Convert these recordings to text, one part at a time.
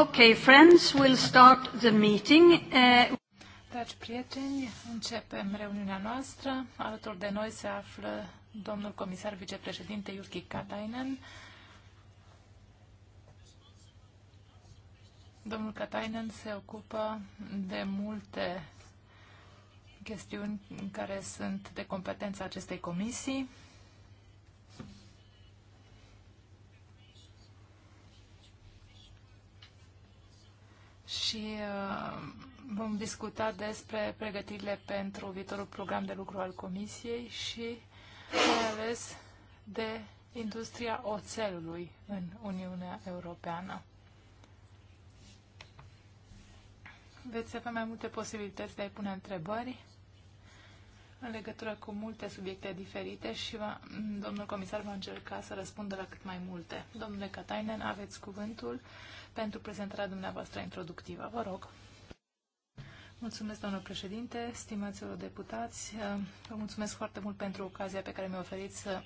Okay, friends, we'll start the meeting. Eh, Dragi prieteni, începem reuniunea noastră. Alături de noi se află domnul comisar vicepreședinte Iurki Katainen. Domnul Katainen se ocupă de multe chestiuni care sunt de competența acestei comisii. și uh, vom discuta despre pregătirile pentru viitorul program de lucru al Comisiei și mai ales de industria oțelului în Uniunea Europeană. Veți avea mai multe posibilități de a-i pune întrebări în legătură cu multe subiecte diferite și va, domnul comisar va încerca să răspundă la cât mai multe. Domnule Catainen, aveți cuvântul pentru prezentarea dumneavoastră introductivă. Vă rog. Mulțumesc, doamnă președinte, stimați deputați. Vă mulțumesc foarte mult pentru ocazia pe care mi-a oferit să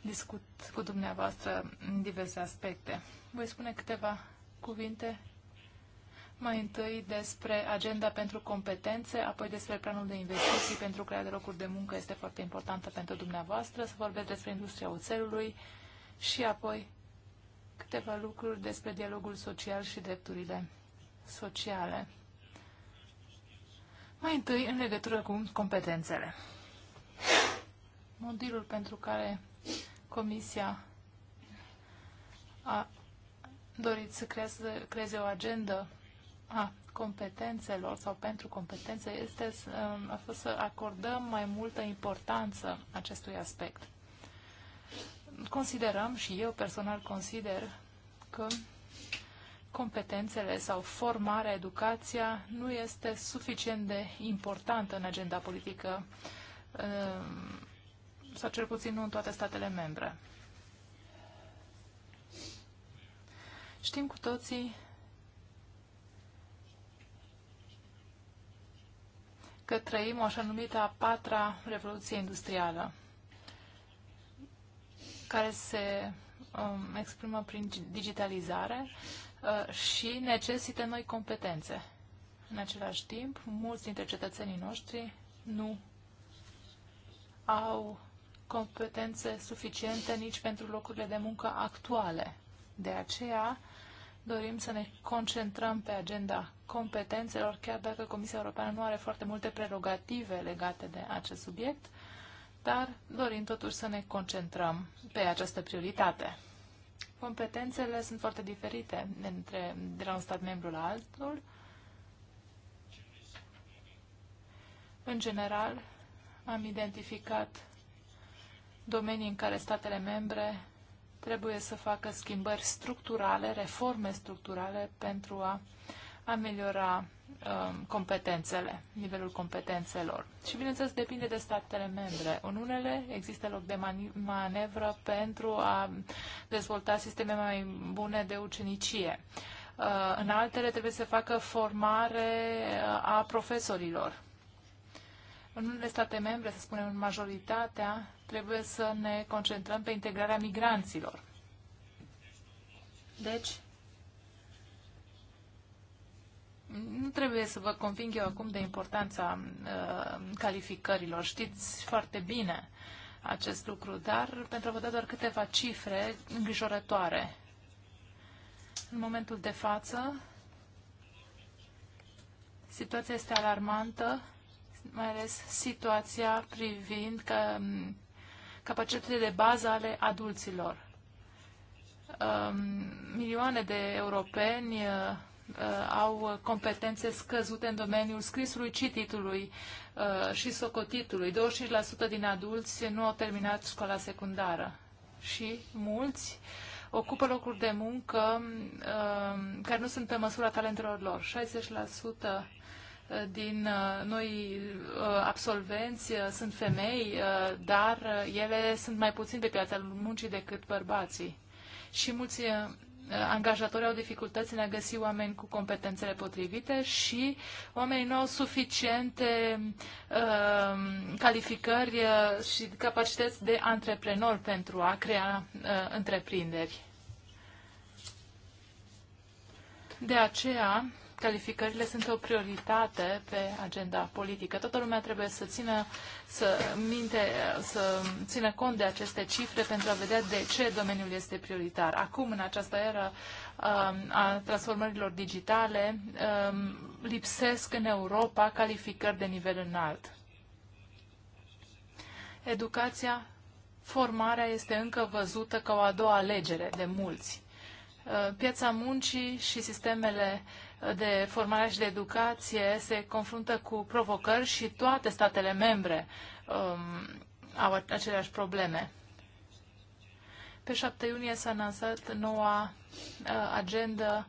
discut cu dumneavoastră diverse aspecte. Voi spune câteva cuvinte mai întâi despre agenda pentru competențe, apoi despre planul de investiții pentru crearea de locuri de muncă este foarte importantă pentru dumneavoastră, să vorbesc despre industria oțelului și apoi câteva lucruri despre dialogul social și drepturile sociale. Mai întâi, în legătură cu competențele. Modelul pentru care Comisia a dorit să creeze, o agendă a competențelor sau pentru competențe este, a fost să acordăm mai multă importanță acestui aspect considerăm și eu personal consider că competențele sau formarea, educația nu este suficient de importantă în agenda politică um, sau cel puțin nu în toate statele membre. Știm cu toții că trăim o așa numită a patra revoluție industrială care se um, exprimă prin digitalizare uh, și necesită noi competențe. În același timp, mulți dintre cetățenii noștri nu au competențe suficiente nici pentru locurile de muncă actuale. De aceea, dorim să ne concentrăm pe agenda competențelor, chiar dacă Comisia Europeană nu are foarte multe prerogative legate de acest subiect, dar dorim totuși să ne concentrăm pe această prioritate. Competențele sunt foarte diferite între, de la un stat membru la altul. În general, am identificat domenii în care statele membre trebuie să facă schimbări structurale, reforme structurale pentru a uh, ameliora um, competențele, nivelul competențelor. Și, bineînțeles, depinde de statele membre. În unele există loc de manevră pentru a dezvolta sisteme mai bune de ucenicie. Uh, în altele trebuie să facă formare uh, a profesorilor. În unele state membre, să spunem în majoritatea, trebuie să ne concentrăm pe integrarea migranților. Deci, nu trebuie să vă conving eu acum de importanța uh, calificărilor. Știți foarte bine acest lucru, dar pentru a vă da doar câteva cifre îngrijorătoare. În momentul de față, situația este alarmantă, mai ales situația privind că, um, capacitățile de bază ale adulților. Um, milioane de europeni uh, Uh, au competențe scăzute în domeniul scrisului, cititului uh, și socotitului. 25% din adulți nu au terminat școala secundară și mulți ocupă locuri de muncă uh, care nu sunt pe măsura talentelor lor. 60% din noi absolvenți sunt femei, dar ele sunt mai puțin pe piața muncii decât bărbații. Și mulți Uh, angajatorii au dificultăți în a găsi oameni cu competențele potrivite și oamenii nu au suficiente uh, calificări uh, și capacități de antreprenor pentru a crea uh, întreprinderi. De aceea, calificările sunt o prioritate pe agenda politică. Toată lumea trebuie să țină, să minte, să țină cont de aceste cifre pentru a vedea de ce domeniul este prioritar. Acum, în această era um, a transformărilor digitale, um, lipsesc în Europa calificări de nivel înalt. Educația, formarea este încă văzută ca o a doua alegere de mulți uh, piața muncii și sistemele de formare și de educație se confruntă cu provocări și toate statele membre um, au aceleași probleme. Pe 7 iunie s-a lansat noua uh, agendă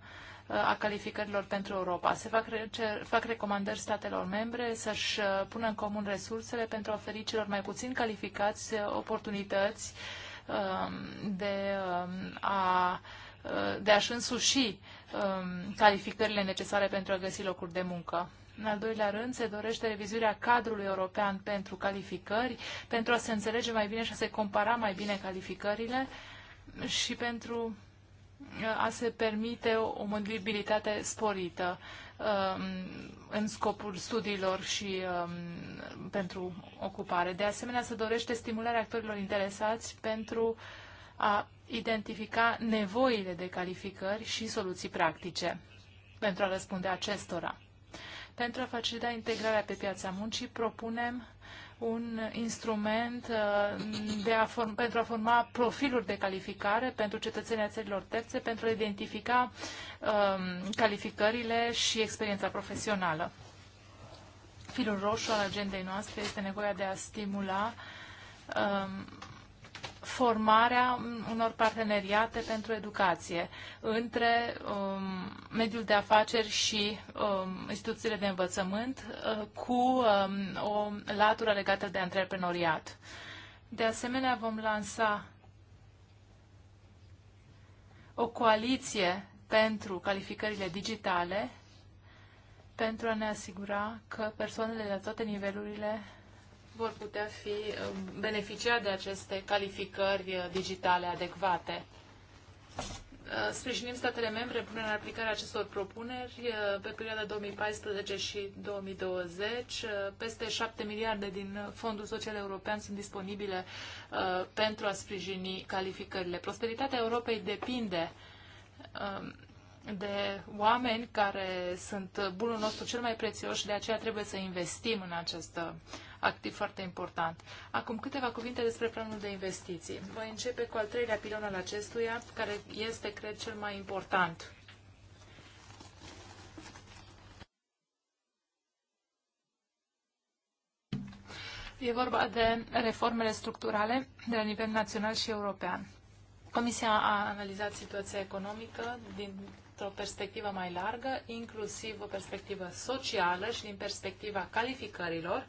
uh, a calificărilor pentru Europa. Se fac, cer, fac recomandări statelor membre să-și uh, pună în comun resursele pentru a oferi celor mai puțin calificați uh, oportunități um, de um, a de a-și însuși um, calificările necesare pentru a găsi locuri de muncă. În al doilea rând, se dorește revizuirea cadrului european pentru calificări, pentru a se înțelege mai bine și a se compara mai bine calificările și pentru uh, a se permite o mobilitate sporită um, în scopul studiilor și um, pentru ocupare. De asemenea, se dorește stimularea actorilor interesați pentru a identifica nevoile de calificări și soluții practice pentru a răspunde acestora. Pentru a facilita integrarea pe piața muncii, propunem un instrument uh, de a form, pentru a forma profiluri de calificare pentru cetățenii țărilor terțe, pentru a identifica um, calificările și experiența profesională. Filul roșu al agendei noastre este nevoia de a stimula um, formarea unor parteneriate pentru educație între um, mediul de afaceri și um, instituțiile de învățământ uh, cu um, o latură legată de antreprenoriat. De asemenea, vom lansa o coaliție pentru calificările digitale pentru a ne asigura că persoanele de toate nivelurile vor putea fi uh, beneficia de aceste calificări uh, digitale adecvate. Uh, sprijinim statele membre în punerea în acestor propuneri pe perioada 2014 și 2020. Peste 7 miliarde din Fondul Social European sunt disponibile pentru a sprijini calificările. Prosperitatea Europei depinde um, de oameni care sunt bunul nostru cel mai prețios și de aceea trebuie să investim în această uh, activ foarte important. Acum câteva cuvinte despre planul de investiții. Voi începe cu al treilea pilon al acestuia, care este, cred, cel mai important. E vorba de reformele structurale de la nivel național și european. Comisia a analizat situația economică dintr-o perspectivă mai largă, inclusiv o perspectivă socială și din perspectiva calificărilor,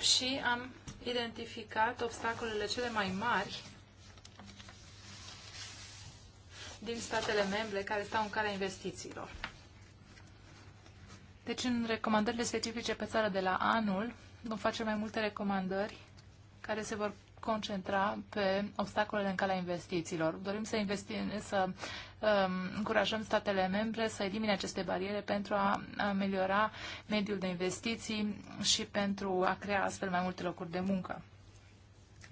și am identificat obstacolele cele mai mari din statele membre care stau în calea investițiilor. Deci, în recomandările specifice pe țară de la anul, vom face mai multe recomandări care se vor concentra pe obstacolele în calea investițiilor. Dorim să, investi, să um, încurajăm statele membre să elimine aceste bariere pentru a ameliora mediul de investiții și pentru a crea astfel mai multe locuri de muncă.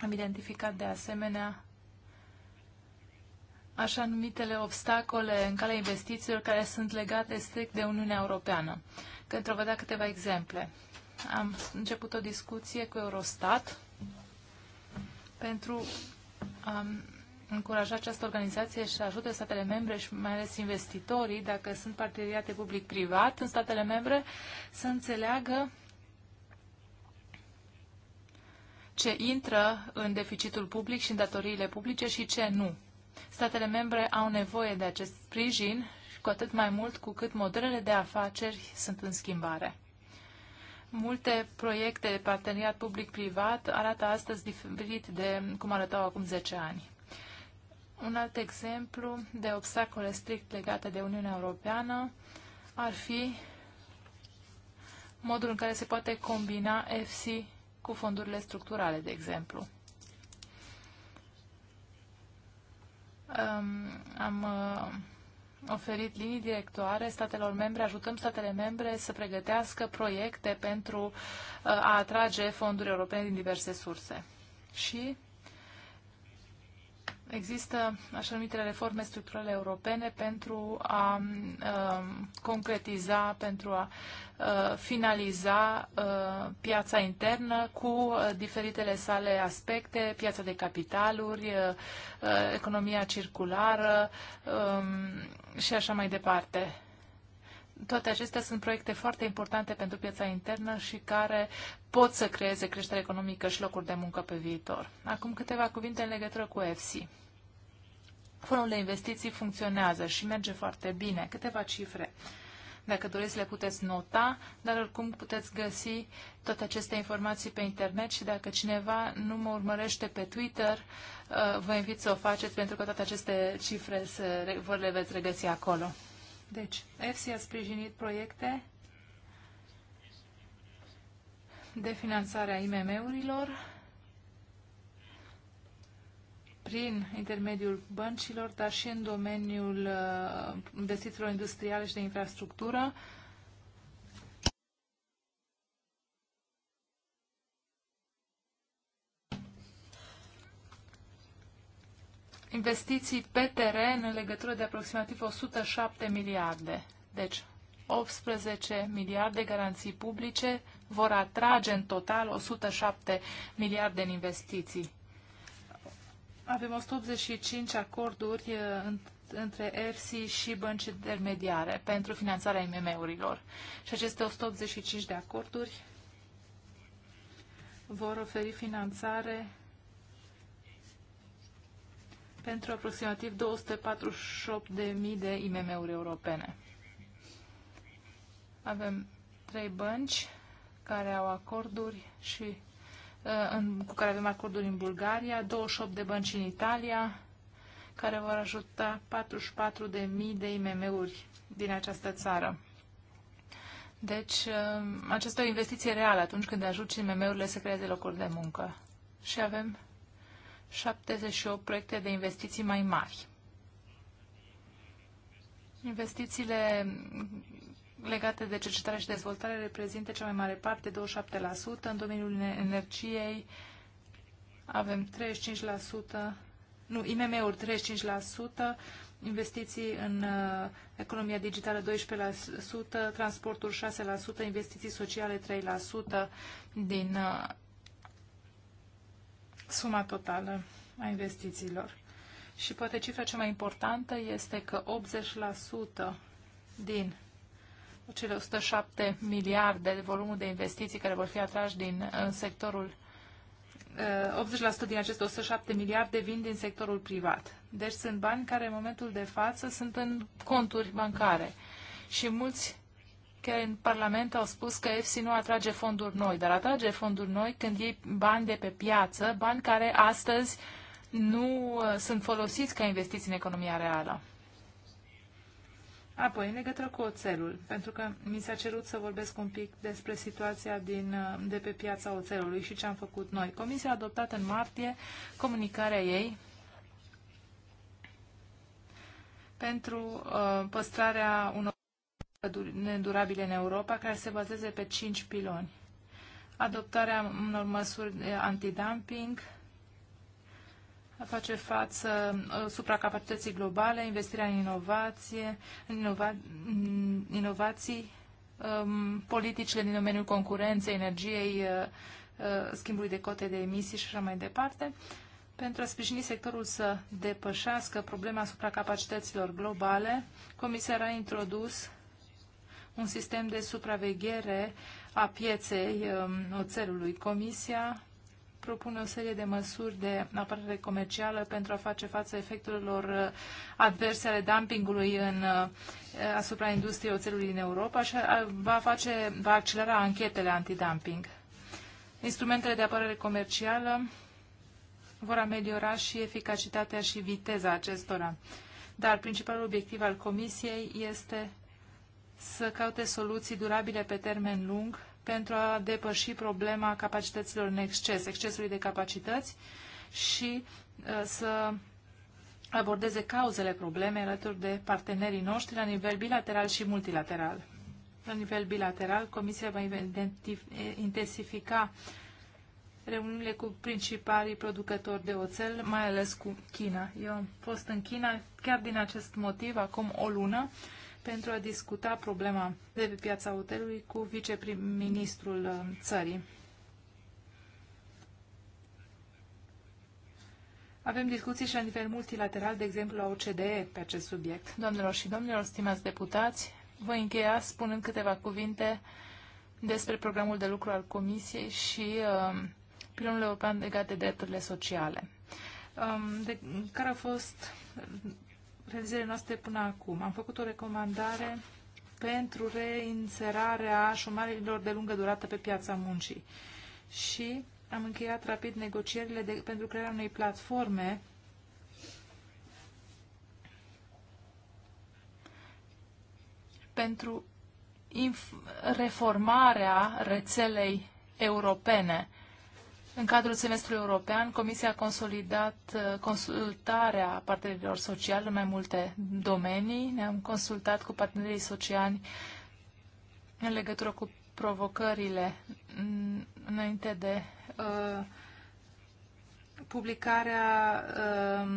Am identificat de asemenea așa numitele obstacole în calea investițiilor care sunt legate strict de Uniunea Europeană. Pentru a vă da câteva exemple. Am început o discuție cu Eurostat pentru a um, încuraja această organizație și ajută statele membre și mai ales investitorii, dacă sunt parteneriate public-privat în statele membre, să înțeleagă ce intră în deficitul public și în datoriile publice și ce nu. Statele membre au nevoie de acest sprijin, cu atât mai mult cu cât modelele de afaceri sunt în schimbare. Multe proiecte de parteneriat public-privat arată astăzi diferit de cum arătau acum 10 ani. Un alt exemplu de obstacole strict legate de Uniunea Europeană ar fi modul în care se poate combina EFSI cu fondurile structurale, de exemplu. Um, am uh, oferit linii directoare statelor membre, ajutăm statele membre să pregătească proiecte pentru uh, a atrage fonduri europene din diverse surse. Și există așa numitele reforme structurale europene pentru a um, concretiza, pentru a uh, finaliza uh, piața internă cu uh, diferitele sale aspecte, piața de capitaluri, uh, uh, economia circulară um, și așa mai departe. Toate acestea sunt proiecte foarte importante pentru piața internă și care pot să creeze creștere economică și locuri de muncă pe viitor. Acum câteva cuvinte în legătură cu EFSI. Fondul de investiții funcționează și merge foarte bine. Câteva cifre. Dacă doriți, le puteți nota, dar oricum puteți găsi toate aceste informații pe internet și dacă cineva nu mă urmărește pe Twitter, uh, vă invit să o faceți pentru că toate aceste cifre se, vă le veți regăsi acolo. Deci, EFSI a sprijinit proiecte de finanțare a IMM-urilor, prin intermediul băncilor, dar și în domeniul uh, investițiilor industriale și de infrastructură. Investiții pe teren în legătură de aproximativ 107 miliarde. Deci, 18 miliarde garanții publice vor atrage în total 107 miliarde în investiții avem 185 acorduri uh, între EFSI și bănci intermediare pentru finanțarea IMM-urilor. Și aceste 185 de acorduri vor oferi finanțare pentru aproximativ 248.000 de IMM-uri europene. Avem trei bănci care au acorduri și Uh, în, cu care avem acorduri în Bulgaria, 28 de bănci în Italia, care vor ajuta 44.000 de mii de IMM-uri din această țară. Deci, uh, aceasta e o investiție reală atunci când ajuți IMM-urile să creeze locuri de muncă. Și avem 78 proiecte de investiții mai mari. Investițiile legate de cercetare și dezvoltare reprezintă cea mai mare parte, 27%. În domeniul energiei avem 35%, nu, IMM-uri 35%, investiții în uh, economia digitală 12%, transportul 6%, investiții sociale 3% din uh, suma totală a investițiilor. Și poate cifra cea mai importantă este că 80% din cele 107 miliarde de volumul de investiții care vor fi atrași din în uh, sectorul 80% uh, din aceste 107 miliarde vin din sectorul privat. Deci sunt bani care în momentul de față sunt în conturi bancare. Și mulți chiar în Parlament au spus că EFSI nu atrage fonduri noi, dar atrage fonduri noi când iei bani de pe piață, bani care astăzi nu uh, sunt folosiți ca investiții în economia reală. Apoi, în legătură cu oțelul, pentru că mi s-a cerut să vorbesc un pic despre situația din, uh, de pe piața oțelului și ce am făcut noi. Comisia a adoptat în martie comunicarea ei pentru uh, păstrarea unor nedurabile în Europa, care se bazeze pe cinci piloni. Adoptarea unor măsuri antidumping, face față uh, supracapacității globale, investirea în inovație, în inova, inovații, um, politicile din domeniul concurenței, energiei, uh, uh, schimbului de cote de emisii și așa mai departe, pentru a sprijini sectorul să depășească problema supracapacităților globale, Comisia a introdus un sistem de supraveghere a pieței um, oțelului. Comisia propune o serie de măsuri de apărare comercială pentru a face față efectelor uh, adverse ale dumpingului în, uh, asupra industriei oțelului din Europa și uh, va, face, va accelera anchetele antidumping. Instrumentele de apărare comercială vor ameliora și eficacitatea și viteza acestora. Dar principalul obiectiv al Comisiei este să caute soluții durabile pe termen lung pentru a depăși problema capacităților în exces, excesului de capacități și uh, să abordeze cauzele problemei alături de partenerii noștri la nivel bilateral și multilateral. La nivel bilateral, Comisia va intensifica reuniunile cu principalii producători de oțel, mai ales cu China. Eu am fost în China chiar din acest motiv, acum o lună, pentru a discuta problema de pe piața hotelului cu viceprim-ministrul uh, țării. Avem discuții și la nivel multilateral, de exemplu la OCDE, pe acest subiect. Doamnelor și domnilor, stimați deputați, voi încheia spunând câteva cuvinte despre programul de lucru al Comisiei și uh, pilonul european legat de drepturile sociale, um, de, care au fost realizările noastre până acum. Am făcut o recomandare pentru reinserarea șomarilor de lungă durată pe piața muncii și am încheiat rapid negocierile de, pentru crearea unei platforme pentru reformarea rețelei europene în cadrul semestrului european, Comisia a consolidat uh, consultarea partenerilor sociali în mai multe domenii. Ne-am consultat cu partenerii sociali în legătură cu provocările înainte de uh, publicarea uh,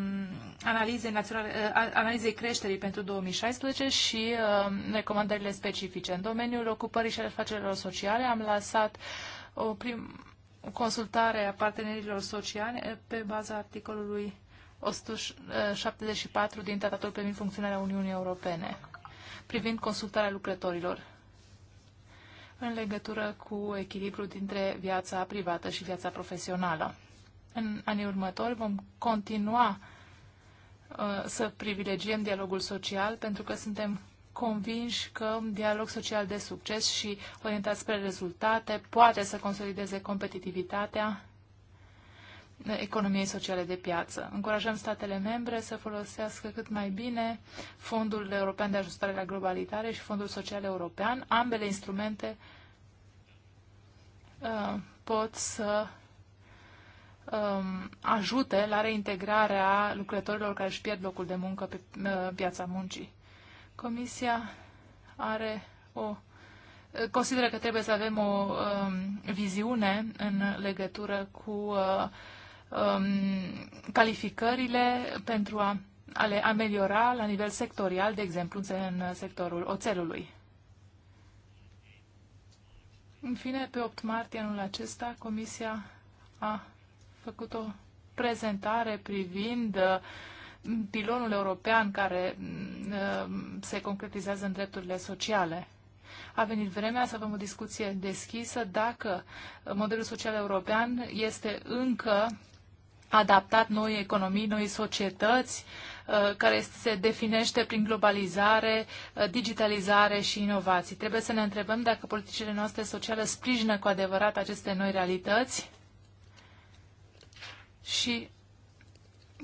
analizei, naționale, uh, analizei creșterii pentru 2016 și uh, recomandările specifice. În domeniul ocupării și afacerilor sociale am lansat o prim, consultare a partenerilor sociali eh, pe baza articolului 174 din Tratatul privind funcționarea Uniunii Europene, privind consultarea lucrătorilor în legătură cu echilibru dintre viața privată și viața profesională. În anii următori vom continua uh, să privilegiem dialogul social pentru că suntem convinși că un dialog social de succes și orientat spre rezultate poate să consolideze competitivitatea economiei sociale de piață. Încurajăm statele membre să folosească cât mai bine Fondul European de Ajustare la globalitare și Fondul Social European. Ambele instrumente uh, pot să um, ajute la reintegrarea lucrătorilor care își pierd locul de muncă pe uh, piața muncii. Comisia are o consideră că trebuie să avem o um, viziune în legătură cu uh, um, calificările pentru a, a le ameliora la nivel sectorial, de exemplu în sectorul oțelului. În fine, pe 8 martie anul acesta, Comisia a făcut o prezentare privind uh, pilonul european care mm, mm, se concretizează în drepturile sociale. A venit vremea să avem o discuție deschisă dacă modelul social european este încă adaptat noi economii, noi societăți, uh, care se definește prin globalizare, uh, digitalizare și inovații. Trebuie să ne întrebăm dacă politicile noastre sociale sprijină cu adevărat aceste noi realități și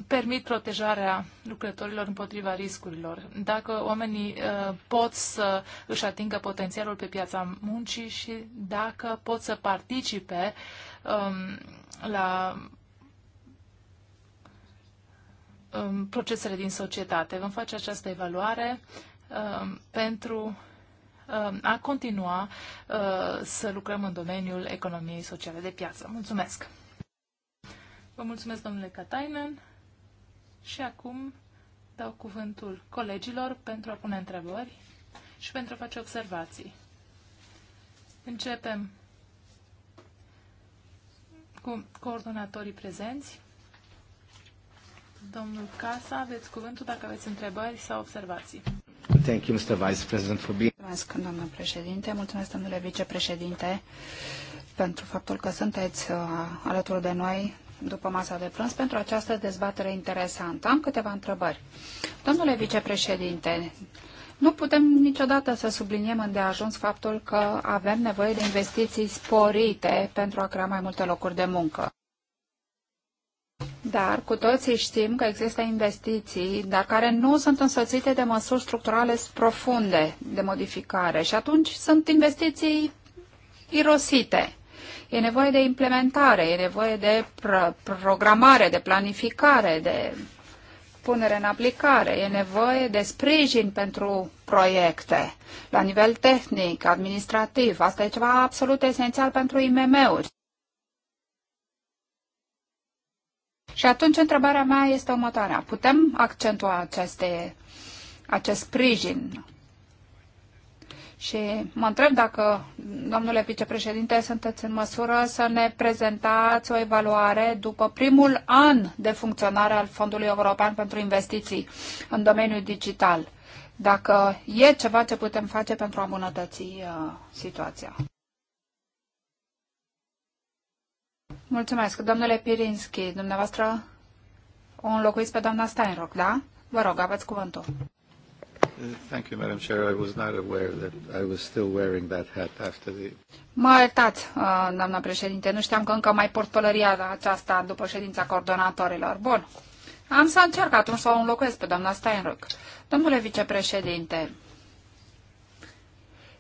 permit protejarea lucrătorilor împotriva riscurilor. Dacă oamenii uh, pot să își atingă potențialul pe piața muncii și dacă pot să participe um, la um, procesele din societate. Vom face această evaluare um, pentru um, a continua uh, să lucrăm în domeniul economiei sociale de piață. Mulțumesc! Vă mulțumesc, domnule Katainen. Și acum dau cuvântul colegilor pentru a pune întrebări și pentru a face observații. Începem cu coordonatorii prezenți. Domnul Casa, aveți cuvântul dacă aveți întrebări sau observații. Thank you, Mr. Vice President, for being... Mulțumesc, doamnă președinte. Mulțumesc, domnule vicepreședinte, pentru faptul că sunteți uh, alături de noi după masa de prânz pentru această dezbatere interesantă. Am câteva întrebări. Domnule vicepreședinte, nu putem niciodată să subliniem îndeajuns faptul că avem nevoie de investiții sporite pentru a crea mai multe locuri de muncă. Dar cu toții știm că există investiții, dar care nu sunt însoțite de măsuri structurale profunde de modificare și atunci sunt investiții irosite. E nevoie de implementare, e nevoie de pro- programare, de planificare, de punere în aplicare, e nevoie de sprijin pentru proiecte la nivel tehnic, administrativ. Asta e ceva absolut esențial pentru IMM-uri. Și atunci întrebarea mea este următoarea. Putem accentua aceste, acest sprijin și mă întreb dacă, domnule vicepreședinte, sunteți în măsură să ne prezentați o evaluare după primul an de funcționare al Fondului European pentru Investiții în domeniul digital. Dacă e ceva ce putem face pentru a îmbunătăți uh, situația. Mulțumesc. Domnule Pirinski, dumneavoastră o înlocuiți pe doamna Steinrock, da? Vă rog, aveți cuvântul. Thank you, Madam Chair. I was not aware that I was still wearing that hat after the... Mă iertați, uh, doamna președinte. Nu știam că încă mai port pălăria aceasta după ședința coordonatorilor. Bun. Am să încerc atunci să o înlocuiesc pe doamna Steinrück. Domnule vicepreședinte,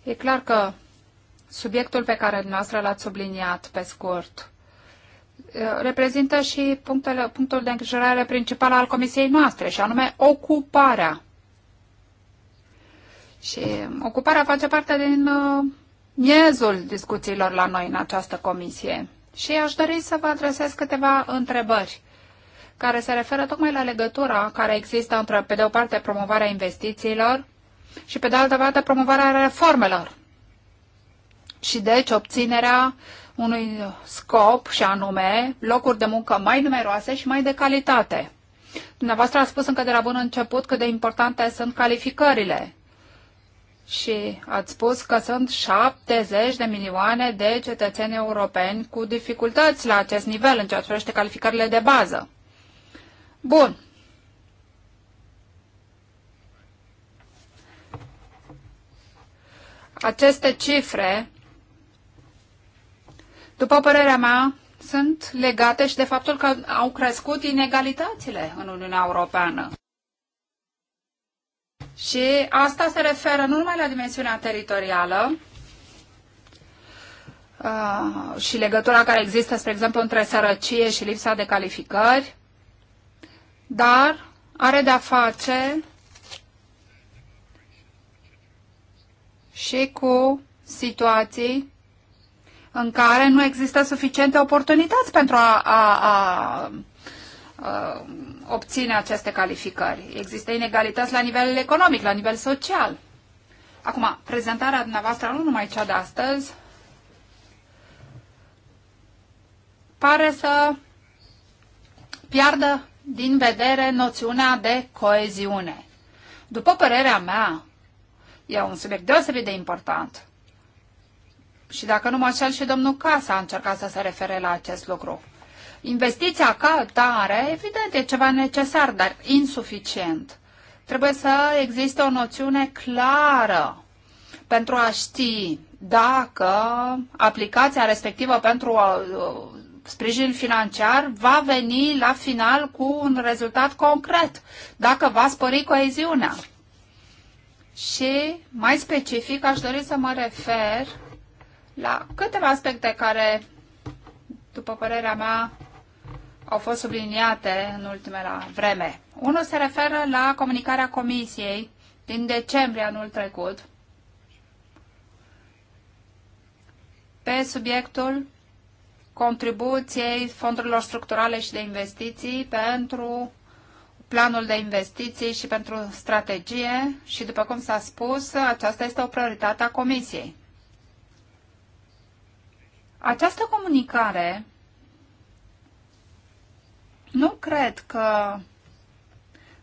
e clar că subiectul pe care dumneavoastră l-ați subliniat pe scurt uh, reprezintă și punctele, punctul de îngrijorare principal al comisiei noastre, și anume ocuparea. Și ocuparea face parte din uh, miezul discuțiilor la noi în această comisie. Și aș dori să vă adresez câteva întrebări care se referă tocmai la legătura care există între, pe de o parte, promovarea investițiilor și, pe de altă parte, promovarea reformelor. Și, deci, obținerea unui scop și anume locuri de muncă mai numeroase și mai de calitate. Dumneavoastră a spus încă de la bun început cât de importante sunt calificările și ați spus că sunt 70 de milioane de cetățeni europeni cu dificultăți la acest nivel în ceea ce privește calificările de bază. Bun. Aceste cifre, după părerea mea, sunt legate și de faptul că au crescut inegalitățile în Uniunea Europeană. Și asta se referă nu numai la dimensiunea teritorială, Uh, și legătura care există, spre exemplu, între sărăcie și lipsa de calificări, dar are de-a face și cu situații în care nu există suficiente oportunități pentru a, a, a Uh, obține aceste calificări. Există inegalități la nivel economic, la nivel social. Acum, prezentarea dumneavoastră, nu numai cea de astăzi, pare să piardă din vedere noțiunea de coeziune. După părerea mea, e un subiect deosebit de important. Și dacă nu mă cel și domnul Casa a încercat să se refere la acest lucru. Investiția ca tare, evident, e ceva necesar, dar insuficient. Trebuie să existe o noțiune clară pentru a ști dacă aplicația respectivă pentru uh, sprijin financiar va veni la final cu un rezultat concret, dacă va spări coeziunea. Și mai specific aș dori să mă refer la câteva aspecte care, după părerea mea, au fost subliniate în ultimele vreme. Unul se referă la comunicarea Comisiei din decembrie anul trecut pe subiectul contribuției fondurilor structurale și de investiții pentru planul de investiții și pentru strategie și, după cum s-a spus, aceasta este o prioritate a Comisiei. Această comunicare nu cred că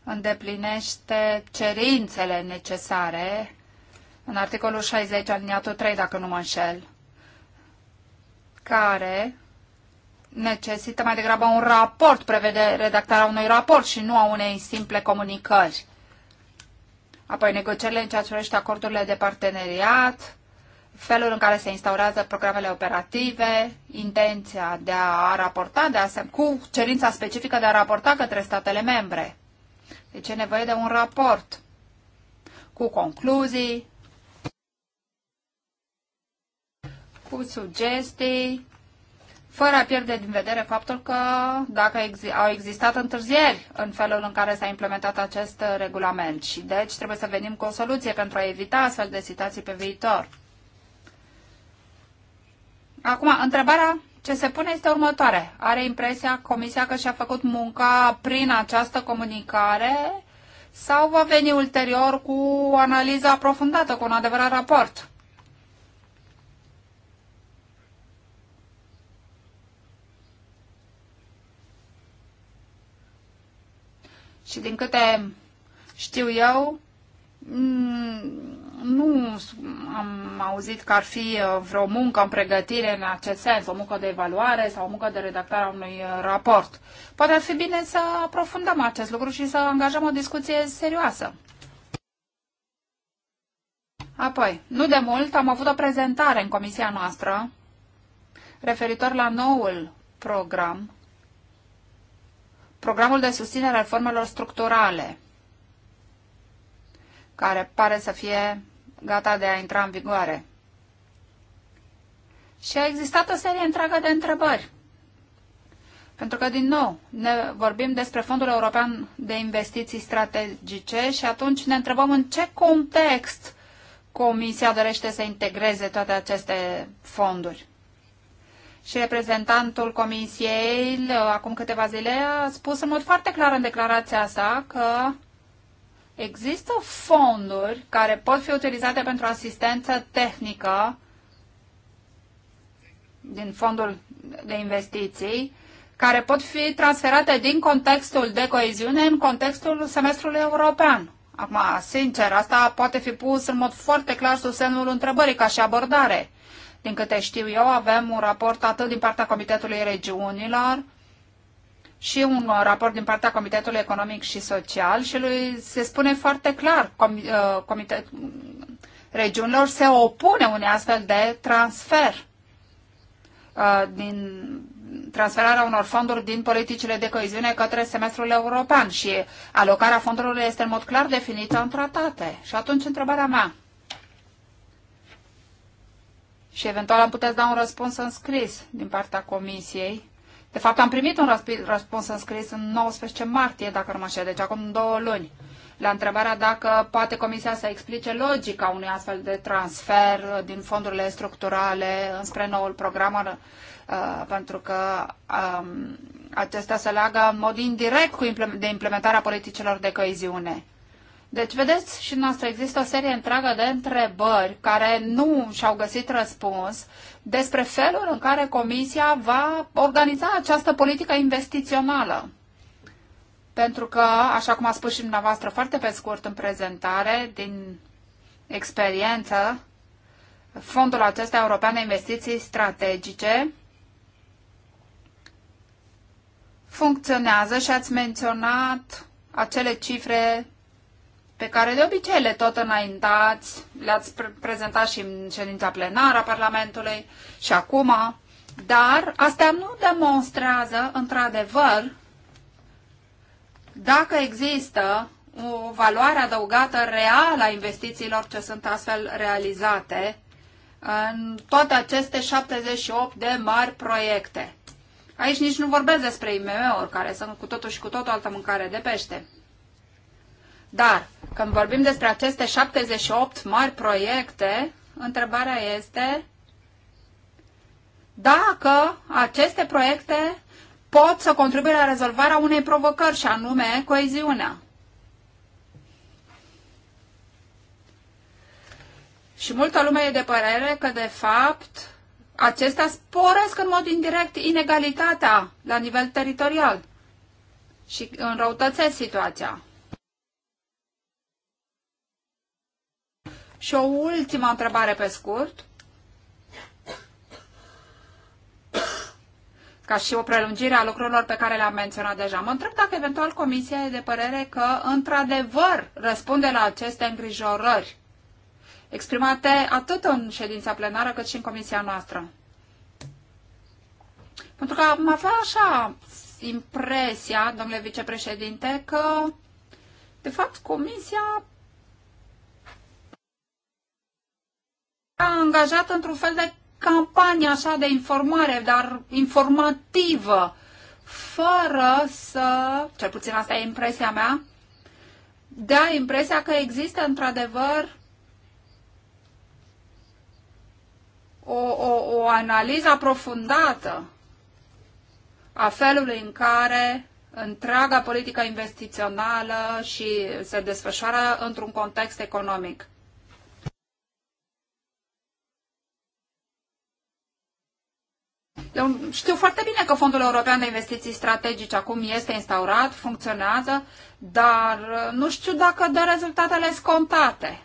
îndeplinește cerințele necesare în articolul 60 aliniatul 3, dacă nu mă înșel, care necesită mai degrabă un raport, prevede redactarea unui raport și nu a unei simple comunicări. Apoi negocierile în ceea ce acordurile de parteneriat, felul în care se instaurează programele operative, intenția de a raporta, de a cu cerința specifică de a raporta către statele membre. Deci e nevoie de un raport cu concluzii, cu sugestii, fără a pierde din vedere faptul că dacă au existat întârzieri în felul în care s-a implementat acest regulament și deci trebuie să venim cu o soluție pentru a evita astfel de situații pe viitor. Acum, întrebarea ce se pune este următoare. Are impresia Comisia că și-a făcut munca prin această comunicare sau va veni ulterior cu o analiză aprofundată, cu un adevărat raport? Și din câte știu eu, nu am auzit că ar fi uh, vreo muncă în pregătire în acest sens, o muncă de evaluare sau o muncă de redactare a unui uh, raport. Poate ar fi bine să aprofundăm acest lucru și să angajăm o discuție serioasă. Apoi, nu de mult am avut o prezentare în comisia noastră referitor la noul program, programul de susținere a reformelor structurale, care pare să fie gata de a intra în vigoare. Și a existat o serie întreagă de întrebări. Pentru că, din nou, ne vorbim despre Fondul European de Investiții Strategice și atunci ne întrebăm în ce context Comisia dorește să integreze toate aceste fonduri. Și reprezentantul Comisiei, acum câteva zile, a spus în mod foarte clar în declarația sa că Există fonduri care pot fi utilizate pentru asistență tehnică din fondul de investiții, care pot fi transferate din contextul de coeziune în contextul semestrului european. Acum, sincer, asta poate fi pus în mod foarte clar sub semnul întrebării ca și abordare. Din câte știu eu, avem un raport atât din partea Comitetului Regiunilor, și un raport din partea Comitetului Economic și Social și lui se spune foarte clar, com, uh, comitet, regiunilor se opune unei astfel de transfer uh, din transferarea unor fonduri din politicile de coeziune către semestrul european și alocarea fondurilor este în mod clar definită în tratate. Și atunci întrebarea mea. Și eventual am puteți da un răspuns în scris din partea Comisiei de fapt, am primit un răspuns scris în 19 martie, dacă nu mă știu, deci acum două luni, la întrebarea dacă poate Comisia să explice logica unui astfel de transfer din fondurile structurale înspre noul program, uh, pentru că um, acestea se leagă în mod indirect de implementarea politicilor de coeziune. Deci, vedeți, și noastră există o serie întreagă de întrebări care nu și-au găsit răspuns despre felul în care Comisia va organiza această politică investițională. Pentru că, așa cum a spus și dumneavoastră foarte pe scurt în prezentare, din experiență, fondul acesta european de investiții strategice funcționează și ați menționat acele cifre pe care de obicei le tot înaintați, le-ați prezentat și în ședința plenară a Parlamentului și acum, dar astea nu demonstrează, într-adevăr, dacă există o valoare adăugată reală a investițiilor ce sunt astfel realizate în toate aceste 78 de mari proiecte. Aici nici nu vorbesc despre IMM-uri, care sunt cu totul și cu totul altă mâncare de pește. Dar când vorbim despre aceste 78 mari proiecte, întrebarea este dacă aceste proiecte pot să contribuie la rezolvarea unei provocări și anume coeziunea. Și multă lume e de părere că, de fapt, acestea sporesc în mod indirect inegalitatea la nivel teritorial și înrăutățesc situația. Și o ultimă întrebare pe scurt. ca și o prelungire a lucrurilor pe care le-am menționat deja. Mă întreb dacă eventual Comisia e de părere că, într-adevăr, răspunde la aceste îngrijorări exprimate atât în ședința plenară cât și în Comisia noastră. Pentru că am avea așa impresia, domnule vicepreședinte, că, de fapt, Comisia angajat într-un fel de campanie așa de informare, dar informativă, fără să, cel puțin asta e impresia mea, da impresia că există într-adevăr o, o, o analiză aprofundată a felului în care întreaga politică investițională și se desfășoară într-un context economic. Eu știu foarte bine că Fondul European de Investiții Strategice acum este instaurat, funcționează, dar uh, nu știu dacă dă rezultatele scontate.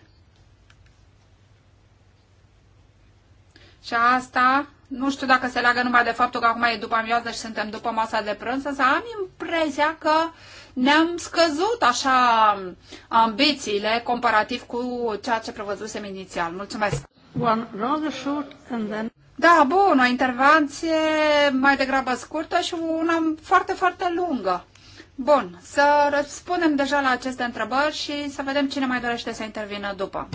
Și asta nu știu dacă se leagă numai de faptul că acum e după amiază și suntem după masa de prânz, să am impresia că ne-am scăzut așa ambițiile comparativ cu ceea ce prevăzusem inițial. Mulțumesc! One rather short and then... Da, bun, o intervenție mai degrabă scurtă și una foarte, foarte lungă. Bun, să răspundem deja la aceste întrebări și să vedem cine mai dorește să intervină după.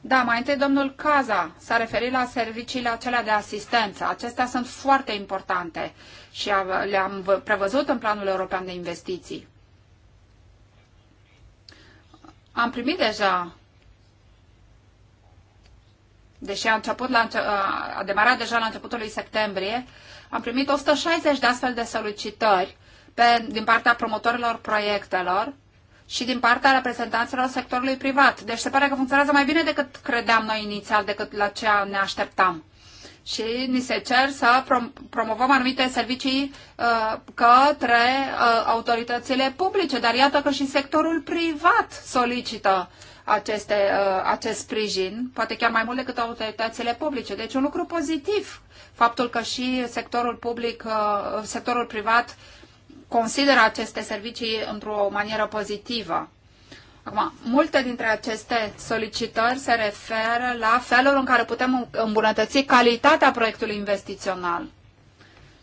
Da, mai întâi domnul Caza s-a referit la serviciile acelea de asistență. Acestea sunt foarte importante și le-am prevăzut în planul european de investiții. Am primit deja deși a, început la, a demarat deja la începutul lui septembrie, am primit 160 de astfel de solicitări pe, din partea promotorilor proiectelor și din partea reprezentanților sectorului privat. Deci se pare că funcționează mai bine decât credeam noi inițial, decât la ce ne așteptam. Și ni se cer să prom promovăm anumite servicii uh, către uh, autoritățile publice, dar iată că și sectorul privat solicită uh, aceste, uh, acest sprijin, poate chiar mai mult decât autoritățile publice. Deci un lucru pozitiv, faptul că și sectorul public, uh, sectorul privat consideră aceste servicii într-o manieră pozitivă. Acum, multe dintre aceste solicitări se referă la felul în care putem îmbunătăți calitatea proiectului investițional.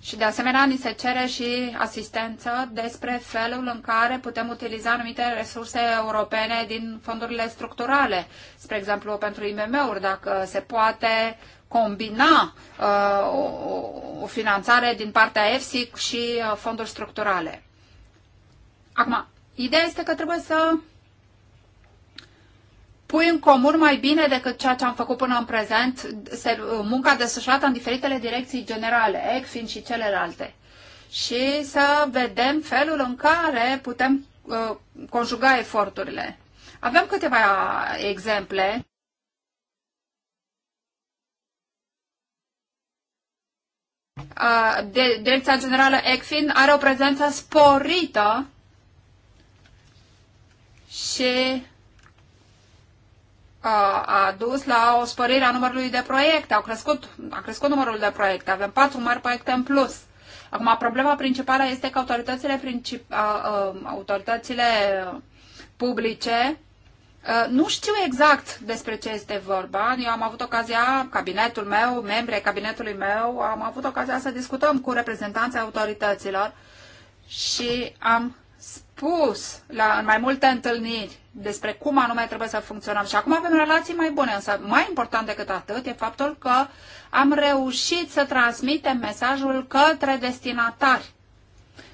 Și de asemenea ni se cere și asistență despre felul în care putem utiliza anumite resurse europene din fondurile structurale, spre exemplu pentru IMM-uri, dacă se poate combina uh, o, o finanțare din partea EFSI și uh, fonduri structurale. Acum, ideea este că trebuie să pui în comun mai bine decât ceea ce am făcut până în prezent, munca desfășurată în diferitele direcții generale, ECFIN și celelalte. Și să vedem felul în care putem uh, conjuga eforturile. Avem câteva exemple. Uh, Direcția Generală ECFIN are o prezență sporită și a dus la o sporire a numărului de proiecte, au crescut, a crescut numărul de proiecte, avem patru mari proiecte în plus. Acum, problema principală este că autoritățile, princip- a, a, autoritățile publice nu știu exact despre ce este vorba. Eu am avut ocazia, cabinetul meu, membrii cabinetului meu, am avut ocazia să discutăm cu reprezentanții autorităților și am spus la, în mai multe întâlniri despre cum anume trebuie să funcționăm și acum avem relații mai bune, însă mai important decât atât e faptul că am reușit să transmitem mesajul către destinatari,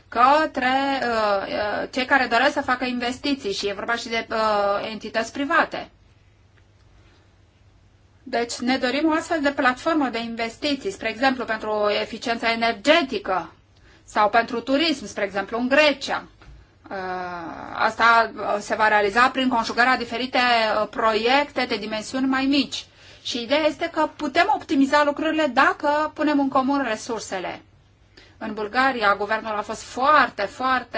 către uh, uh, cei care doresc să facă investiții și e vorba și de uh, entități private. Deci ne dorim o astfel de platformă de investiții, spre exemplu pentru eficiența energetică sau pentru turism, spre exemplu în Grecia. Uh, asta uh, se va realiza prin conjugarea diferite uh, proiecte de dimensiuni mai mici. Și ideea este că putem optimiza lucrurile dacă punem în comun resursele. În Bulgaria, guvernul a fost foarte, foarte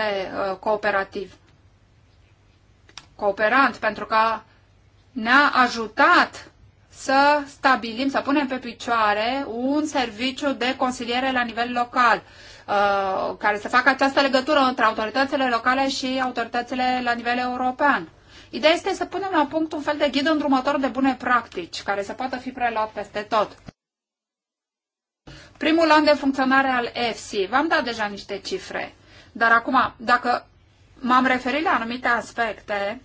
cooperativ, cooperant, pentru că ne-a ajutat să stabilim, să punem pe picioare un serviciu de consiliere la nivel local Uh, care să facă această legătură între autoritățile locale și autoritățile la nivel european. Ideea este să punem la punct un fel de ghid îndrumător de bune practici, care să poată fi preluat peste tot. Primul an de funcționare al EFC. V-am dat deja niște cifre. Dar acum, dacă m-am referit la anumite aspecte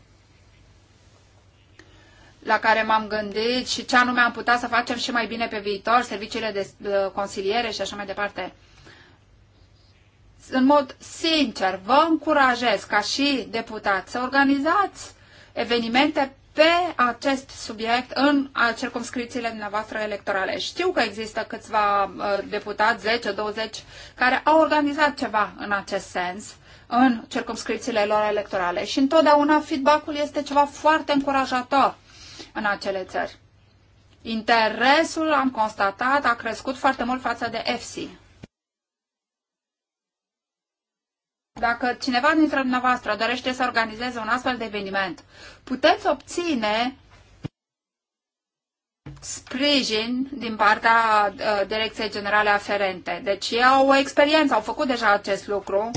la care m-am gândit și ce anume am putea să facem și mai bine pe viitor, serviciile de uh, consiliere și așa mai departe, în mod sincer, vă încurajez ca și deputat să organizați evenimente pe acest subiect în circumscripțiile dumneavoastră electorale. Știu că există câțiva uh, deputați, 10-20, care au organizat ceva în acest sens în circumscripțiile lor electorale și întotdeauna feedback-ul este ceva foarte încurajator în acele țări. Interesul, am constatat, a crescut foarte mult față de EFSI. Dacă cineva dintre dumneavoastră dorește să organizeze un astfel de eveniment, puteți obține sprijin din partea uh, Direcției Generale Aferente. Deci ei au o experiență, au făcut deja acest lucru.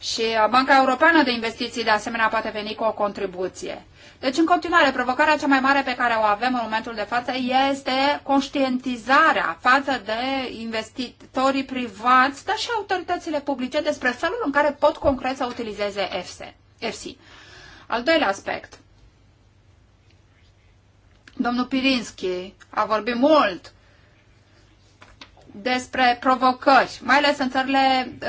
Și ă, Banca Europeană de Investiții, de asemenea, poate veni cu o contribuție. Deci, în continuare, provocarea cea mai mare pe care o avem în momentul de față este conștientizarea față de investitorii privați, dar și autoritățile publice despre felul în care pot concret să utilizeze FC. Al doilea aspect. Domnul Pirinski a vorbit mult despre provocări, mai ales în țările uh,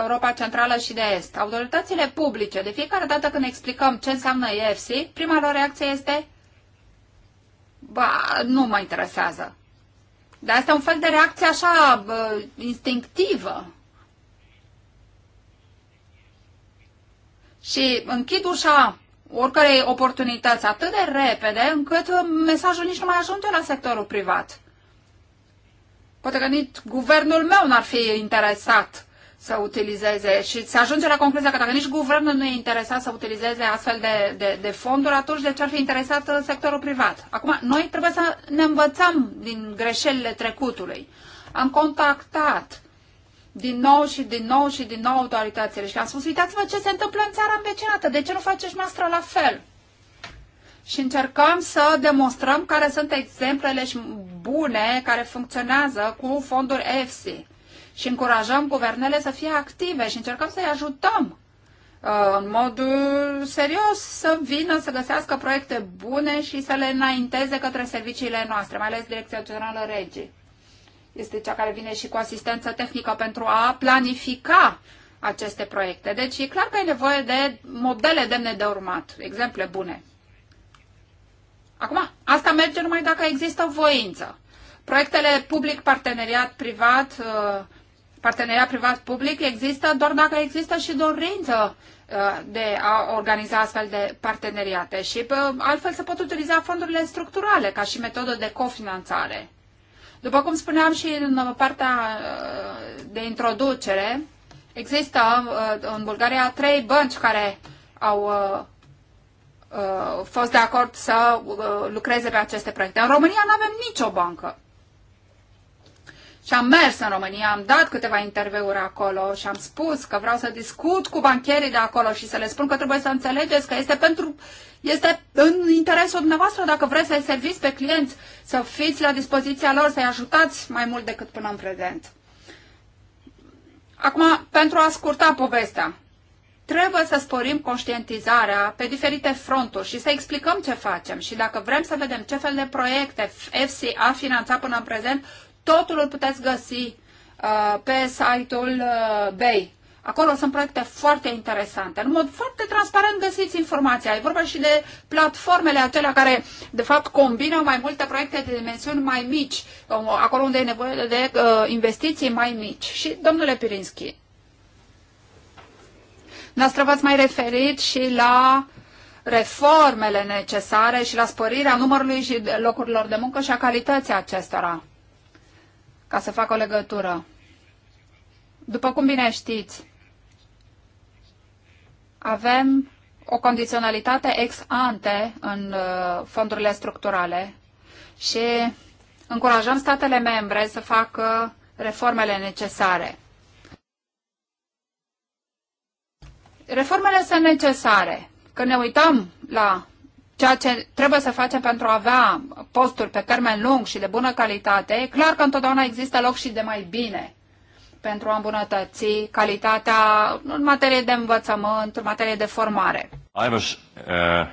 Europa Centrală și de Est. Autoritățile publice, de fiecare dată când explicăm ce înseamnă EFC, prima lor reacție este Ba, nu mă interesează. Dar asta e un fel de reacție așa uh, instinctivă. Și închid ușa oricărei oportunități atât de repede încât mesajul nici nu mai ajunge la sectorul privat. Poate că nici guvernul meu n-ar fi interesat să utilizeze și se ajunge la concluzia că dacă nici guvernul nu e interesat să utilizeze astfel de, de, de fonduri, atunci de ce ar fi interesat uh, sectorul privat? Acum, noi trebuie să ne învățăm din greșelile trecutului. Am contactat din nou și din nou și din nou autoritățile și am spus, uitați-vă ce se întâmplă în țara învecinată, de ce nu faceți noastră la fel? și încercăm să demonstrăm care sunt exemplele bune care funcționează cu fonduri EFSI și încurajăm guvernele să fie active și încercăm să-i ajutăm uh, în mod serios să vină să găsească proiecte bune și să le înainteze către serviciile noastre, mai ales Direcția Generală Regii. Este cea care vine și cu asistență tehnică pentru a planifica aceste proiecte. Deci e clar că e nevoie de modele demne de urmat, exemple bune. Acum, asta merge numai dacă există voință. Proiectele public-parteneriat privat, uh, parteneriat privat-public există doar dacă există și dorință uh, de a organiza astfel de parteneriate și uh, altfel se pot utiliza fondurile structurale ca și metodă de cofinanțare. După cum spuneam și în partea de introducere, există în Bulgaria trei bănci care au Uh, fost de acord să uh, lucreze pe aceste proiecte. În România nu avem nicio bancă. Și am mers în România, am dat câteva interviuri acolo și am spus că vreau să discut cu bancherii de acolo și să le spun că trebuie să înțelegeți că este pentru este în interesul dumneavoastră dacă vreți să-i serviți pe clienți, să fiți la dispoziția lor, să-i ajutați mai mult decât până în prezent. Acum, pentru a scurta povestea, Trebuie să sporim conștientizarea pe diferite fronturi și să explicăm ce facem și dacă vrem să vedem ce fel de proiecte FC a finanțat până în prezent, totul îl puteți găsi uh, pe site-ul uh, BEI. Acolo sunt proiecte foarte interesante. În mod foarte transparent găsiți informația. E vorba și de platformele acelea care, de fapt, combină mai multe proiecte de dimensiuni mai mici, acolo unde e nevoie de uh, investiții mai mici. Și, domnule Pirinski, Noastră v-ați mai referit și la reformele necesare și la sporirea numărului și locurilor de muncă și a calității acestora, ca să fac o legătură. După cum bine știți, avem o condiționalitate ex ante în uh, fondurile structurale și încurajăm statele membre să facă reformele necesare. Reformele sunt necesare. Când ne uităm la ceea ce trebuie să facem pentru a avea posturi pe termen lung și de bună calitate, e clar că întotdeauna există loc și de mai bine pentru a îmbunătăți calitatea în materie de învățământ, în materie de formare. I was uh,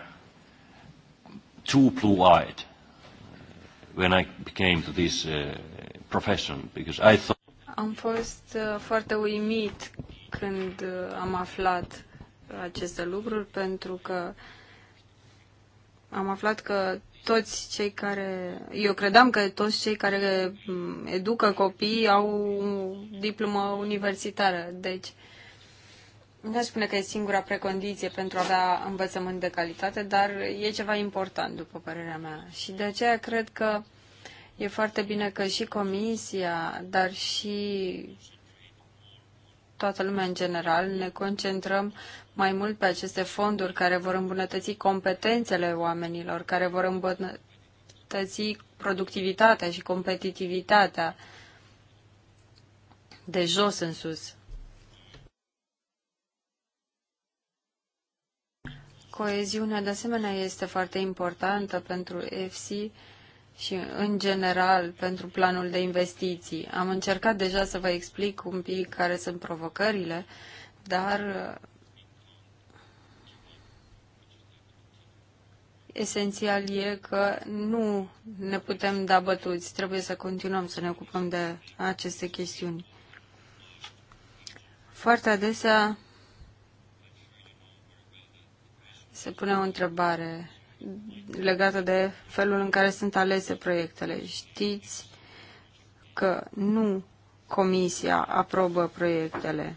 too blue-eyed when I became to this uh, profession because I thought am fost uh, foarte uimit când uh, am aflat uh, aceste lucruri, pentru că am aflat că toți cei care... Eu credeam că toți cei care mm, educă copii au diplomă universitară, deci nu spune că e singura precondiție pentru a avea învățământ de calitate, dar e ceva important, după părerea mea. Și de aceea cred că e foarte bine că și comisia, dar și toată lumea în general, ne concentrăm mai mult pe aceste fonduri care vor îmbunătăți competențele oamenilor, care vor îmbunătăți productivitatea și competitivitatea de jos în sus. Coeziunea, de asemenea, este foarte importantă pentru EFSI și, în general, pentru planul de investiții. Am încercat deja să vă explic un pic care sunt provocările, dar uh, esențial e că nu ne putem da bătuți, trebuie să continuăm să ne ocupăm de aceste chestiuni. Foarte adesea se pune o întrebare legată de felul în care sunt alese proiectele. Știți că nu Comisia aprobă proiectele.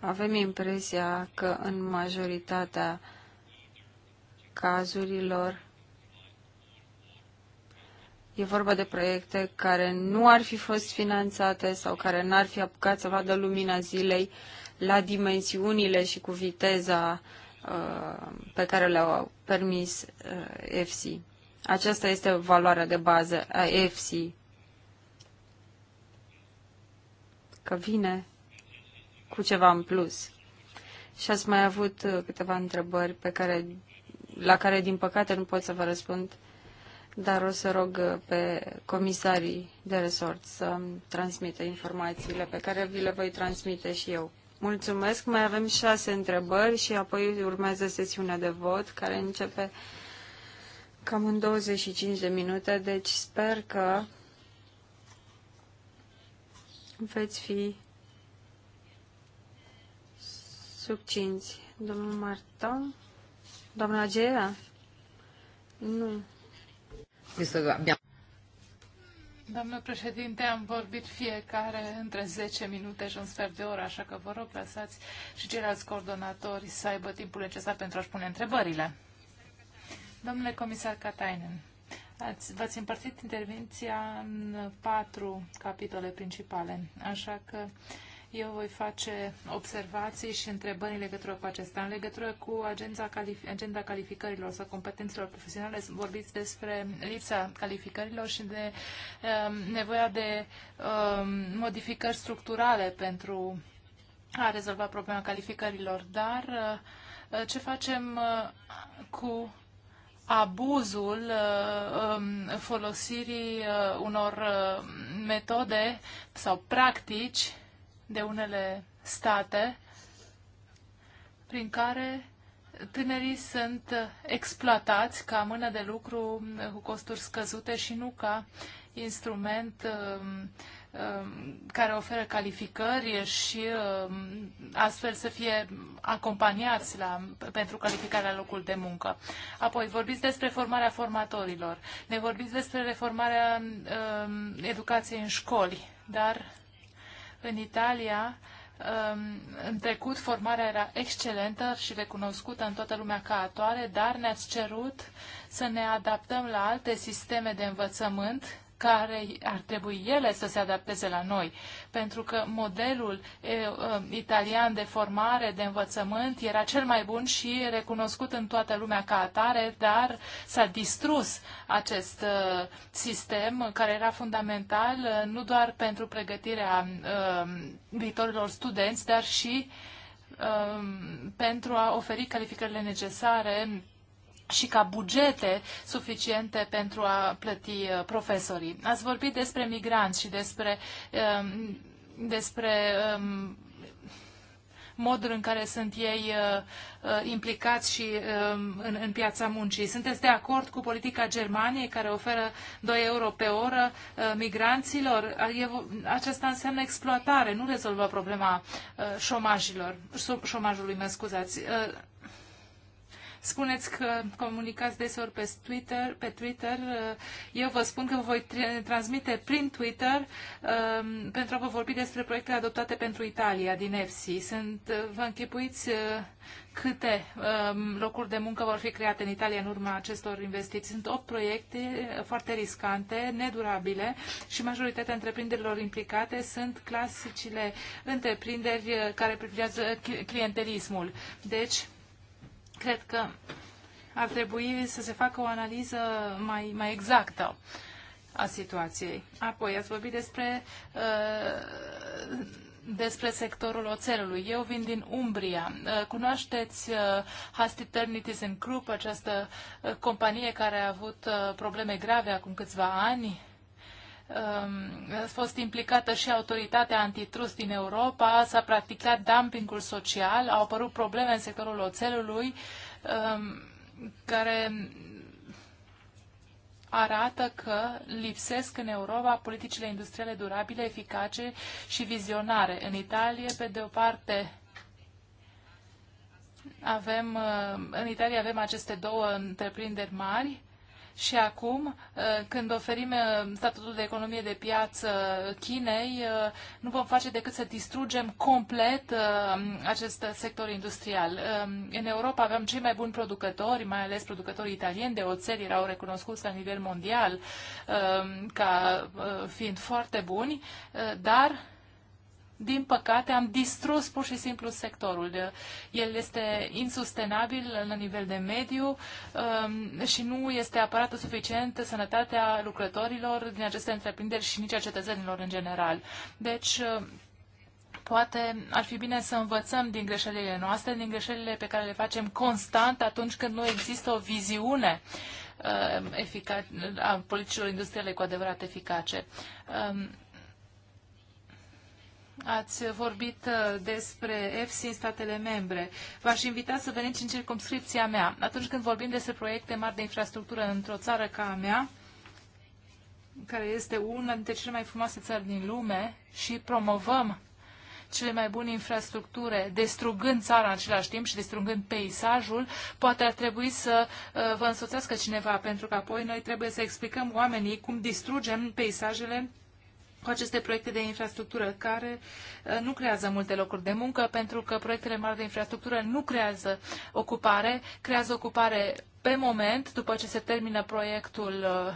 Avem impresia că în majoritatea cazurilor E vorba de proiecte care nu ar fi fost finanțate sau care n-ar fi apucat să vadă lumina zilei la dimensiunile și cu viteza uh, pe care le-au permis uh, FC. Aceasta este valoarea de bază a FC. Că vine cu ceva în plus. Și ați mai avut uh, câteva întrebări pe care, la care, din păcate, nu pot să vă răspund dar o să rog uh, pe comisarii de resort să transmită informațiile pe care vi le voi transmite și eu. Mulțumesc, mai avem șase întrebări și apoi urmează sesiunea de vot care începe cam în 25 de minute, deci sper că veți fi succinți. Domnul Martin? Doamna Gera? Nu visto Doamnă președinte, am vorbit fiecare între 10 minute și un sfert de oră, așa că vă rog lăsați și ceilalți coordonatori să aibă timpul necesar pentru a-și pune întrebările. Domnule comisar Katainen, ați, v-ați împărțit intervenția în patru capitole principale, așa că uh, eu voi face observații și întrebări în legătură cu acesta. În legătură cu agenda, calif agenda calificărilor sau competențelor profesionale, vorbiți despre lipsa calificărilor și de um, nevoia de um, modificări structurale pentru a rezolva problema calificărilor. Dar uh, ce facem uh, cu abuzul uh, um, folosirii uh, unor uh, metode sau practici de unele state prin care tinerii sunt exploatați ca mână de lucru cu costuri scăzute și nu ca instrument um, um, care oferă calificări și um, astfel să fie acompaniați la, pentru calificarea locul de muncă. Apoi vorbiți despre formarea formatorilor, ne vorbiți despre reformarea educației în școli, dar în Italia, um, în trecut, formarea era excelentă și recunoscută în toată lumea ca atoare, dar ne-ați cerut să ne adaptăm la alte sisteme de învățământ care ar trebui ele să se adapteze la noi, pentru că modelul e, e, italian de formare, de învățământ era cel mai bun și recunoscut în toată lumea ca atare, dar s-a distrus acest e, sistem care era fundamental nu doar pentru pregătirea viitorilor studenți, dar și pentru a oferi calificările necesare și ca bugete suficiente pentru a plăti uh, profesorii. Ați vorbit despre migranți și despre, um, despre um, modul în care sunt ei uh, uh, implicați și um, în, în piața muncii. Sunteți de acord cu politica Germaniei care oferă 2 euro pe oră migranților? Aceasta înseamnă exploatare, nu rezolvă problema șomajilor, șomajului, mă scuzați. Spuneți că comunicați deseori pe Twitter. Pe Twitter. Uh, eu vă spun că vă voi transmite prin Twitter um, pentru a vă vorbi despre proiectele adoptate pentru Italia din EFSI. Sunt, uh, vă închipuiți uh, câte um, locuri de muncă vor fi create în Italia în urma acestor investiții. Sunt 8 proiecte foarte riscante, nedurabile și majoritatea întreprinderilor implicate sunt clasicile întreprinderi care privilegiază clientelismul. Deci, Cred că ar trebui să se facă o analiză mai, mai exactă a situației. Apoi, ați vorbit despre, uh, despre sectorul oțelului. Eu vin din Umbria. Uh, cunoașteți uh, Hasti Ternities Group, această uh, companie care a avut probleme grave acum câțiva ani? Um, a fost implicată și autoritatea antitrust din Europa, s-a practicat dumpingul social, au apărut probleme în sectorul oțelului um, care arată că lipsesc în Europa politicile industriale durabile, eficace și vizionare. În Italia, pe de o parte, avem, uh, în Italia avem aceste două întreprinderi mari și acum, uh, când oferim uh, statutul de economie de piață Chinei, uh, nu vom face decât să distrugem complet acest sector industrial. Um, în Europa aveam cei mai buni producători, mai ales producătorii italieni de oțel, erau recunoscuți la nivel mondial um, ca fiind foarte buni, dar din păcate, am distrus pur și simplu sectorul. El este insustenabil la nivel de mediu um, și nu este aparat suficient sănătatea lucrătorilor din aceste întreprinderi și nici a cetățenilor în general. Deci, uh, poate ar fi bine să învățăm din greșelile noastre, din greșelile pe care le facem constant atunci când nu există o viziune uh, a politicilor industriale cu adevărat eficace. Um, Ați vorbit uh, despre EFSI în statele membre. V-aș invita să veniți în circumscripția mea. Atunci când vorbim despre proiecte mari de infrastructură într-o țară ca a mea, care este una dintre cele mai frumoase țări din lume și promovăm cele mai bune infrastructure, destrugând țara în același timp și destrugând peisajul, poate ar trebui să uh, vă însoțească cineva, pentru că apoi noi trebuie să explicăm oamenii cum distrugem peisajele cu aceste proiecte de infrastructură care uh, nu creează multe locuri de muncă, pentru că proiectele mari de infrastructură nu creează ocupare, creează ocupare pe moment, după ce se termină proiectul, uh,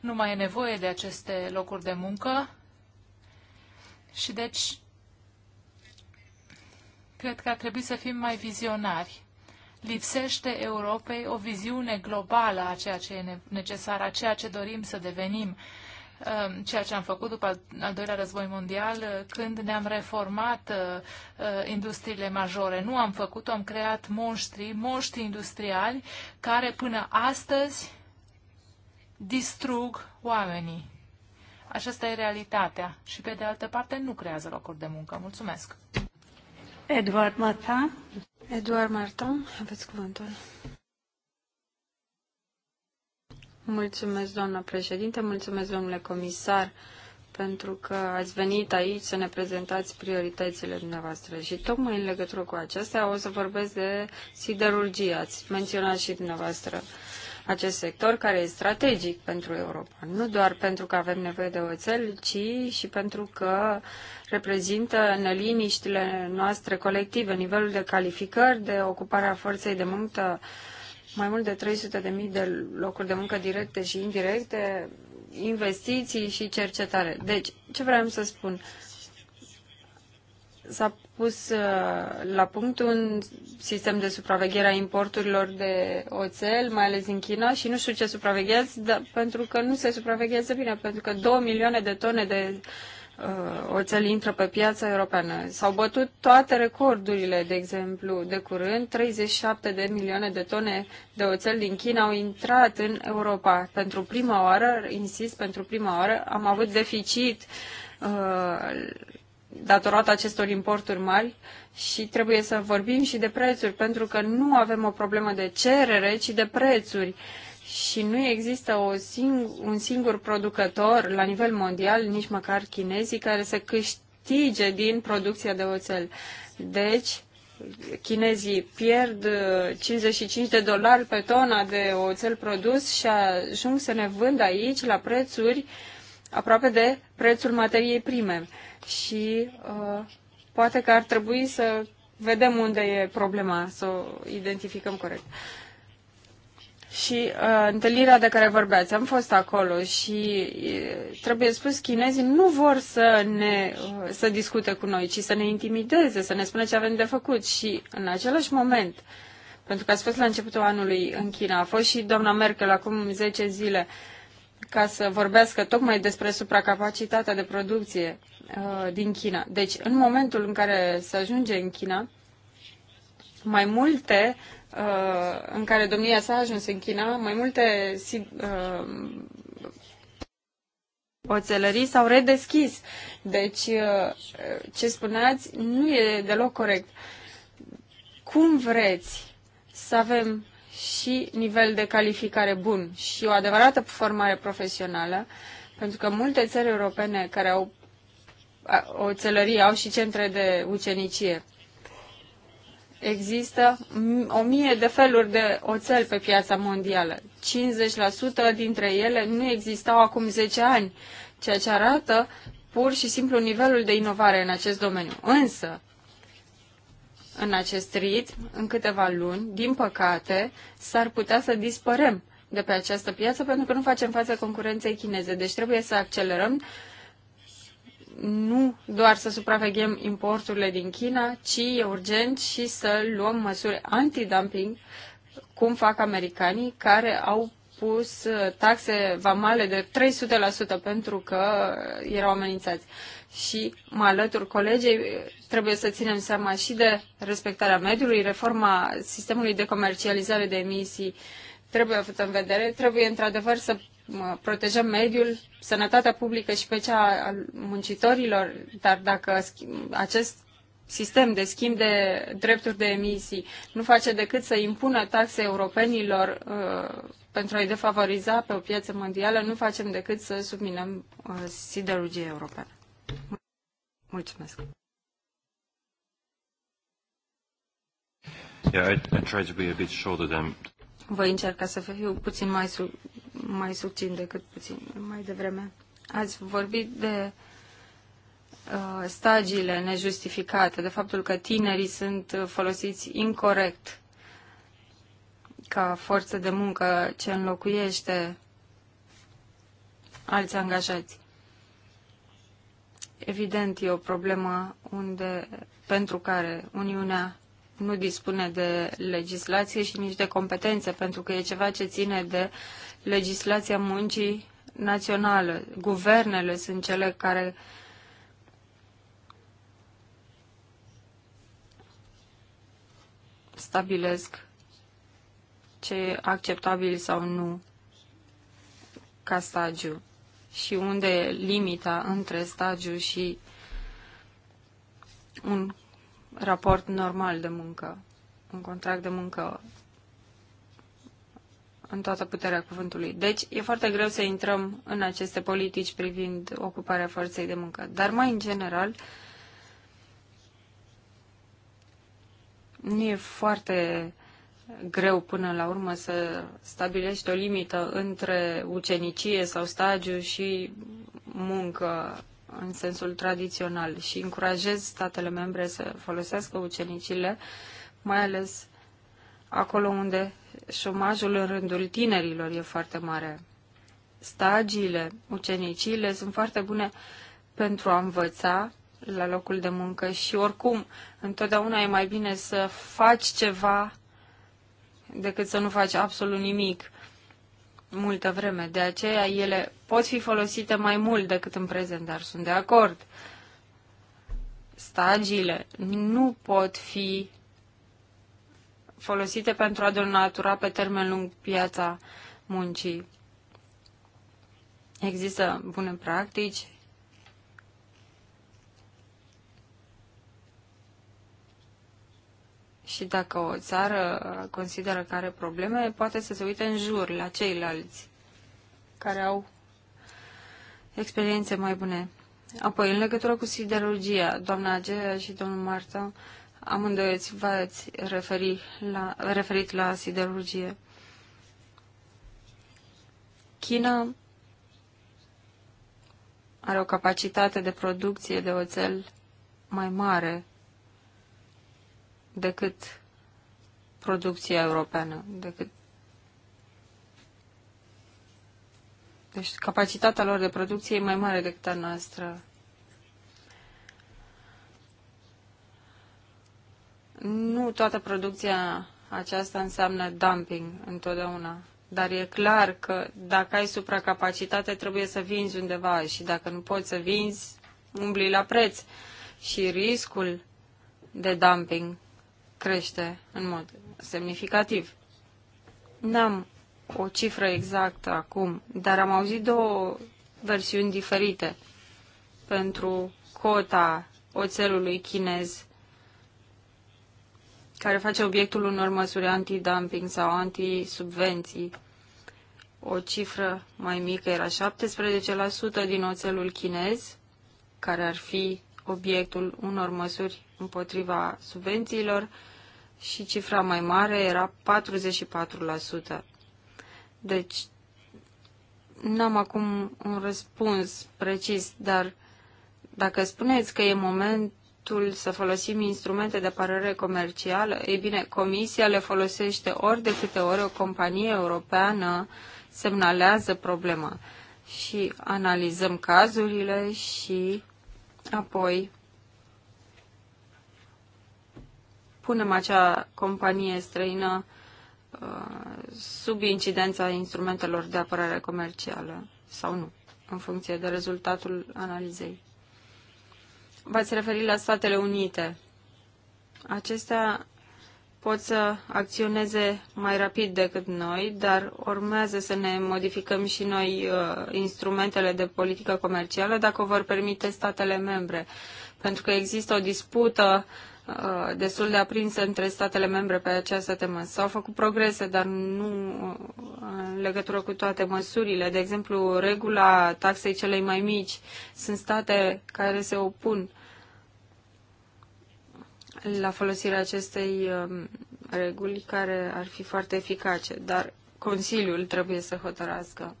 nu mai e nevoie de aceste locuri de muncă. Și deci, cred că ar trebui să fim mai vizionari. Lipsește Europei o viziune globală a ceea ce e necesar, a ceea ce dorim să devenim Um, ceea ce am făcut după al doilea război mondial, uh, când ne-am reformat uh, uh, industriile majore. Nu am făcut-o, am creat monștri, monștri industriali, care până astăzi distrug oamenii. Aceasta e realitatea și, pe de altă parte, nu creează locuri de muncă. Mulțumesc! Eduard Martin. Eduard Martin, aveți cuvântul. Mulțumesc, doamnă președinte, mulțumesc, domnule comisar, pentru că ați venit aici să ne prezentați prioritățile dumneavoastră. Și tocmai în legătură cu acestea o să vorbesc de siderurgie. Ați menționat și dumneavoastră acest sector care e strategic pentru Europa. Nu doar pentru că avem nevoie de oțel, ci și pentru că reprezintă ne-liniștile noastre colective, nivelul de calificări, de ocuparea forței de muncă, mai mult de 300 de, mii de locuri de muncă directe și indirecte, investiții și cercetare. Deci, ce vreau să spun? S-a pus uh, la punct un sistem de supraveghere a importurilor de oțel, mai ales din China, și nu știu ce supraveghează, pentru că nu se supraveghează bine, pentru că 2 milioane de tone de Uh, oțel intră pe piața europeană. S-au bătut toate recordurile, de exemplu, de curând, 37 de milioane de tone de oțel din China au intrat în Europa. Pentru prima oară, insist, pentru prima oară am avut deficit uh, datorată acestor importuri mari și trebuie să vorbim și de prețuri, pentru că nu avem o problemă de cerere, ci de prețuri. Uh, și nu există o sing- un singur producător la nivel mondial, nici măcar chinezii, care să câștige din producția de oțel. Deci, chinezii pierd 55 uh, de dolari pe tona de oțel produs și ajung să ne vând aici la prețuri aproape de prețul materiei prime. Și uh, poate că ar trebui să vedem unde e problema, să o identificăm corect. Uh, și uh, întâlnirea de care vorbeați, am fost acolo și uh, trebuie spus, chinezii nu vor să ne uh, să discute cu noi, ci să ne intimideze, să ne spună ce avem de făcut și în același moment, pentru că ați fost la începutul anului în China, a fost și doamna Merkel acum 10 zile ca să vorbească tocmai despre supracapacitatea de producție uh, din China. Deci, în momentul în care se ajunge în China, mai multe Uh, în care domnia sa a ajuns în China, mai multe uh, oțelării s-au redeschis. Deci, uh, ce spuneați nu e deloc corect. Cum vreți să avem și nivel de calificare bun și o adevărată formare profesională, pentru că multe țări europene care au oțelării au și centre de ucenicie. Există o mie de feluri de oțel pe piața mondială. 50% dintre ele nu existau acum 10 ani, ceea ce arată pur și simplu nivelul de inovare în acest domeniu. Însă, în acest ritm, în câteva luni, din păcate, s-ar putea să dispărem de pe această piață pentru că nu facem față concurenței chineze. Deci trebuie să accelerăm uh, nu doar să supraveghem importurile din China, ci e urgent și să luăm măsuri antidumping, cum fac americanii, care au pus uh, taxe vamale de 300% pentru că erau amenințați. Și mă alătur colegei, trebuie să ținem seama și de respectarea mediului, reforma sistemului de comercializare de emisii trebuie avut în vedere, trebuie într-adevăr să protejăm mediul, sănătatea publică și pe cea a muncitorilor, dar dacă acest sistem de schimb de drepturi de emisii nu face decât să impună taxe europenilor uh, pentru a-i defavoriza pe o piață mondială, nu facem decât să subminăm uh, siderurgia europeană. Mulțumesc! Yeah, I, I try to be a bit shorter than... Voi încerca să fiu puțin mai mai subțin decât puțin mai devreme. Ați vorbit de uh, stagiile nejustificate, de faptul că tinerii sunt uh, folosiți incorrect ca forță de muncă ce înlocuiește alți angajați. Evident, e o problemă unde, pentru care Uniunea nu dispune de legislație și nici de competențe, pentru că e ceva ce ține de legislația muncii națională. Guvernele sunt cele care stabilesc ce e acceptabil sau nu ca stagiu și unde e limita între stagiu și un raport normal de muncă, un contract de muncă în toată puterea cuvântului. Deci, e foarte greu să intrăm în aceste politici privind ocuparea forței de muncă. Dar, mai în general, nu e foarte greu până la urmă să stabilești o limită între ucenicie sau stagiu și muncă în sensul tradițional și încurajez statele membre să folosească ucenicile, mai ales acolo unde șomajul în rândul tinerilor e foarte mare. Stagiile, uceniciile sunt foarte bune pentru a învăța la locul de muncă și oricum întotdeauna e mai bine să faci ceva decât să nu faci absolut nimic multă vreme. De aceea ele pot fi folosite mai mult decât în prezent, dar sunt de acord. Stagiile nu pot fi folosite pentru a denatura pe termen lung piața muncii. Există bune practici. Și dacă o țară consideră că are probleme, poate să se uite în jur la ceilalți care au experiențe mai bune. Apoi, în legătură cu siderurgia, doamna Agea și domnul Marta Amândoi v-ați referi la, referit la siderurgie. China are o capacitate de producție de oțel mai mare decât producția europeană, decât deci capacitatea lor de producție e mai mare decât a noastră. Nu toată producția aceasta înseamnă dumping întotdeauna, dar e clar că dacă ai supracapacitate trebuie să vinzi undeva și dacă nu poți să vinzi, umbli la preț și riscul de dumping crește în mod semnificativ. N-am o cifră exactă acum, dar am auzit două versiuni diferite pentru cota oțelului chinez care face obiectul unor măsuri antidumping sau antisubvenții. O cifră mai mică era 17% din oțelul chinez, care ar fi obiectul unor măsuri împotriva subvențiilor, și cifra mai mare era 44%. Deci, n-am acum un răspuns precis, dar dacă spuneți că e moment dreptul să folosim instrumente de apărare comercială? Ei bine, Comisia le folosește ori de câte ori o companie europeană semnalează problema și analizăm cazurile și apoi punem acea companie străină uh, sub incidența instrumentelor de apărare comercială sau nu, în funcție de rezultatul analizei v-ați referit la Statele Unite. Acestea pot să acționeze mai rapid decât noi, dar urmează să ne modificăm și noi uh, instrumentele de politică comercială dacă o vor permite statele membre. Pentru că există o dispută uh, Uh, destul de aprinse între statele membre pe această temă. S-au făcut progrese, dar nu uh, în legătură cu toate măsurile. De exemplu, regula taxei celei mai mici. Sunt state care se opun la folosirea acestei um, reguli care ar fi foarte eficace, dar Consiliul trebuie să hotărască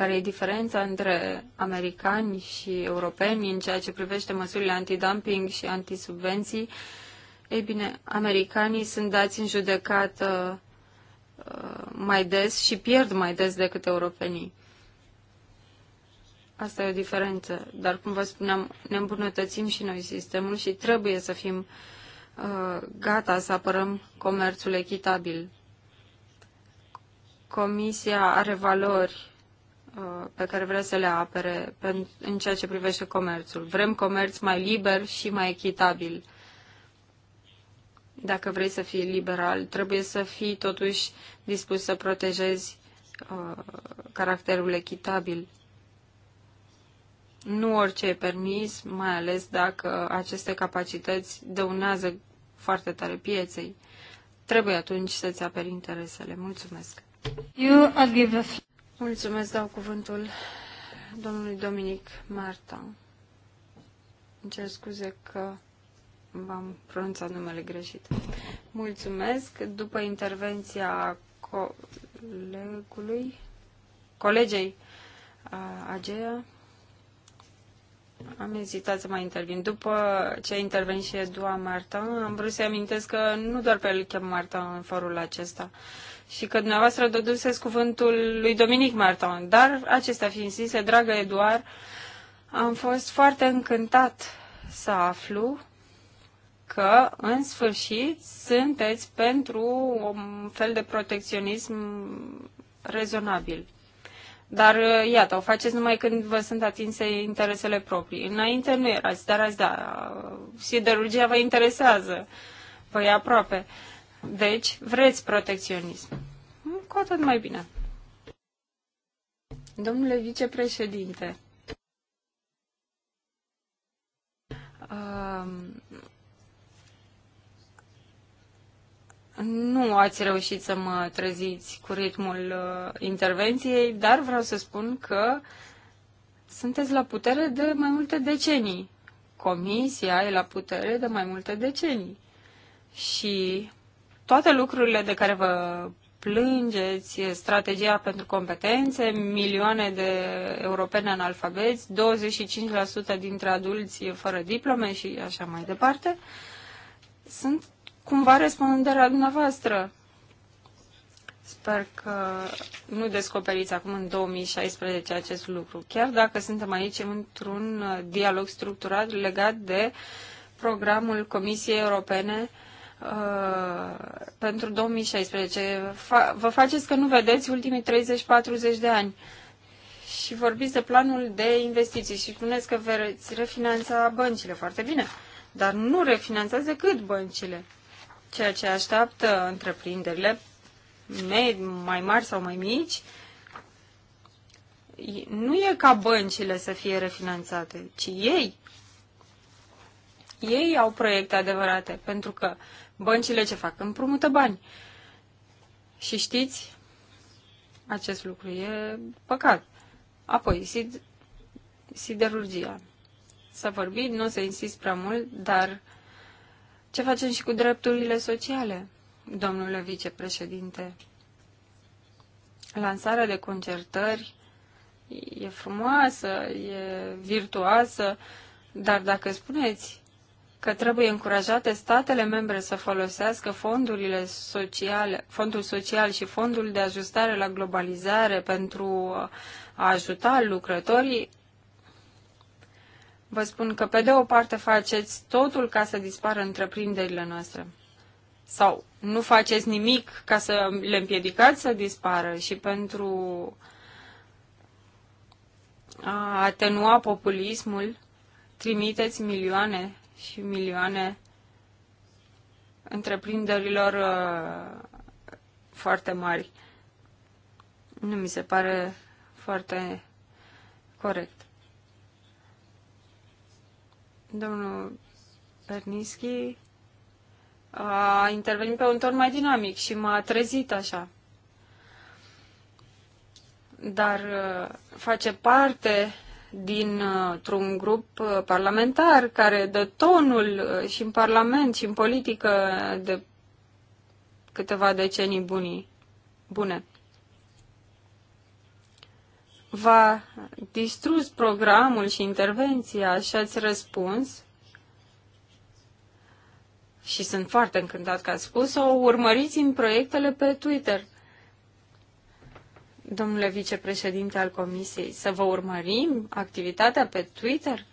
care e diferența între americani și europeni în ceea ce privește măsurile antidumping și antisubvenții. Ei bine, americanii sunt dați în judecată uh, mai des și pierd mai des decât europenii. Asta e o diferență. Dar, cum vă spuneam, ne îmbunătățim și noi sistemul și trebuie să fim uh, gata să apărăm comerțul echitabil. Comisia are valori Uh, pe care vrea să le apere în ceea ce privește comerțul. Vrem comerț mai liber și mai echitabil. Dacă vrei să fii liberal, trebuie să fii totuși dispus să protejezi uh, caracterul echitabil. Nu orice e permis, mai ales dacă aceste capacități dăunează foarte tare pieței. Trebuie atunci să-ți aperi interesele. Mulțumesc! You, are give a Mulțumesc, dau cuvântul domnului Dominic Marta. Îmi cer scuze că v-am pronunțat numele greșit. Mulțumesc. După intervenția colegului, colegei Agea, am ezitat să mai intervin. După ce a intervenit și Edua Martin, am vrut să amintesc că nu doar pe el chem Martin în forul acesta. Uh, și că dumneavoastră dăduseți cuvântul lui Dominic Marton. Dar, acestea fiind zise, dragă Eduard, am fost foarte încântat să aflu că, în sfârșit, sunteți pentru un fel de protecționism rezonabil. Dar, uh, iată, o faceți numai când vă sunt atinse interesele proprii. Înainte nu erați, dar azi da, uh, siderurgia vă interesează. Păi aproape. Uh, deci, vreți protecționism. Cu atât mai bine. Domnule vicepreședinte, um, nu ați reușit să mă treziți cu ritmul uh, intervenției, dar vreau să spun că sunteți la putere de mai multe decenii. Comisia e la putere de mai multe decenii. Și toate lucrurile de care vă plângeți, strategia pentru competențe, milioane de europeni analfabeți, 25% dintre adulți fără diplome și așa mai departe, sunt cumva răspunderea dumneavoastră. Sper că nu descoperiți acum în 2016 acest lucru, chiar dacă suntem aici într-un dialog structurat legat de programul Comisiei Europene uh, Uh, pentru 2016. Fa- vă faceți că nu vedeți ultimii 30-40 de ani și vorbiți de planul de investiții și spuneți că veți refinanța băncile. Foarte bine, dar nu refinanțați decât băncile. Ceea ce așteaptă întreprinderile mai mari sau mai mici nu e ca băncile să fie refinanțate, ci ei. Ei au proiecte adevărate, pentru că Băncile ce fac? Împrumută bani. Și știți, acest lucru e păcat. Apoi, sid- siderurgia. S-a vorbit, nu se insist prea mult, dar ce facem și cu drepturile sociale, domnule vicepreședinte? Lansarea de concertări e frumoasă, e virtuoasă, dar dacă spuneți că trebuie încurajate statele membre să folosească fondurile sociale, fondul social și fondul de ajustare la globalizare pentru a ajuta lucrătorii, vă spun că pe de o parte faceți totul ca să dispară întreprinderile noastre. Sau nu faceți nimic ca să le împiedicați să dispară și pentru a atenua populismul, trimiteți milioane și milioane întreprinderilor uh, foarte mari. Nu mi se pare foarte corect. Domnul Bernischi a intervenit pe un ton mai dinamic și m-a trezit așa. Dar uh, face parte dintr-un grup uh, parlamentar care dă tonul uh, și în Parlament și în politică de câteva decenii bunii, bune. V-a distrus programul și intervenția și ați răspuns și sunt foarte încântat că ați spus-o, urmăriți în proiectele pe Twitter – domnule vicepreședinte al Comisiei, să vă urmărim activitatea pe Twitter?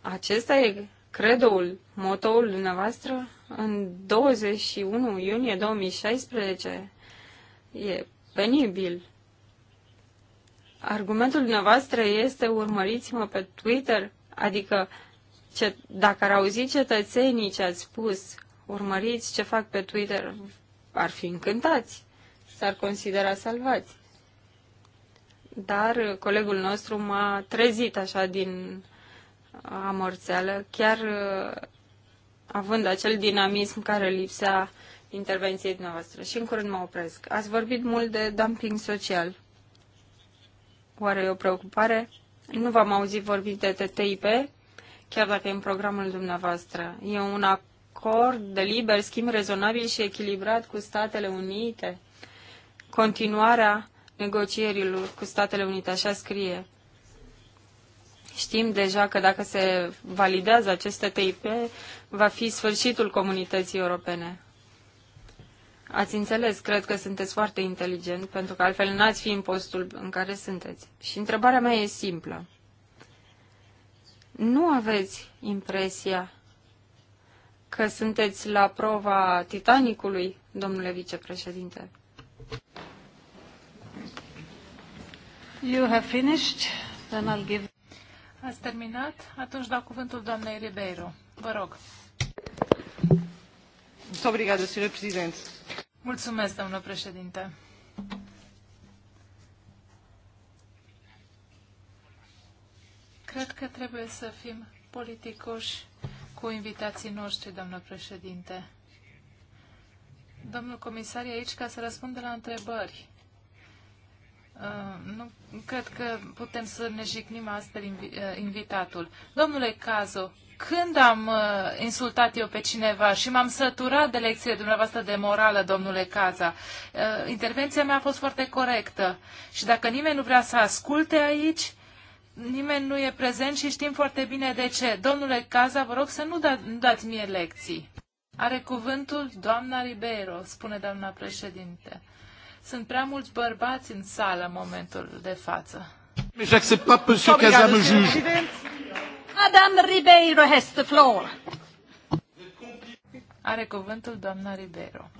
Acesta e credoul, motoul dumneavoastră? În 21 iunie 2016 e penibil. Argumentul dumneavoastră este urmăriți-mă pe Twitter? Adică, ce, dacă ar auzi cetățenii ce ați spus, urmăriți ce fac pe Twitter, ar fi încântați, s-ar considera salvați dar colegul nostru m-a trezit așa din amorțeală, chiar uh, având acel dinamism care lipsea intervenției noastre. Și în curând mă opresc. Ați vorbit mult de dumping social. Oare e o preocupare? Nu v-am auzit vorbit de TTIP, chiar dacă e în programul dumneavoastră. E un acord de liber schimb rezonabil și echilibrat cu Statele Unite. Continuarea negocierilor cu Statele Unite, așa scrie. Știm deja că dacă se validează acest TTIP, va fi sfârșitul comunității europene. Ați înțeles, cred că sunteți foarte inteligent, pentru că altfel n-ați fi în postul în care sunteți. Și întrebarea mea e simplă. Nu aveți impresia că sunteți la prova Titanicului, domnule vicepreședinte? You have finished. Then I'll give... Ați terminat? Atunci dau cuvântul doamnei Ribeiro. Vă rog. Obrigada, Sr. Presidente. Mulțumesc, domnule președinte. Cred că trebuie să fim politicoși cu invitații noștri, domnule președinte. Domnul comisar e aici ca să răspundă la întrebări. Uh, nu cred că putem să ne jignim astfel uh, invitatul. Domnule Cazu, când am uh, insultat eu pe cineva și m-am săturat de lecțiile dumneavoastră de morală, domnule Caza, uh, intervenția mea a fost foarte corectă. Și dacă nimeni nu vrea să asculte aici, nimeni nu e prezent și știm foarte bine de ce. Domnule Caza, vă rog să nu, da, nu dați mie lecții. Are cuvântul doamna Ribeiro, spune doamna președinte. Sunt prea mulți bărbați în sală în momentul de față. Madame Ribeiro has the floor. Are cuvântul doamna Ribeiro.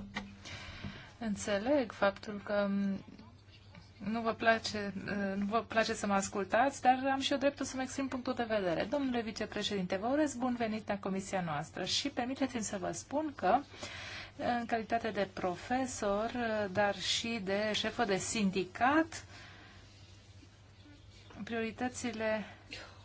Înțeleg faptul că mm, nu vă, place, mm, nu vă place să mă ascultați, dar am și eu dreptul să-mi exprim punctul de vedere. Domnule vicepreședinte, vă urez bun venit la comisia noastră și permiteți-mi să vă spun că uh, în calitate de profesor, dar și de șefă de sindicat. Prioritățile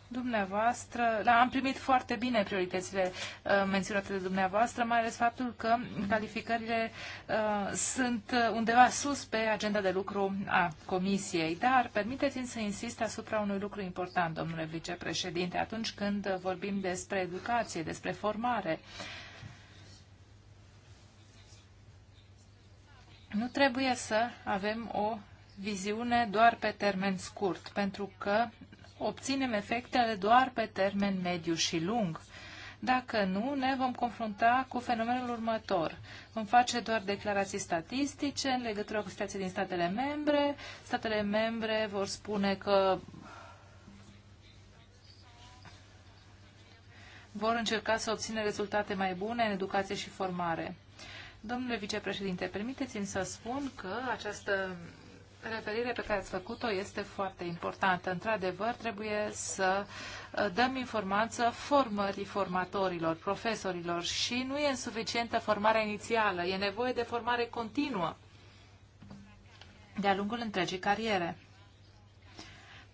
dumneavoastră, da, am primit foarte bine prioritățile uh, menționate de dumneavoastră, mai ales faptul că calificările uh, sunt undeva sus pe agenda de lucru a Comisiei. Dar permiteți-mi să insist asupra unui lucru important, domnule vicepreședinte, atunci când vorbim despre educație, despre formare. Uh, Nu trebuie să avem o viziune doar pe termen scurt, pentru că obținem efectele doar pe termen mediu și lung. Dacă nu, ne vom confrunta cu fenomenul următor. Vom face doar declarații statistice în legătură cu situația din statele membre. Statele membre vor spune că vor încerca să obțină rezultate mai bune în educație și formare. Domnule vicepreședinte, permiteți-mi să spun că această referire pe care ați făcut-o este foarte importantă. Într-adevăr, trebuie să uh, dăm informață formării formatorilor, profesorilor și nu e suficientă formarea inițială, e nevoie de formare continuă de-a lungul întregii cariere.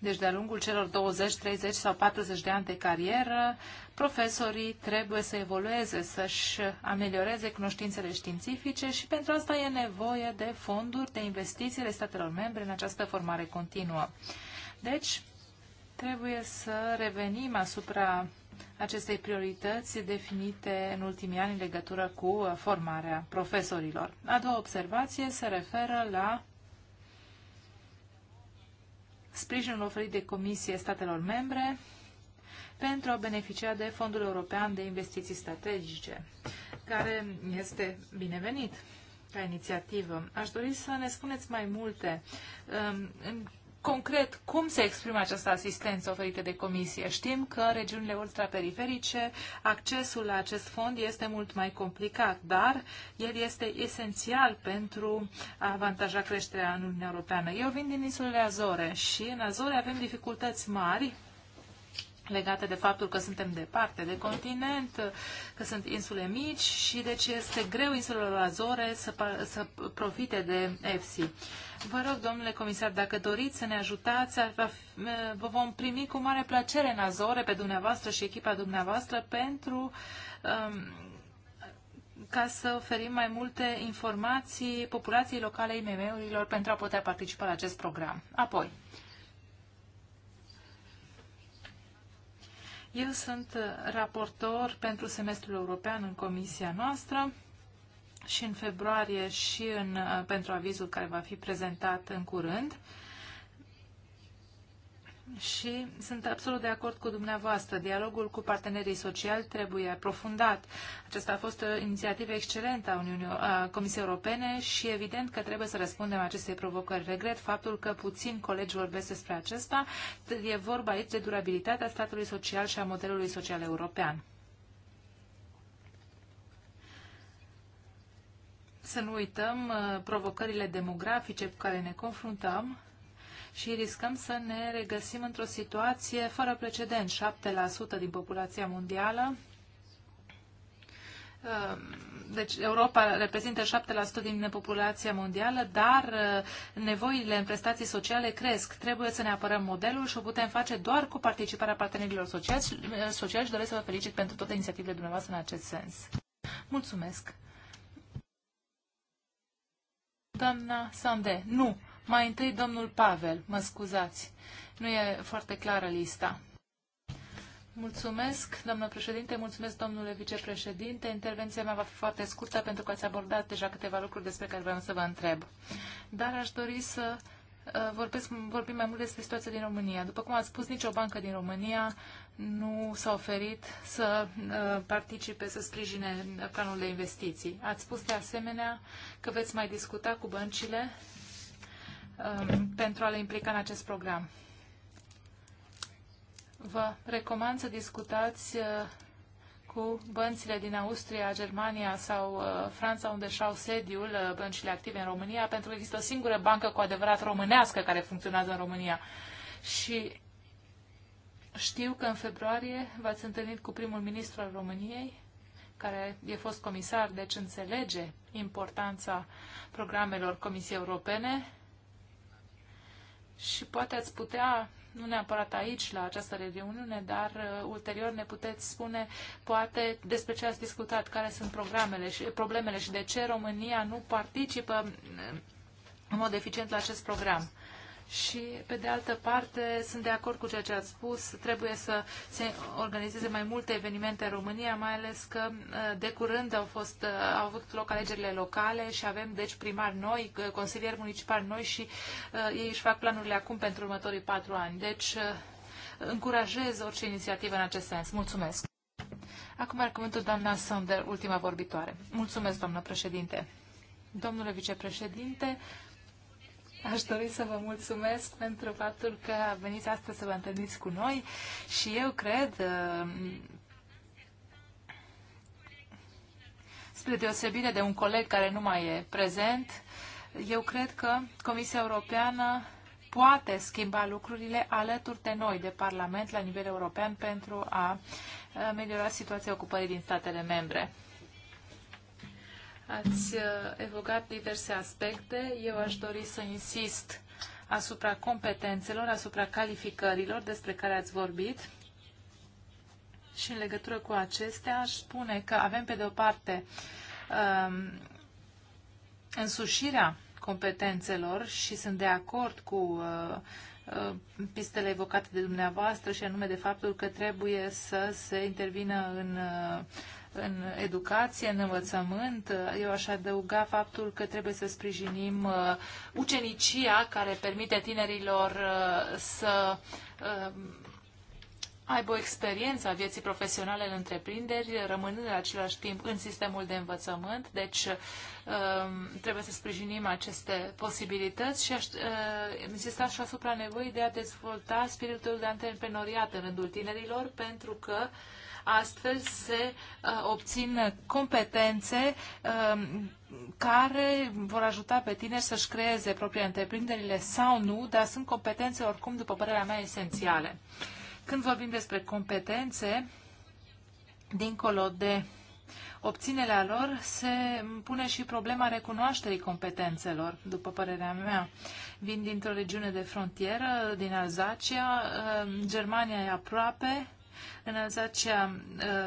Deci de-a lungul celor 20, 30 sau 40 de ani de carieră, profesorii trebuie să evolueze, să-și amelioreze cunoștințele științifice și pentru asta e nevoie de fonduri, de investițiile statelor membre în această formare continuă. Deci, trebuie să revenim asupra acestei priorități definite în ultimii ani în legătură cu formarea profesorilor. A doua observație se referă la sprijinul oferit de Comisie statelor membre pentru a beneficia de Fondul European de Investiții Strategice, care este binevenit ca inițiativă. Aș dori să ne spuneți mai multe um, în concret cum se exprimă această asistență oferită de comisie. Știm că în regiunile ultraperiferice accesul la acest fond este mult mai complicat, dar el este esențial pentru a avantaja creșterea în Uniunea Europeană. Eu vin din insulele Azore și în Azore avem dificultăți mari legate de faptul că suntem departe de continent, că sunt insule mici și deci este greu insulele Azore să, să profite de EFSI. Vă rog, domnule comisar, dacă doriți să ne ajutați, vă vom primi cu mare plăcere în Azore pe dumneavoastră și echipa dumneavoastră pentru um, ca să oferim mai multe informații populației locale IMM-urilor pentru a putea participa la acest program. Apoi, eu sunt raportor pentru semestrul european în comisia noastră și în februarie și în, uh, pentru avizul care va fi prezentat în curând. Și sunt absolut de acord cu dumneavoastră. Dialogul cu partenerii sociali trebuie aprofundat. Aceasta a fost o uh, inițiativă excelentă a, Uniunii, uh, a Comisiei Europene și evident că trebuie să răspundem acestei provocări. Regret faptul că puțin colegi vorbesc despre acesta. E vorba aici de durabilitatea statului social și a modelului social european. să nu uităm uh, provocările demografice cu care ne confruntăm și riscăm să ne regăsim într-o situație fără precedent. 7% din populația mondială uh, deci Europa reprezintă 7% din populația mondială, dar uh, nevoile în prestații sociale cresc. Trebuie să ne apărăm modelul și o putem face doar cu participarea partenerilor sociali, și doresc să vă felicit pentru toate inițiativele dumneavoastră în acest sens. Mulțumesc! Doamna Sande, nu. Mai întâi domnul Pavel, mă scuzați. Nu e foarte clară lista. Mulțumesc, doamnă președinte, mulțumesc, domnule vicepreședinte. Intervenția mea va fi foarte scurtă pentru că ați abordat deja câteva lucruri despre care vreau să vă întreb. Dar aș dori să uh, vorbesc, vorbim mai mult despre situația din România. După cum ați spus, nicio bancă din România nu s-a oferit să uh, participe, să sprijine planul de investiții. Ați spus de asemenea că veți mai discuta cu băncile um, pentru a le implica în acest program. Vă recomand să discutați uh, cu bănțile din Austria, Germania sau uh, Franța, unde și-au sediul băncile active în România, pentru că există o singură bancă cu adevărat românească care funcționează în România. Și știu că în februarie v-ați întâlnit cu primul ministru al României, care e fost comisar, deci înțelege importanța programelor Comisiei Europene și poate ați putea, nu neapărat aici, la această reuniune, dar uh, ulterior ne puteți spune poate despre ce ați discutat, care sunt programele și, problemele și de ce România nu participă uh, în mod eficient la acest program și, pe de altă parte, sunt de acord cu ceea ce ați spus. Trebuie să se organizeze mai multe evenimente în România, mai ales că uh, de curând au, fost, uh, au avut loc alegerile locale și avem, deci, primari noi, uh, consilieri municipali noi și uh, ei își fac planurile acum pentru următorii patru ani. Deci, uh, încurajez orice inițiativă în acest sens. Mulțumesc! Acum ar cuvântul doamna Sander, ultima vorbitoare. Mulțumesc, doamnă președinte. Domnule vicepreședinte, Aș dori să vă mulțumesc pentru faptul că veniți astăzi să vă întâlniți cu noi și eu cred, uh, spre deosebire de un coleg care nu mai e prezent, eu cred că Comisia Europeană poate schimba lucrurile alături de noi, de Parlament, la nivel european, pentru a uh, meliora situația ocupării din statele membre. Ați uh, evocat diverse aspecte. Eu aș dori să insist asupra competențelor, asupra calificărilor despre care ați vorbit. Și în legătură cu acestea, aș spune că avem, pe de o parte, um, însușirea competențelor și sunt de acord cu uh, uh, pistele evocate de dumneavoastră și anume de faptul că trebuie să se intervină în în educație, în învățământ. Eu aș adăuga faptul că trebuie să sprijinim uh, ucenicia care permite tinerilor uh, să uh, aibă o experiență a vieții profesionale în întreprinderi, rămânând în același timp în sistemul de învățământ. Deci trebuie să sprijinim aceste posibilități și insista și asupra nevoii de a dezvolta spiritul de antreprenoriat în rândul tinerilor, pentru că Astfel se uh, obțin competențe um, care vor ajuta pe tine să-și creeze propria întreprinderile sau nu, dar sunt competențe oricum, după părerea mea, esențiale. Când vorbim despre competențe, dincolo de obținerea lor, se pune și problema recunoașterii competențelor, după părerea mea. Vin dintr-o regiune de frontieră, din Alzacia, uh, Germania e aproape, în ce uh,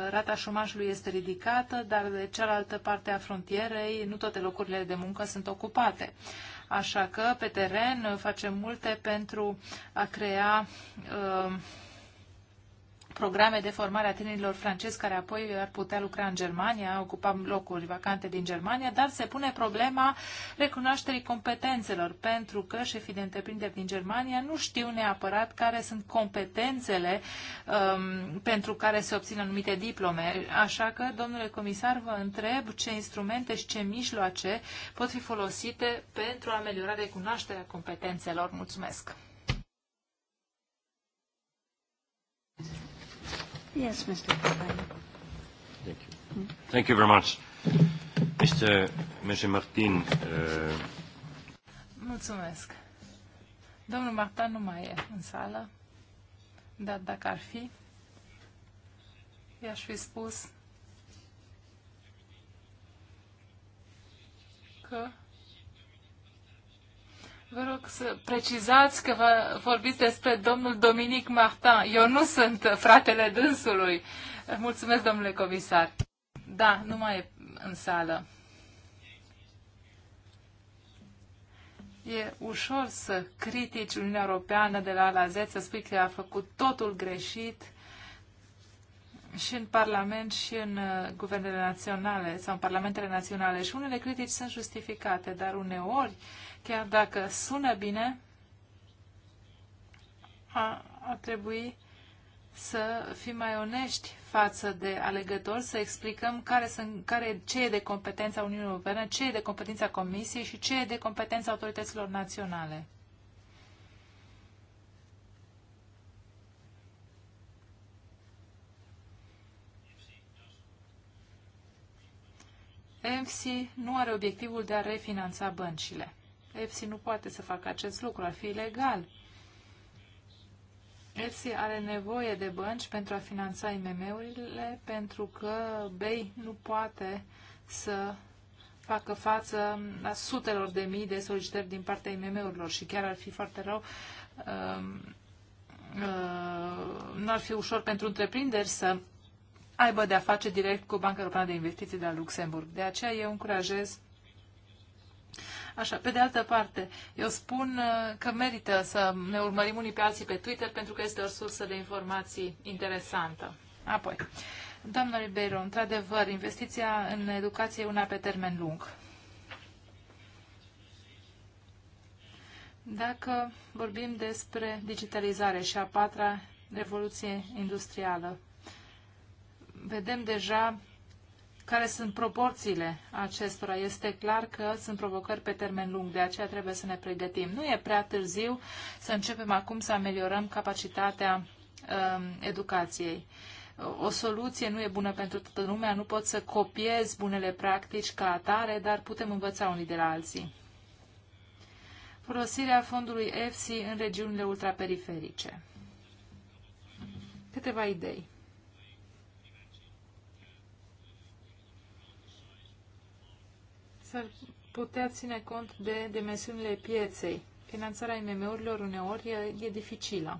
rata șomajului este ridicată, dar de cealaltă parte a frontierei nu toate locurile de muncă sunt ocupate. Așa că, pe teren, facem multe pentru a crea uh, programe de formare a tinerilor francezi care apoi ar putea lucra în Germania, ocupa locuri vacante din Germania, dar se pune problema recunoașterii competențelor, pentru că șefii de întreprinderi din Germania nu știu neapărat care sunt competențele um, pentru care se obțin anumite diplome. Așa că, domnule comisar, vă întreb ce instrumente și ce mijloace pot fi folosite pentru a ameliora recunoașterea competențelor. Mulțumesc! Yes, Mr. Thank you. Thank you very much. Mr. Mr. Martin. Uh... Mulțumesc. Domnul Martin nu mai e în sală, dar dacă ar fi, i-aș fi spus că Vă rog să precizați că vă vorbiți despre domnul Dominic Martin. Eu nu sunt fratele dânsului. Mulțumesc, domnule comisar. Da, nu mai e în sală. E ușor să critici Uniunea Europeană de la la Z, să spui că a făcut totul greșit, și în Parlament și în uh, guvernele naționale sau în parlamentele naționale și unele critici sunt justificate, dar uneori, chiar dacă sună bine, a, a trebui să fim mai onești față de alegători, să explicăm care sunt, care, ce e de competența Uniunii Europene, ce e de competența Comisiei și ce e de competența autorităților naționale. EFSI nu are obiectivul de a refinanța băncile. EFSI nu poate să facă acest lucru, ar fi ilegal. EFSI are nevoie de bănci pentru a finanța IMM-urile, pentru că BEI nu poate să facă față la sutelor de mii de solicitări din partea IMM-urilor și chiar ar fi foarte rău uh, ehm, ehm, nu ar fi ușor pentru întreprinderi să aibă de-a face direct cu Banca Europeană de Investiții de la Luxemburg. De aceea eu încurajez Așa, pe de altă parte, eu spun uh, că merită să ne urmărim unii pe alții pe Twitter pentru că este o sursă de informații interesantă. Apoi, doamna Ribeiro, într-adevăr, investiția în educație e una pe termen lung. Dacă vorbim despre digitalizare și a patra revoluție industrială, vedem deja care sunt proporțiile acestora. Este clar că sunt provocări pe termen lung, de aceea trebuie să ne pregătim. Nu e prea târziu să începem acum să ameliorăm capacitatea uh, educației. O soluție nu e bună pentru toată lumea, nu pot să copiez bunele practici ca atare, dar putem învăța unii de la alții. Folosirea fondului EFSI în regiunile ultraperiferice. Câteva idei. s-ar putea ține cont de dimensiunile pieței. Finanțarea IMM-urilor uneori e, e dificilă.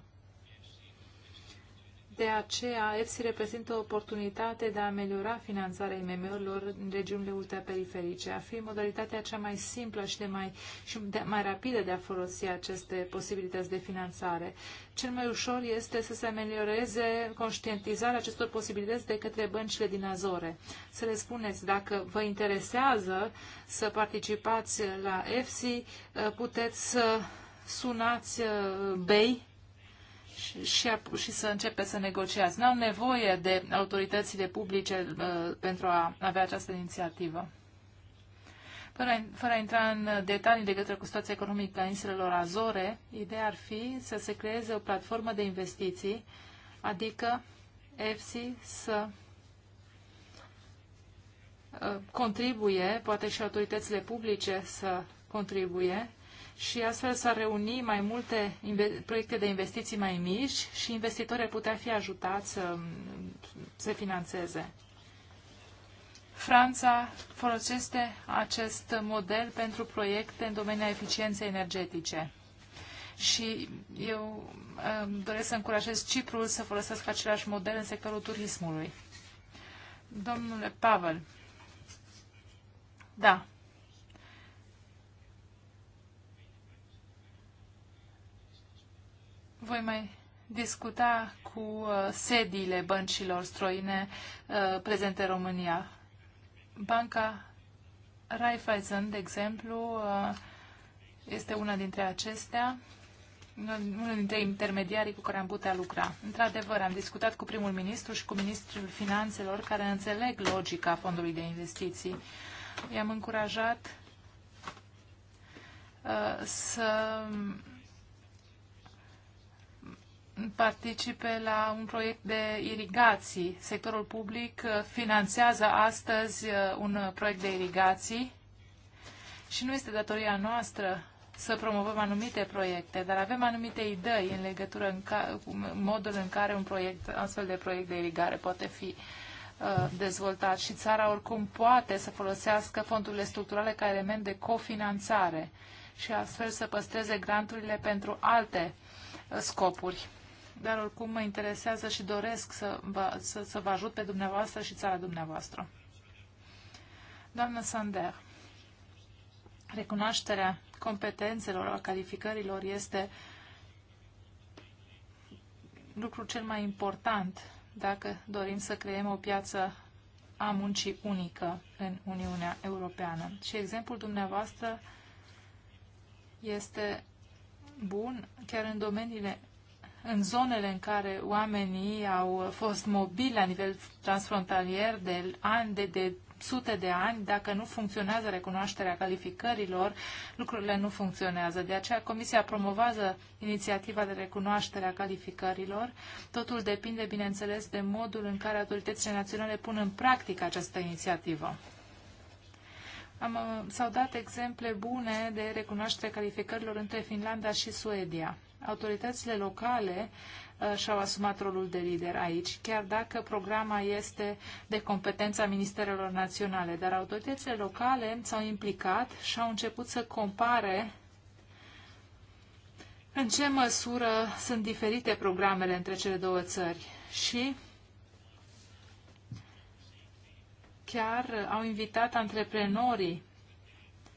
De aceea, EFSI reprezintă o oportunitate de a ameliora finanțarea IMM-urilor în regiunile ultraperiferice, a fi modalitatea cea mai simplă și, de mai, și de, mai rapidă de a folosi aceste posibilități de finanțare. Cel mai ușor este să se amelioreze conștientizarea acestor posibilități de către băncile din Azore. Să le spuneți, dacă vă interesează să participați la EFSI, puteți să sunați uh, BEI, și, și, și să începe să negociați. N-au nevoie de autoritățile publice uh, pentru a avea această inițiativă. Fără, fără a intra în detalii legătură cu situația economică a insulelor Azore, ideea ar fi să se creeze o platformă de investiții, adică EFSI să uh, contribuie, poate și autoritățile publice să contribuie și astfel s-ar reuni mai multe proiecte de investiții mai mici și investitorii putea fi ajutați să se financeze. Franța folosește acest model pentru proiecte în domeniul eficienței energetice. Și eu um, doresc să încurajez Ciprul să folosească același model în sectorul turismului. Domnule Pavel, da, Voi mai discuta cu uh, sediile băncilor străine uh, prezente în România. Banca Raiffeisen, de exemplu, uh, este una dintre acestea, unul dintre intermediarii cu care am putea lucra. Într-adevăr, am discutat cu primul ministru și cu ministrul finanțelor, care înțeleg logica fondului de investiții. I-am încurajat uh, să participe la un proiect de irigații. Sectorul public uh, finanțează astăzi uh, un uh, proiect de irigații și nu este datoria noastră să promovăm anumite proiecte, dar avem anumite idei în legătură în ca, cu modul în care un proiect, astfel de proiect de irigare poate fi dezvoltat și țara oricum poate să folosească fondurile structurale ca element de cofinanțare și astfel să păstreze granturile pentru alte scopuri dar oricum mă interesează și doresc să vă, să, să vă ajut pe dumneavoastră și țara dumneavoastră. Doamnă Sander, recunoașterea competențelor, a calificărilor este lucru cel mai important dacă dorim să creăm o piață a muncii unică în Uniunea Europeană. Și exemplul dumneavoastră este bun chiar în domeniile în zonele în care oamenii au fost mobili la nivel transfrontalier de ani, de, de sute de ani, dacă nu funcționează recunoașterea calificărilor, lucrurile nu funcționează. De aceea Comisia promovează inițiativa de recunoaștere a calificărilor. Totul depinde, bineînțeles, de modul în care autoritățile naționale pun în practică această inițiativă. Am, uh, s-au dat exemple bune de recunoaștere calificărilor între Finlanda și Suedia autoritățile locale uh, și-au asumat rolul de lider aici, chiar dacă programa este de competența ministerelor naționale. Dar autoritățile locale s-au implicat și au început să compare în ce măsură sunt diferite programele între cele două țări și chiar au invitat antreprenorii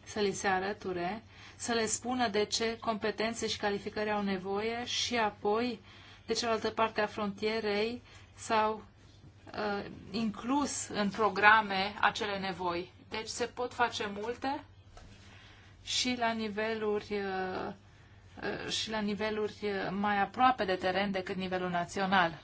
să li se arăture să le spună de ce competențe și calificări au nevoie și apoi de cealaltă parte a frontierei sau uh, inclus în programe acele nevoi. Deci se pot face multe și la niveluri uh, uh și la niveluri uh, mai aproape de teren decât nivelul național.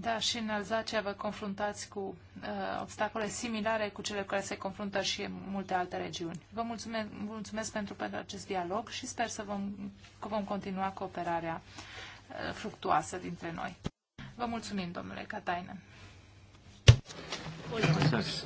Da, și în Alzacea vă confruntați cu uh, obstacole similare cu cele cu care se confruntă și multe alte regiuni. Vă mulțumesc, mulțumesc pentru, pentru acest dialog și sper să vom, că vom continua cooperarea uh, fructuoasă dintre noi. Vă mulțumim, domnule Catainen. Mulțumesc.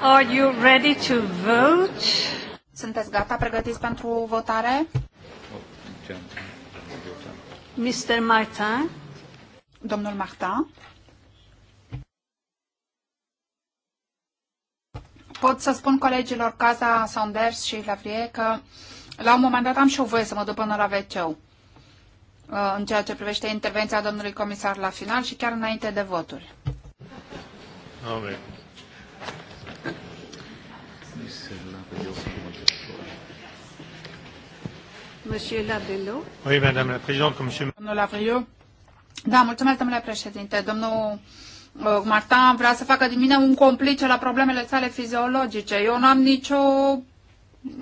Are you ready to vote? Sunteți gata, pregătiți pentru votare? Mr. Martin. Domnul Martin. Pot să spun colegilor Caza, Saunders și Lavrie că la un moment dat am și o voie să mă duc până la wc uh, în ceea ce privește intervenția domnului comisar la final și chiar înainte de voturi. Amen. Monsieur Labello. Oui, Madame la Présidente, Monsieur... Domnul Da, mulțumesc, domnule președinte. Domnul uh, Martin vrea să facă din mine un complice la problemele sale fiziologice. Eu nu am nicio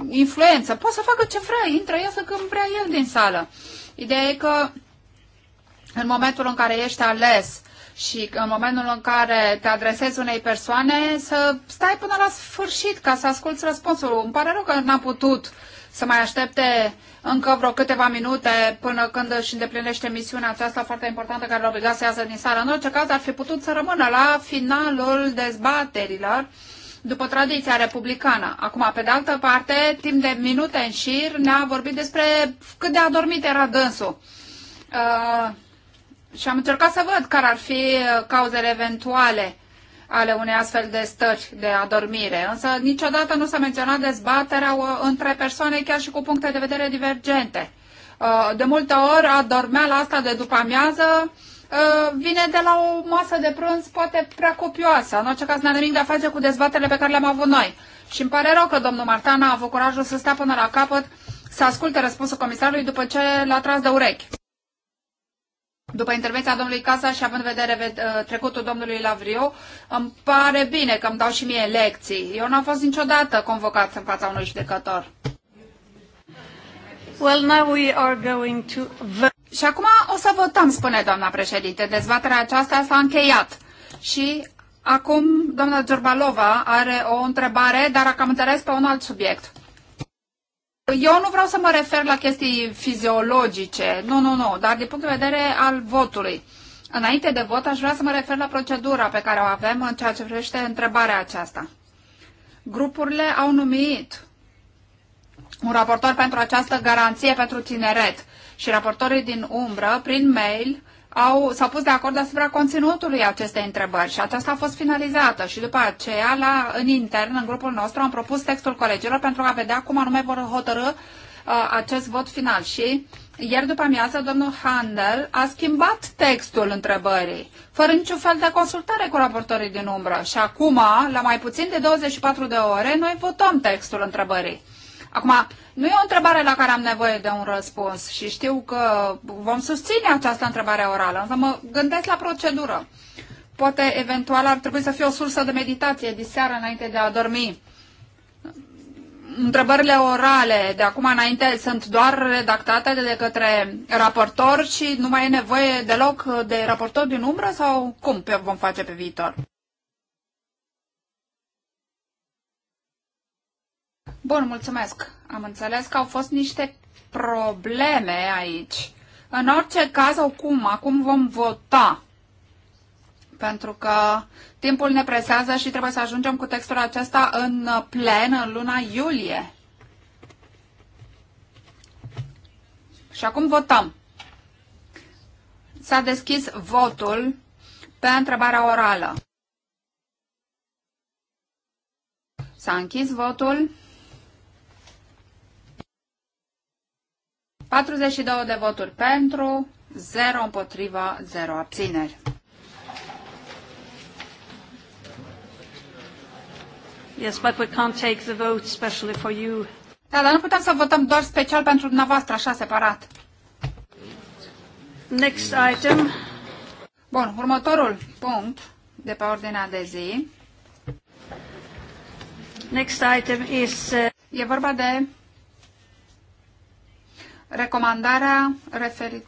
influență. Poate să facă ce vrea, intră, iasă când vrea el din sală. Ideea e că în momentul în care ești ales și în momentul în care te adresezi unei persoane, să stai până la sfârșit ca să asculți răspunsul. Îmi pare rău că n-am putut uh, să mai aștepte încă vreo câteva minute până când își îndeplinește misiunea aceasta foarte importantă care l-a obligat să iasă din sală. În orice caz, ar fi putut să rămână la finalul dezbaterilor după tradiția republicană. Acum, pe de altă parte, timp de minute în șir ne-a vorbit despre cât de adormit era dânsul. Uh, și am încercat să văd care ar fi uh, cauzele eventuale ale unei astfel de stări de adormire, însă niciodată nu s-a menționat dezbaterea uh, între persoane chiar și cu puncte de vedere divergente. Uh, de multe ori, adormeala asta de după amiază uh, vine de la o masă de prânz poate prea copioasă. În orice caz, n a nimic de a face cu dezbaterele pe care le-am avut noi. Și îmi pare rău că domnul Martan a avut curajul să stea până la capăt să asculte răspunsul comisarului după ce l-a tras de urechi. După intervenția domnului Casa și având în vedere uh, trecutul domnului Lavrio, îmi pare bine că îmi dau și mie lecții. Eu n-am fost niciodată convocat în fața unui judecător. Well, now we are going to și acum o să votăm, spune doamna președinte. Dezbaterea aceasta s-a încheiat. Și acum doamna Giorbalova are o întrebare, dar am înțeles pe un alt subiect. Eu nu vreau să mă refer la chestii fiziologice, nu, nu, nu, dar din punct de vedere al votului. Înainte de vot, aș vrea să mă refer la procedura pe care o avem în ceea ce privește întrebarea aceasta. Grupurile au numit un raportor pentru această garanție pentru tineret și raportorii din umbră, prin mail, au, s-au pus de acord asupra conținutului acestei întrebări și aceasta a fost finalizată și după aceea la, în intern, în grupul nostru, am propus textul colegilor pentru a vedea cum anume vor hotărâ uh, acest vot final și ieri după amiază domnul Handel a schimbat textul întrebării, fără niciun fel de consultare cu raportorii din umbră și acum, la mai puțin de 24 de ore, noi votăm textul întrebării. Acum, nu e o întrebare la care am nevoie de un răspuns și știu că vom susține această întrebare orală, însă mă gândesc la procedură. Poate, eventual, ar trebui să fie o sursă de meditație de seară, înainte de a dormi. Întrebările orale de acum înainte sunt doar redactate de către raportor și nu mai e nevoie deloc de raportor din umbră sau cum vom face pe viitor? Bun, mulțumesc. Am înțeles că au fost niște probleme aici. În orice caz, acum, acum vom vota. Pentru că timpul ne presează și trebuie să ajungem cu textul acesta în plen în luna iulie. Și acum votăm. S-a deschis votul pe întrebarea orală. S-a închis votul. 42 de voturi pentru, 0 împotriva, 0 abțineri. Yes, but we can't take the vote specially for you. Da, dar nu putem să votăm doar special pentru dumneavoastră, așa separat. Next item. Bun, următorul punct de pe ordinea de zi. Next item is... Uh... E vorba de recomandarea referit,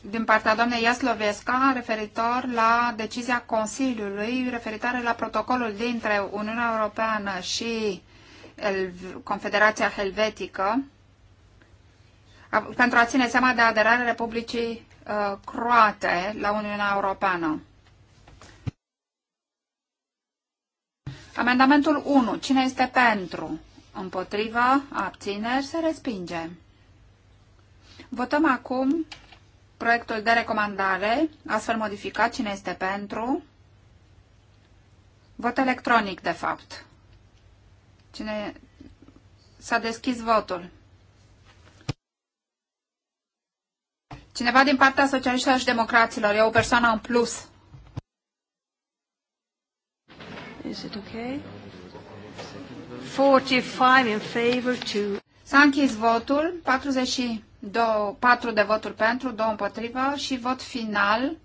din partea doamnei Iaslovesca referitor la decizia Consiliului referitoare la protocolul dintre Uniunea Europeană și Confederația Helvetică pentru a ține seama de aderarea Republicii uh, Croate la Uniunea Europeană. Amendamentul 1. Cine este pentru? Împotriva? Abțineri? Se respinge. Votăm acum proiectul de recomandare, astfel modificat. Cine este pentru? Vot electronic, de fapt. Cine s-a deschis votul? Cineva din partea socialiștilor și democraților. E o persoană în plus. Is it okay? 45 in favor to... S-a închis votul. 45 două, patru de voturi pentru, două împotrivă și vot final,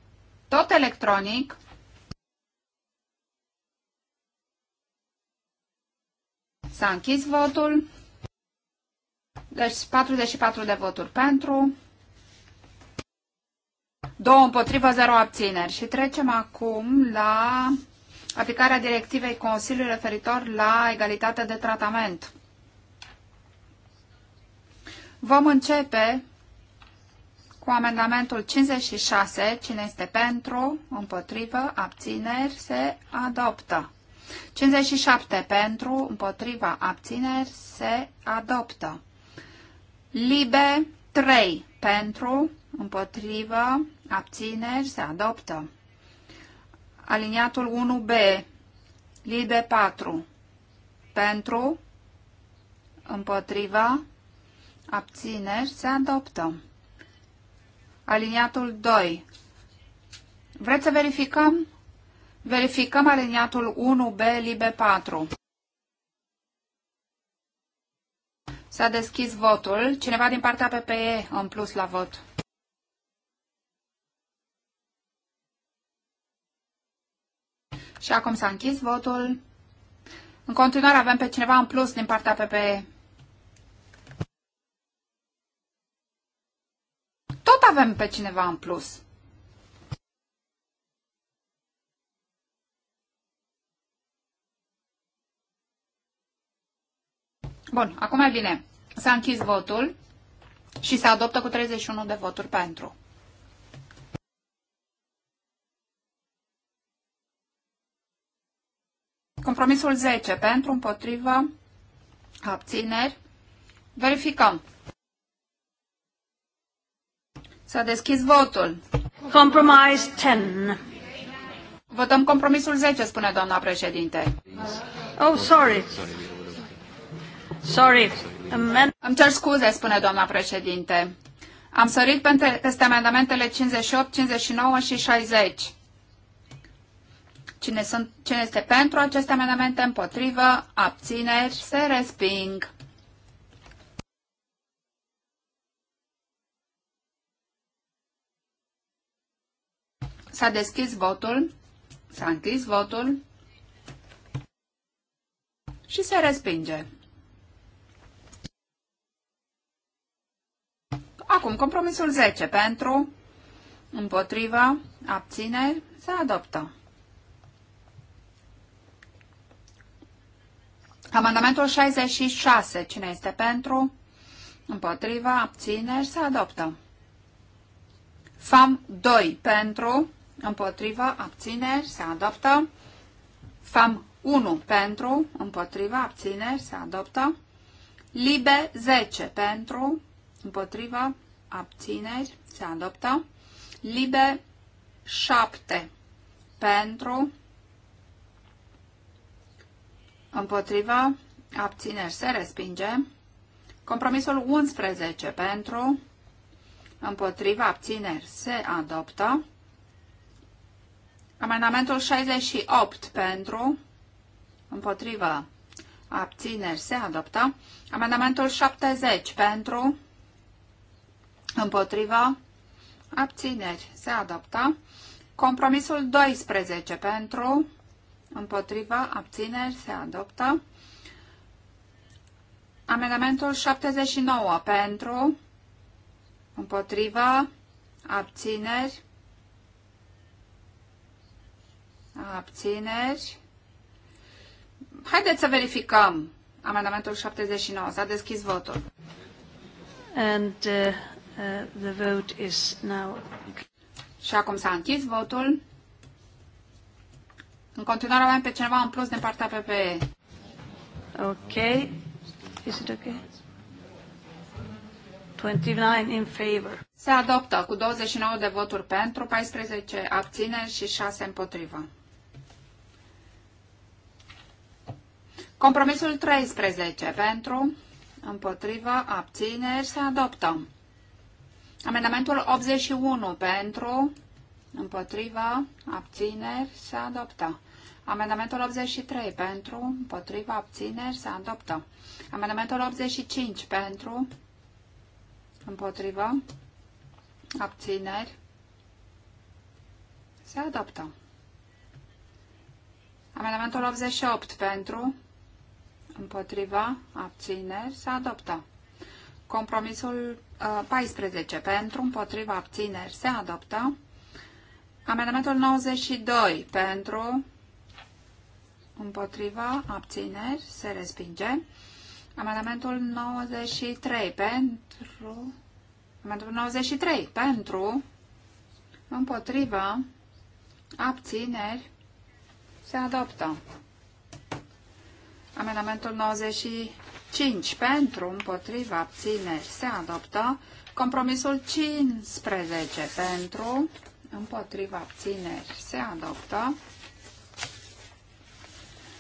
tot electronic. S-a închis votul. Deci 44 de voturi pentru, 2 împotrivă, 0 abțineri. Și trecem acum la aplicarea directivei Consiliului referitor la egalitatea de tratament. Vom începe cu amendamentul 56. Cine este pentru, împotrivă, abțineri, se adoptă. 57 pentru, împotriva, abțineri, se adoptă. Libe 3 pentru, împotrivă, abțineri, se adoptă. Aliniatul 1B, libe 4, pentru, împotriva, abțineri, se adoptă. Aliniatul 2. Vreți să verificăm? Verificăm aliniatul 1B, libe 4. S-a deschis votul. Cineva din partea PPE în plus la vot. Și acum s-a închis votul. În continuare avem pe cineva în plus din partea PPE. avem pe cineva în plus. Bun, acum e bine. S-a închis votul și se adoptă cu 31 de voturi pentru. Compromisul 10. Pentru, împotriva, abțineri. Verificăm. S-a deschis votul. Compromise 10. Votăm compromisul 10, spune doamna președinte. Oh, sorry. Sorry. Amen. Îmi cer scuze, spune doamna președinte. Am sărit peste amendamentele 58, 59 și 60. Cine, sunt, cine este pentru aceste amendamente, împotrivă, abțineri, se resping. S-a deschis votul, s-a închis votul și se respinge. Acum, compromisul 10 pentru, împotriva, abține, se adoptă. Amendamentul 66. Cine este pentru? Împotriva, abține, se adoptă. FAM 2 pentru, împotriva, abțineri, se adoptă. FAM 1 pentru, împotriva, abțineri, se adoptă. LIBE 10 pentru, împotriva, abțineri, se adoptă. LIBE 7 pentru, împotriva, abțineri, se respinge. Compromisul 11 pentru, împotriva abțineri se adoptă. Amendamentul 68 pentru, împotrivă, abțineri se adoptă. Amendamentul 70 pentru, împotrivă, abțineri se adoptă. Compromisul 12 pentru, împotrivă, abțineri se adoptă. Amendamentul 79 pentru, împotrivă, abțineri Abțineri. Haideți să verificăm. Amendamentul 79. S-a deschis votul. And uh, uh, the vote is now... Și acum s-a închis votul. În continuare avem pe cineva în plus din partea PPE. Ok. Is it okay? 29 in favor. Se adoptă cu 29 de voturi pentru, 14 abțineri și 6 împotrivă. Compromisul 13 pentru, împotrivă, abțineri, se adoptă. Amendamentul 81 pentru, împotrivă, abțineri, se adoptă. Amendamentul 83 pentru, împotriva, abțineri, se adoptă. Amendamentul 85 pentru, împotriva, abțineri, se adoptă. Amendamentul 88 pentru, împotriva, abțineri, se adoptă. Compromisul uh, 14 pentru, împotriva, abțineri, se adoptă. Amendamentul 92 pentru, împotriva, abțineri, se respinge. Amendamentul 93 pentru, amendamentul 93 pentru, împotriva, abțineri, se adoptă. Amendamentul 95 pentru, împotriva, abțineri se adoptă. Compromisul 15 pentru, împotriva, abțineri se adoptă.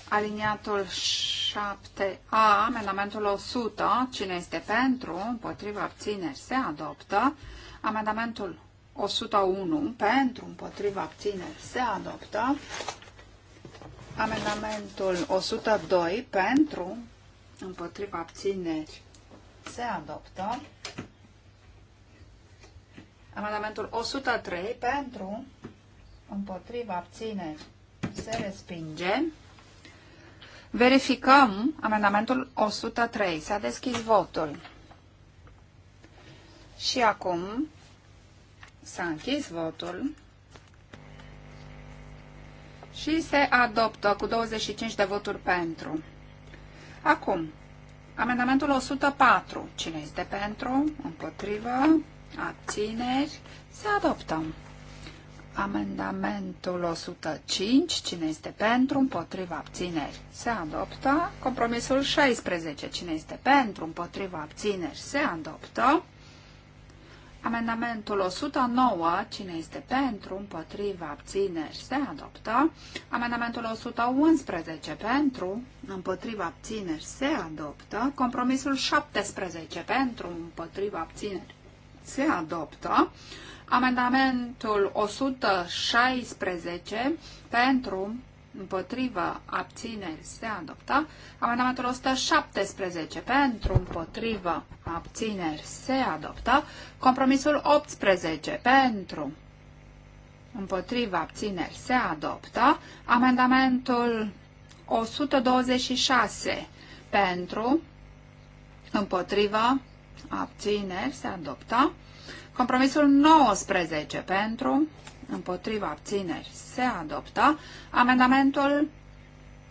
Aliniatul 7A, amendamentul 100, cine este pentru, împotriva, abțineri se adoptă. Amendamentul 101 pentru, împotriva, abțineri se adoptă. Amendamentul 102 pentru, împotriva abțineri, se adoptă. Amendamentul 103 pentru, împotriva abțineri, se respinge. Verificăm amendamentul 103. S-a deschis votul. Și acum s-a închis votul și se adoptă cu 25 de voturi pentru. Acum, amendamentul 104. Cine este pentru? Împotrivă? Abțineri? Se adoptă. Amendamentul 105. Cine este pentru? Împotriva abțineri? Se adoptă. Compromisul 16. Cine este pentru? Împotriva abțineri? Se adoptă. Amendamentul 109, cine este pentru, împotriva, abțineri, se adoptă. Amendamentul 111, pentru, împotriva, abțineri, se adoptă. Compromisul 17, pentru, împotriva, abțineri, se adoptă. Amendamentul 116, pentru, împotrivă, abțineri, se adoptă. Amendamentul 117 pentru, împotrivă, abțineri, se adoptă. Compromisul 18 pentru, împotrivă, abțineri, se adoptă. Amendamentul 126 pentru, împotrivă, abțineri, se adoptă. Compromisul 19 pentru, împotriva abțineri se adoptă. Amendamentul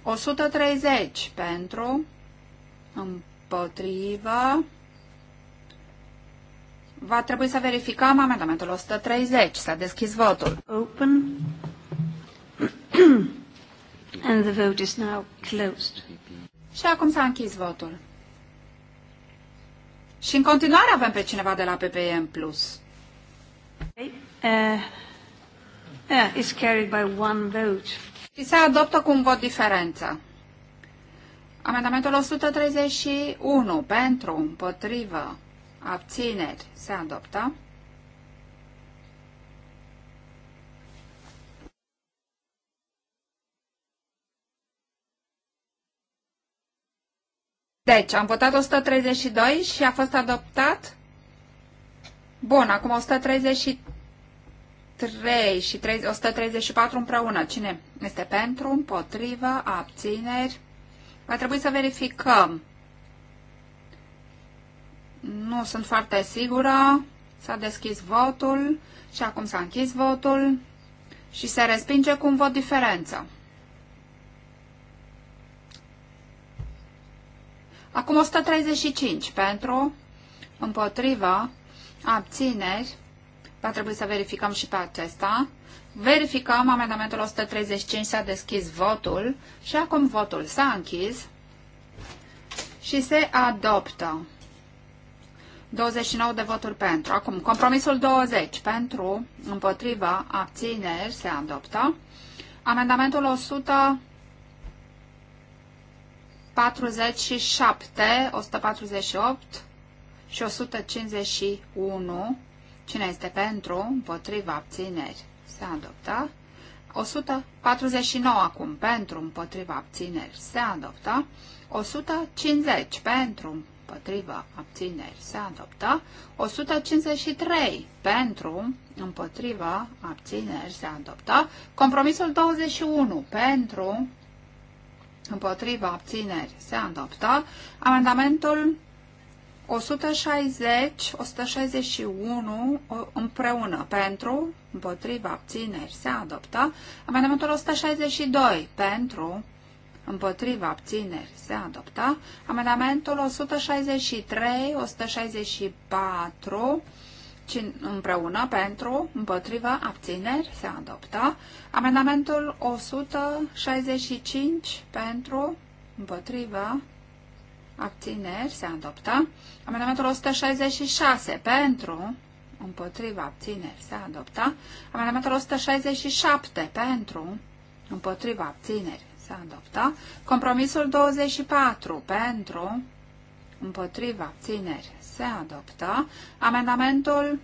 130 pentru, împotriva, va trebui să verificăm amendamentul 130. S-a deschis votul. Open. And the vote is now closed. Și acum s-a închis votul. Și în continuare avem pe cineva de la PPM+. Plus. Okay. Uh, is carried by one vote. Și se adoptă cu un vot diferență. Amendamentul 131 pentru, împotrivă, abțineri se adoptă. Deci, am votat 132 și a fost adoptat. Bun, acum 133. 3 și 3, 134 împreună. Cine este pentru, împotrivă, abțineri? Va trebui să verificăm. Nu sunt foarte sigură. S-a deschis votul și acum s-a închis votul și se respinge cu un vot diferență. Acum 135 pentru, împotrivă, abțineri, Va trebui să verificăm și pe acesta. Verificăm amendamentul 135, s-a deschis votul și acum votul s-a închis și se adoptă. 29 de voturi pentru. Acum, compromisul 20 pentru, împotriva, abțineri, se adoptă. Amendamentul 147, 148 și 151 Cine este pentru? Împotriva abțineri. Se adoptă. 149 acum. Pentru împotriva abțineri. Se adoptă. 150 pentru împotriva abțineri. Se adoptă. 153 pentru împotriva abțineri. Se adoptă. Compromisul 21 pentru împotriva abțineri. Se adoptă. Amendamentul 160, 161 împreună pentru, împotriva, abțineri, se adoptă. Amendamentul 162 pentru, împotriva, abțineri, se adoptă. Amendamentul 163, 164 împreună pentru, împotriva, abțineri, se adoptă. Amendamentul 165 pentru, împotriva, abțineri, se adoptă. Amendamentul 166 pentru, împotriva, abțineri, se adoptă. Amendamentul 167 pentru, împotriva, abțineri, se adoptă. Compromisul 24 pentru, împotriva, abțineri, se adoptă. Amendamentul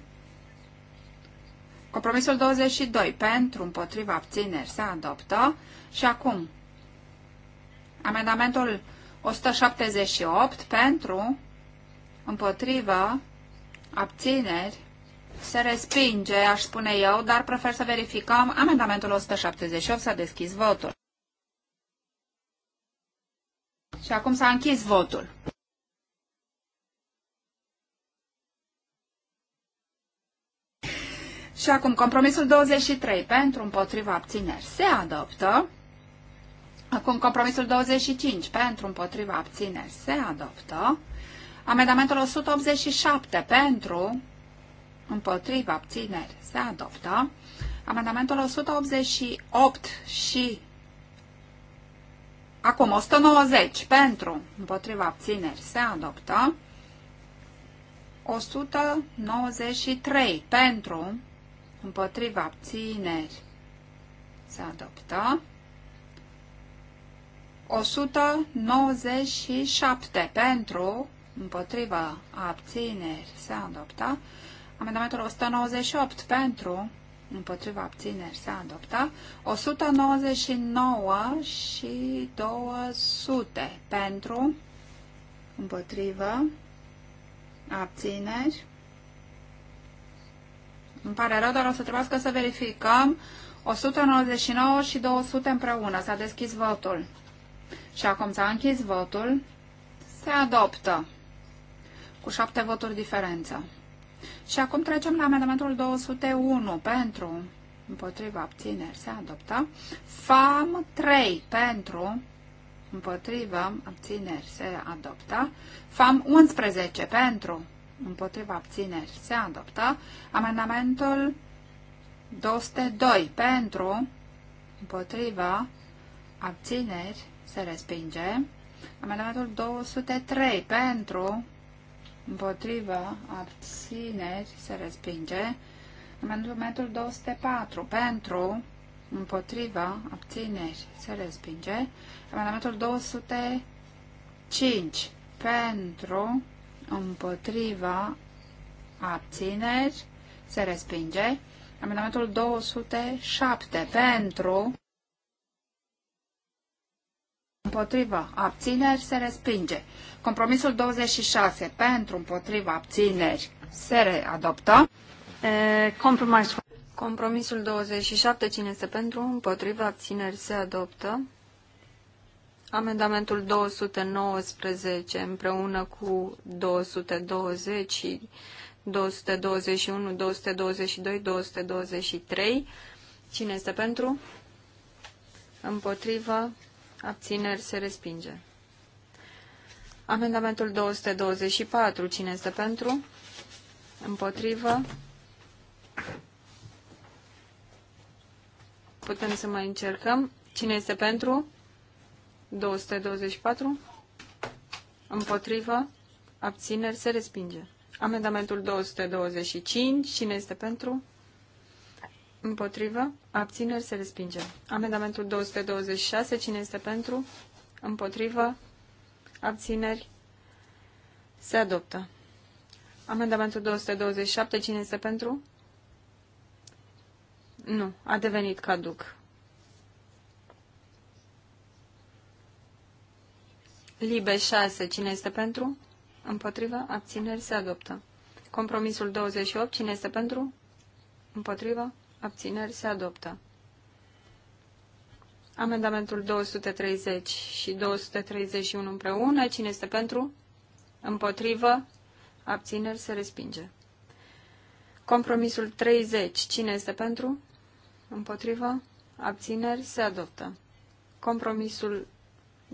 Compromisul 22 pentru, împotriva, abțineri, se adoptă. Și acum, amendamentul 178 pentru, împotrivă, abțineri, se respinge, aș spune eu, dar prefer să verificăm. Amendamentul 178 s-a deschis votul. Și acum s-a închis votul. Și acum compromisul 23 pentru împotriva abțineri se adoptă. Acum compromisul 25 pentru împotriva abțineri se adoptă. Amendamentul 187 pentru împotriva abțineri se adoptă. Amendamentul 188 și acum 190 pentru împotriva abțineri se adoptă. 193 pentru împotriva abțineri se adoptă. 197 pentru, împotriva, abțineri, se adopta. Amendamentul 198 pentru, împotriva abțineri se adopta, 199 și 200 pentru, împotriva abțineri. Îmi pare rău, dar o să trebuiască să verificăm 199 și 200 împreună. S-a deschis votul. Și acum s-a închis votul. Se adoptă cu șapte voturi diferență. Și acum trecem la amendamentul 201 pentru împotriva abțineri se adoptă. FAM 3 pentru împotriva abțineri se adoptă. FAM 11 pentru împotriva abțineri se adoptă. Amendamentul 202 pentru împotriva abțineri se respinge. Amendamentul 203 pentru, împotriva abțineri, se respinge. Amendamentul 204 pentru, împotriva abțineri, se respinge. Amendamentul 205 pentru, împotriva, abțineri, se respinge. Amendamentul 207 pentru, împotrivă, abțineri, se respinge. Compromisul 26, pentru, împotrivă, abțineri, se adoptă. E, Compromisul 27, cine este pentru, împotrivă, abțineri, se adoptă. Amendamentul 219 împreună cu 220 și 221, 222, 223. Cine este pentru? împotriva Abțineri se respinge. Amendamentul 224. Cine este pentru? Împotrivă? Putem să mai încercăm. Cine este pentru? 224. Împotrivă? Abțineri se respinge. Amendamentul 225. Cine este pentru? Împotrivă. Abțineri se respinge. Amendamentul 226. Cine este pentru? Împotrivă. Abțineri se adoptă. Amendamentul 227. Cine este pentru? Nu. A devenit caduc. Libe 6. Cine este pentru? Împotrivă. Abțineri se adoptă. Compromisul 28. Cine este pentru? Împotrivă abțineri, se adoptă. Amendamentul 230 și 231 împreună. Cine este pentru? Împotrivă? Abțineri se respinge. Compromisul 30. Cine este pentru? Împotrivă? Abțineri se adoptă. Compromisul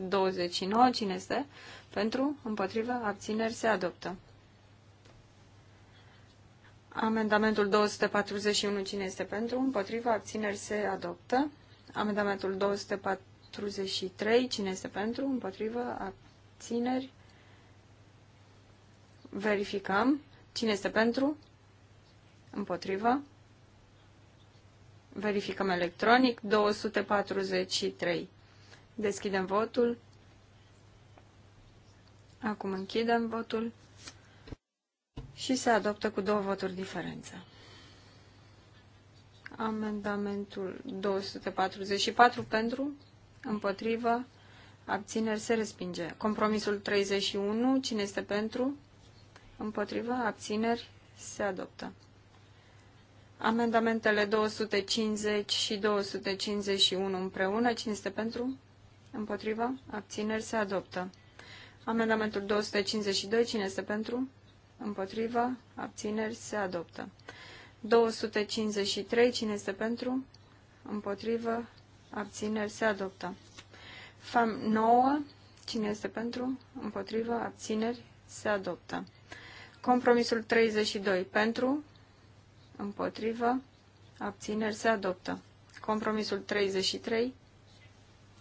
29. Cine este? Pentru? Împotrivă? Abțineri se adoptă. Amendamentul 241, cine este pentru? Împotriva, abțineri, se adoptă. Amendamentul 243, cine este pentru? Împotriva, abțineri. Verificăm. Cine este pentru? Împotriva. Verificăm electronic. 243. Deschidem votul. Acum închidem votul și se adoptă cu două voturi diferență. Amendamentul 244 pentru, împotrivă, abțineri se respinge. Compromisul 31, cine este pentru, împotrivă, abțineri se adoptă. Amendamentele 250 și 251 împreună, cine este pentru, împotrivă, abțineri se adoptă. Amendamentul 252, cine este pentru? împotriva, abțineri, se adoptă. 253, cine este pentru, împotrivă, abțineri, se adoptă. FAM 9, cine este pentru, împotrivă, abțineri, se adoptă. Compromisul 32, pentru, împotrivă, abțineri, se adoptă. Compromisul 33,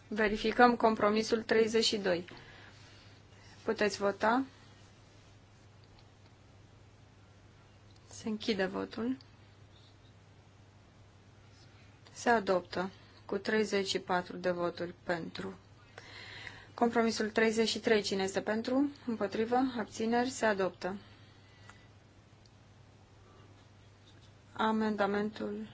verificăm compromisul 32. Puteți vota. Se închide votul. Se adoptă cu 34 de voturi pentru. Compromisul 33, cine este pentru? Împotrivă? Abțineri? Se adoptă. Amendamentul...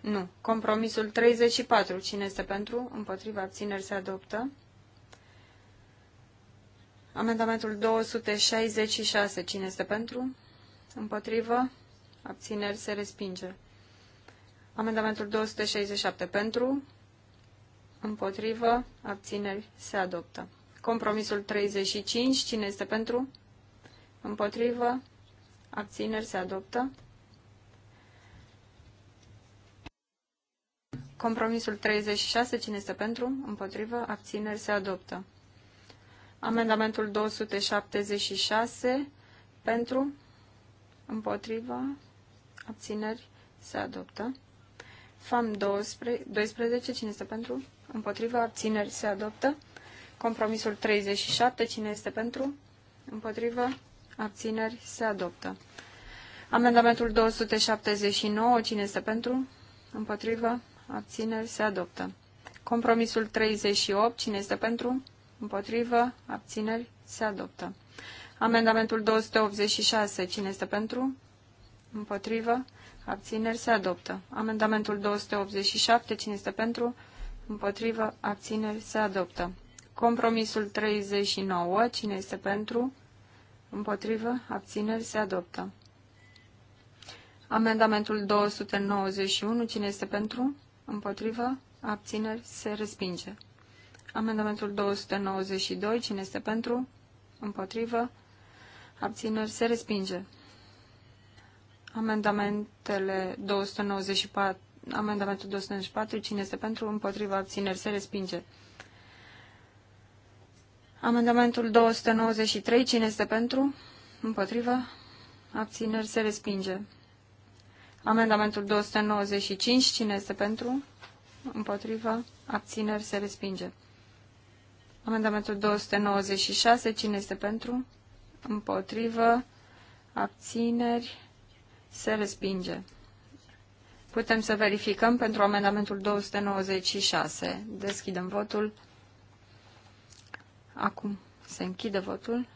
Nu. Compromisul 34, cine este pentru? Împotrivă? Abțineri? Se adoptă. Amendamentul 266. Cine este pentru? Împotrivă? Abțineri se respinge. Amendamentul 267. Pentru? Împotrivă? Abțineri se adoptă. Compromisul 35. Cine este pentru? Împotrivă? Abțineri se adoptă. Compromisul 36. Cine este pentru? Împotrivă? Abțineri se adoptă. Amendamentul 276 pentru, împotriva, abțineri, se adoptă. FAM 12, cine este pentru, împotriva, abțineri, se adoptă. Compromisul 37, cine este pentru, împotriva, abțineri, se adoptă. Amendamentul 279, cine este pentru, împotriva, abțineri, se adoptă. Compromisul 38, cine este pentru, Împotrivă. Abțineri. Se adoptă. Amendamentul 286. Cine este pentru? Împotrivă. Abțineri. Se adoptă. Amendamentul 287. Cine este pentru? Împotrivă. Abțineri. Se adoptă. Compromisul 39. Cine este pentru? Împotrivă. Abțineri. Se adoptă. Amendamentul 291. Cine este pentru? Împotrivă. Abțineri. Se respinge. Amendamentul 292. Cine este pentru? Împotrivă. Abțineri. Se respinge. Amendamentele 294. Amendamentul 294. Cine este pentru? Împotrivă. Abțineri. Se respinge. Amendamentul 293. Cine este pentru? Împotrivă. Abțineri. Se respinge. Amendamentul 295. Cine este pentru? Împotrivă. Abțineri. Se respinge. Amendamentul 296, cine este pentru? Împotrivă, abțineri, se respinge. Putem să verificăm pentru amendamentul 296. Deschidem votul. Acum se închide votul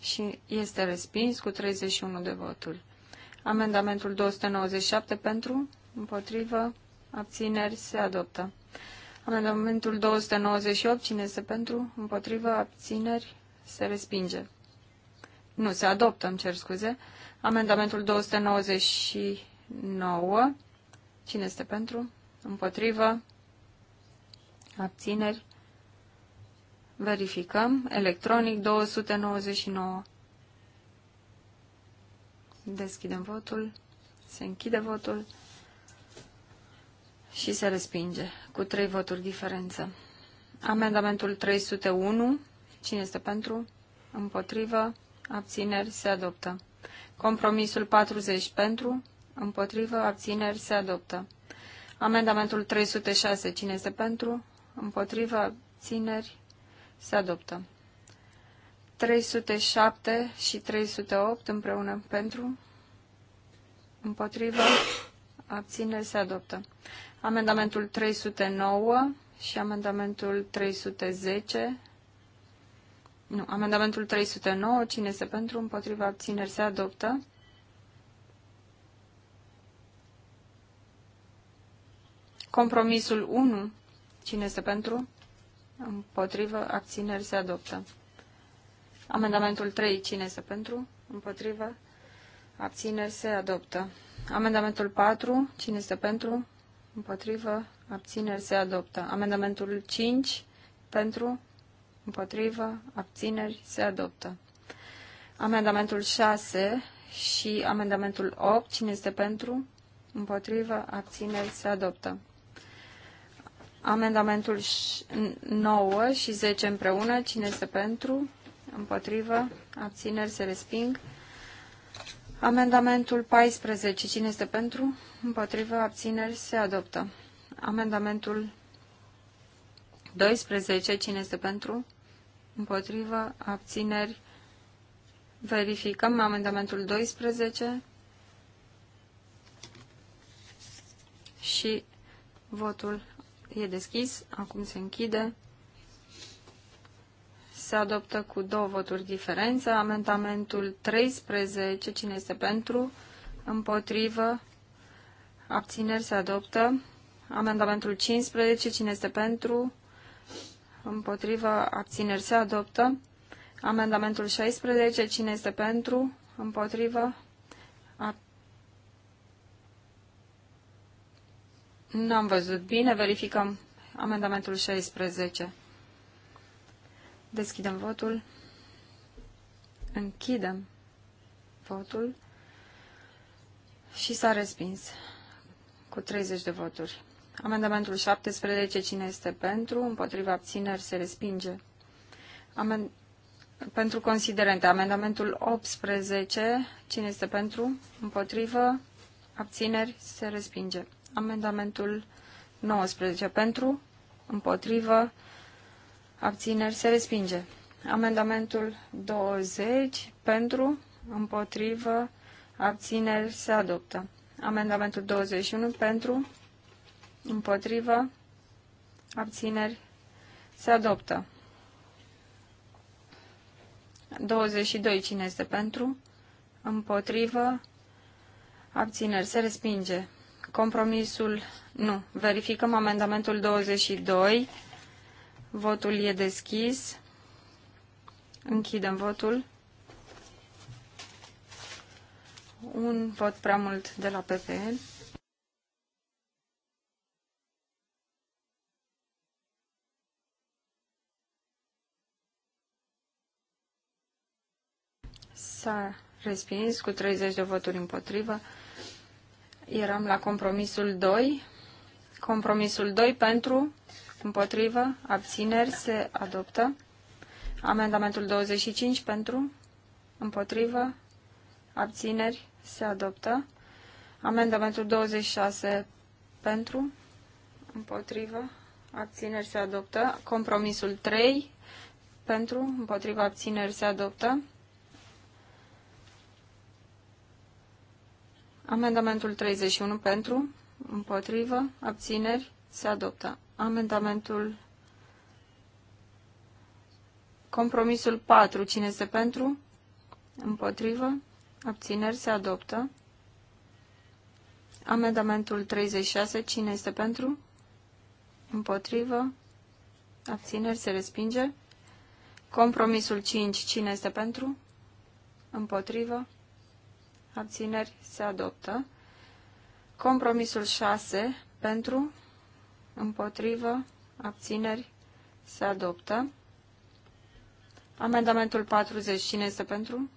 și este respins cu 31 de voturi. Amendamentul 297 pentru, împotrivă, abțineri, se adoptă. Amendamentul 298, cine este pentru? Împotrivă, abțineri, se respinge. Nu, se adoptă, îmi cer scuze. Amendamentul 299, cine este pentru? Împotrivă, abțineri, verificăm. Electronic 299. Deschidem votul, se închide votul și se respinge cu trei voturi diferență. Amendamentul 301. Cine este pentru? Împotrivă. Abțineri. Se adoptă. Compromisul 40 pentru. Împotrivă. Abțineri. Se adoptă. Amendamentul 306. Cine este pentru? Împotrivă. Abțineri. Se adoptă. 307 și 308 împreună pentru. Împotrivă abțineri se adoptă. Amendamentul 309 și amendamentul 310. Nu, amendamentul 309, cine este pentru, împotriva abțineri se adoptă. Compromisul 1, cine este pentru, împotriva abțineri se adoptă. Amendamentul 3, cine este pentru, împotriva abțineri se adoptă. Amendamentul 4. Cine este pentru? Împotrivă. Abțineri se adoptă. Amendamentul 5. Pentru. Împotrivă. Abțineri se adoptă. Amendamentul 6 și amendamentul 8. Cine este pentru? Împotrivă. Abțineri se adoptă. Amendamentul 9 și 10 împreună. Cine este pentru? Împotrivă. Abțineri se resping. Amendamentul 14. Cine este pentru? Împotrivă. Abțineri. Se adoptă. Amendamentul 12. Cine este pentru? Împotrivă. Abțineri. Verificăm amendamentul 12 și votul e deschis. Acum se închide se adoptă cu două voturi diferență. Amendamentul 13, cine este pentru? Împotrivă? Abțineri se adoptă. Amendamentul 15, cine este pentru? Împotrivă? Abțineri se adoptă. Amendamentul 16, cine este pentru? Împotrivă? Nu am văzut bine, verificăm amendamentul 16. Deschidem votul. Închidem votul. Și s-a respins cu 30 de voturi. Amendamentul 17, cine este pentru, împotriva abțineri, se respinge. Amen... Pentru considerente, amendamentul 18, cine este pentru, împotrivă, abțineri, se respinge. Amendamentul 19, pentru, împotrivă, abțineri, se respinge. Amendamentul 20 pentru, împotrivă, abțineri, se adoptă. Amendamentul 21 pentru, împotrivă, abțineri, se adoptă. 22. Cine este pentru? Împotrivă? Abțineri. Se respinge. Compromisul? Nu. Verificăm amendamentul 22. Votul e deschis. Închidem votul. Un vot prea mult de la PPN. S-a respins cu 30 de voturi împotrivă. Eram la compromisul 2. Compromisul 2 pentru Împotrivă. Abțineri. Se adoptă. Amendamentul 25 pentru. Împotrivă. Abțineri. Se adoptă. Amendamentul 26 pentru. Împotrivă. Abțineri. Se adoptă. Compromisul 3 pentru. Împotrivă. Abțineri. Se adoptă. Amendamentul 31 pentru, împotrivă, abțineri, se adoptă. Amendamentul Compromisul 4. Cine este pentru? Împotrivă? Abțineri se adoptă. Amendamentul 36. Cine este pentru? Împotrivă? Abțineri se respinge. Compromisul 5. Cine este pentru? Împotrivă? Abțineri se adoptă. Compromisul 6. Pentru? împotrivă, abțineri, se adoptă. Amendamentul 40, cine este pentru?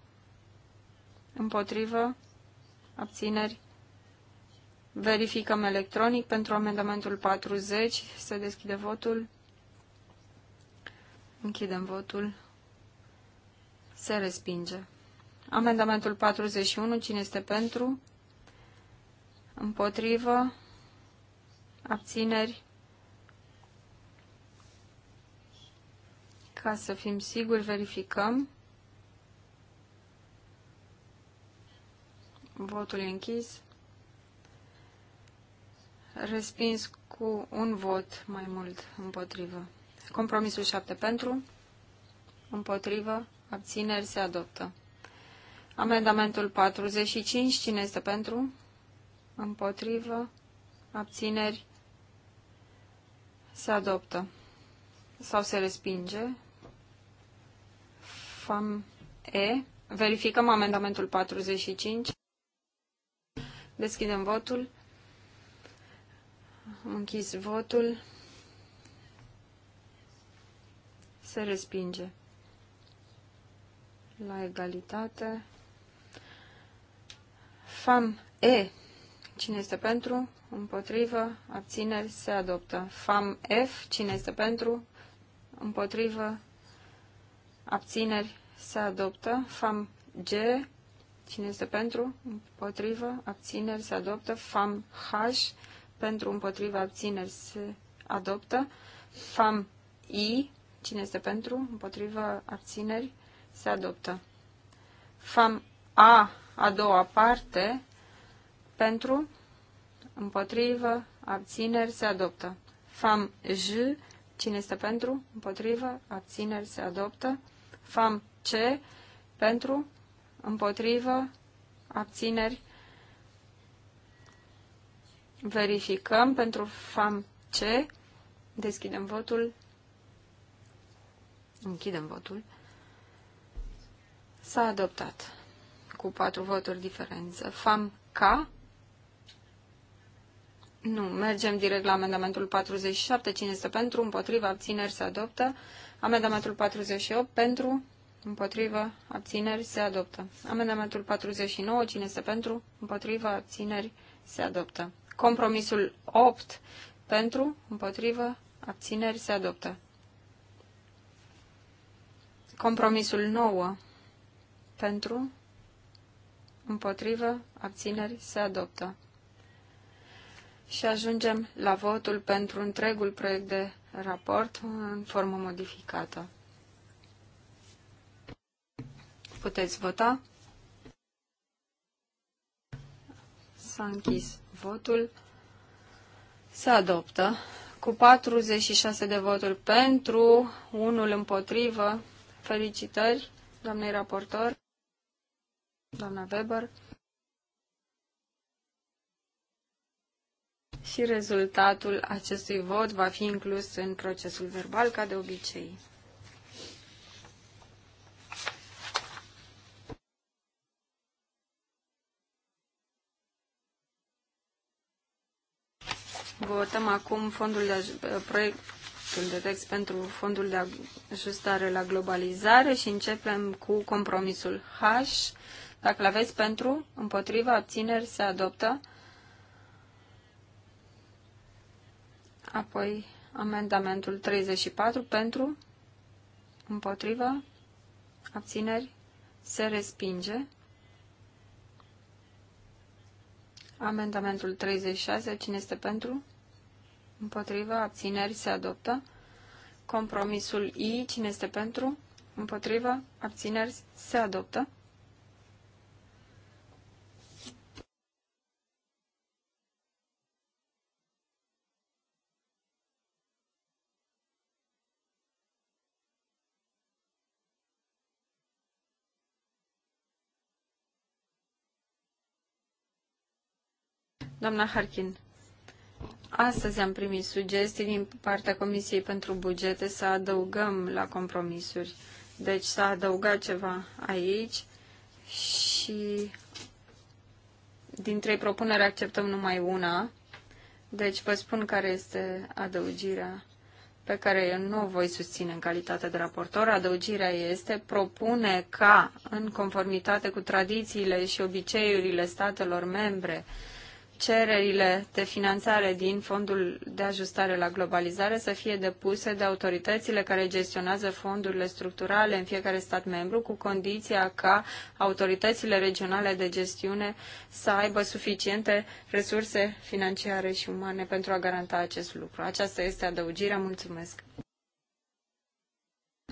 Împotrivă, abțineri. Verificăm electronic pentru amendamentul 40. Se deschide votul. Închidem votul. Se respinge. Amendamentul 41. Cine este pentru? Împotrivă? Abțineri? ca să fim siguri, verificăm. Votul e închis. Respins cu un vot mai mult împotrivă. Compromisul 7 pentru, împotrivă, abțineri se adoptă. Amendamentul 45, cine este pentru? Împotrivă, abțineri se adoptă sau se respinge. FAM E. Verificăm amendamentul 45. Deschidem votul. Am închis votul. Se respinge. La egalitate. FAM E. Cine este pentru? Împotrivă. Abțineri. Se adoptă. FAM F. Cine este pentru? Împotrivă abțineri, se adoptă. Fam G, cine este pentru, împotrivă, abțineri, se adoptă. Fam H, pentru, împotrivă, abțineri, se adoptă. Fam I, cine este pentru, împotrivă, abțineri, se adoptă. Fam A, a doua parte, pentru, împotrivă, abțineri, se adoptă. Fam J, cine este pentru, împotrivă, abțineri, se adoptă. FAM C pentru, împotrivă, abțineri. Verificăm pentru FAM C. Deschidem votul. Închidem votul. S-a adoptat cu patru voturi diferență. FAM K nu, mergem direct la amendamentul 47. Cine este pentru? Împotriva? Abțineri? Se adoptă. Amendamentul 48. Pentru? Împotrivă? Abțineri? Se adoptă. Amendamentul 49. Cine este pentru? Împotriva? Abțineri? Se adoptă. Compromisul 8. Pentru? Împotrivă? Abțineri? Se adoptă. Compromisul 9. Pentru? Împotrivă? Abțineri? Se adoptă și ajungem la votul pentru întregul proiect de raport în formă modificată. Puteți vota. S-a închis votul. Se adoptă cu 46 de voturi pentru, unul împotrivă. Felicitări, doamnei raportor, doamna Weber. și rezultatul acestui vot va fi inclus în procesul verbal, ca de obicei. Votăm acum fondul de, eh, proiectul de text pentru fondul de ajustare la globalizare și începem cu compromisul H. Dacă l aveți pentru, împotriva, abțineri, se adoptă. Apoi amendamentul 34 pentru, împotrivă, abțineri, se respinge. Amendamentul 36, cine este pentru? Împotrivă, abțineri, se adoptă. Compromisul I, cine este pentru? Împotrivă, abțineri, se adoptă. Doamna Harkin, astăzi am primit sugestii din partea Comisiei pentru Bugete să adăugăm la compromisuri. Deci s-a adăugat ceva aici și din trei propuneri acceptăm numai una. Deci vă spun care este adăugirea pe care eu nu o voi susține în calitate de raportor. Adăugirea este propune ca, în conformitate cu tradițiile și obiceiurile statelor membre, cererile de finanțare din Fondul de Ajustare la Globalizare să fie depuse de autoritățile care gestionează fondurile structurale în fiecare stat membru, cu condiția ca autoritățile regionale de gestiune să aibă suficiente resurse financiare și umane pentru a garanta acest lucru. Aceasta este adăugirea. Mulțumesc!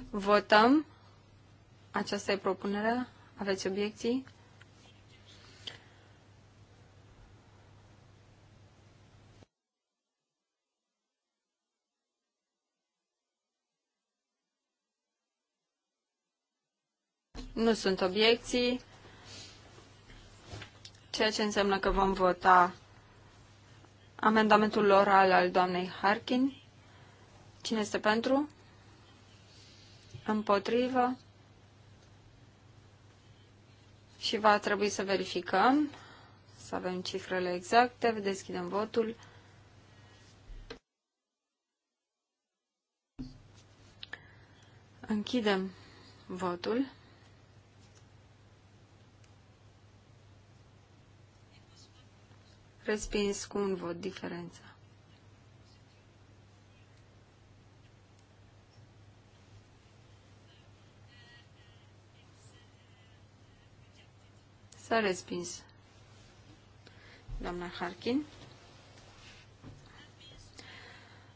Votăm. Aceasta e propunerea. Aveți obiecții? Nu sunt obiecții, ceea ce înseamnă că vom vota amendamentul oral al doamnei Harkin. Cine este pentru? Împotrivă? Și va trebui să verificăm, să avem cifrele exacte, deschidem votul. Închidem votul. Respins cu un vot diferență. S-a respins doamna Harkin.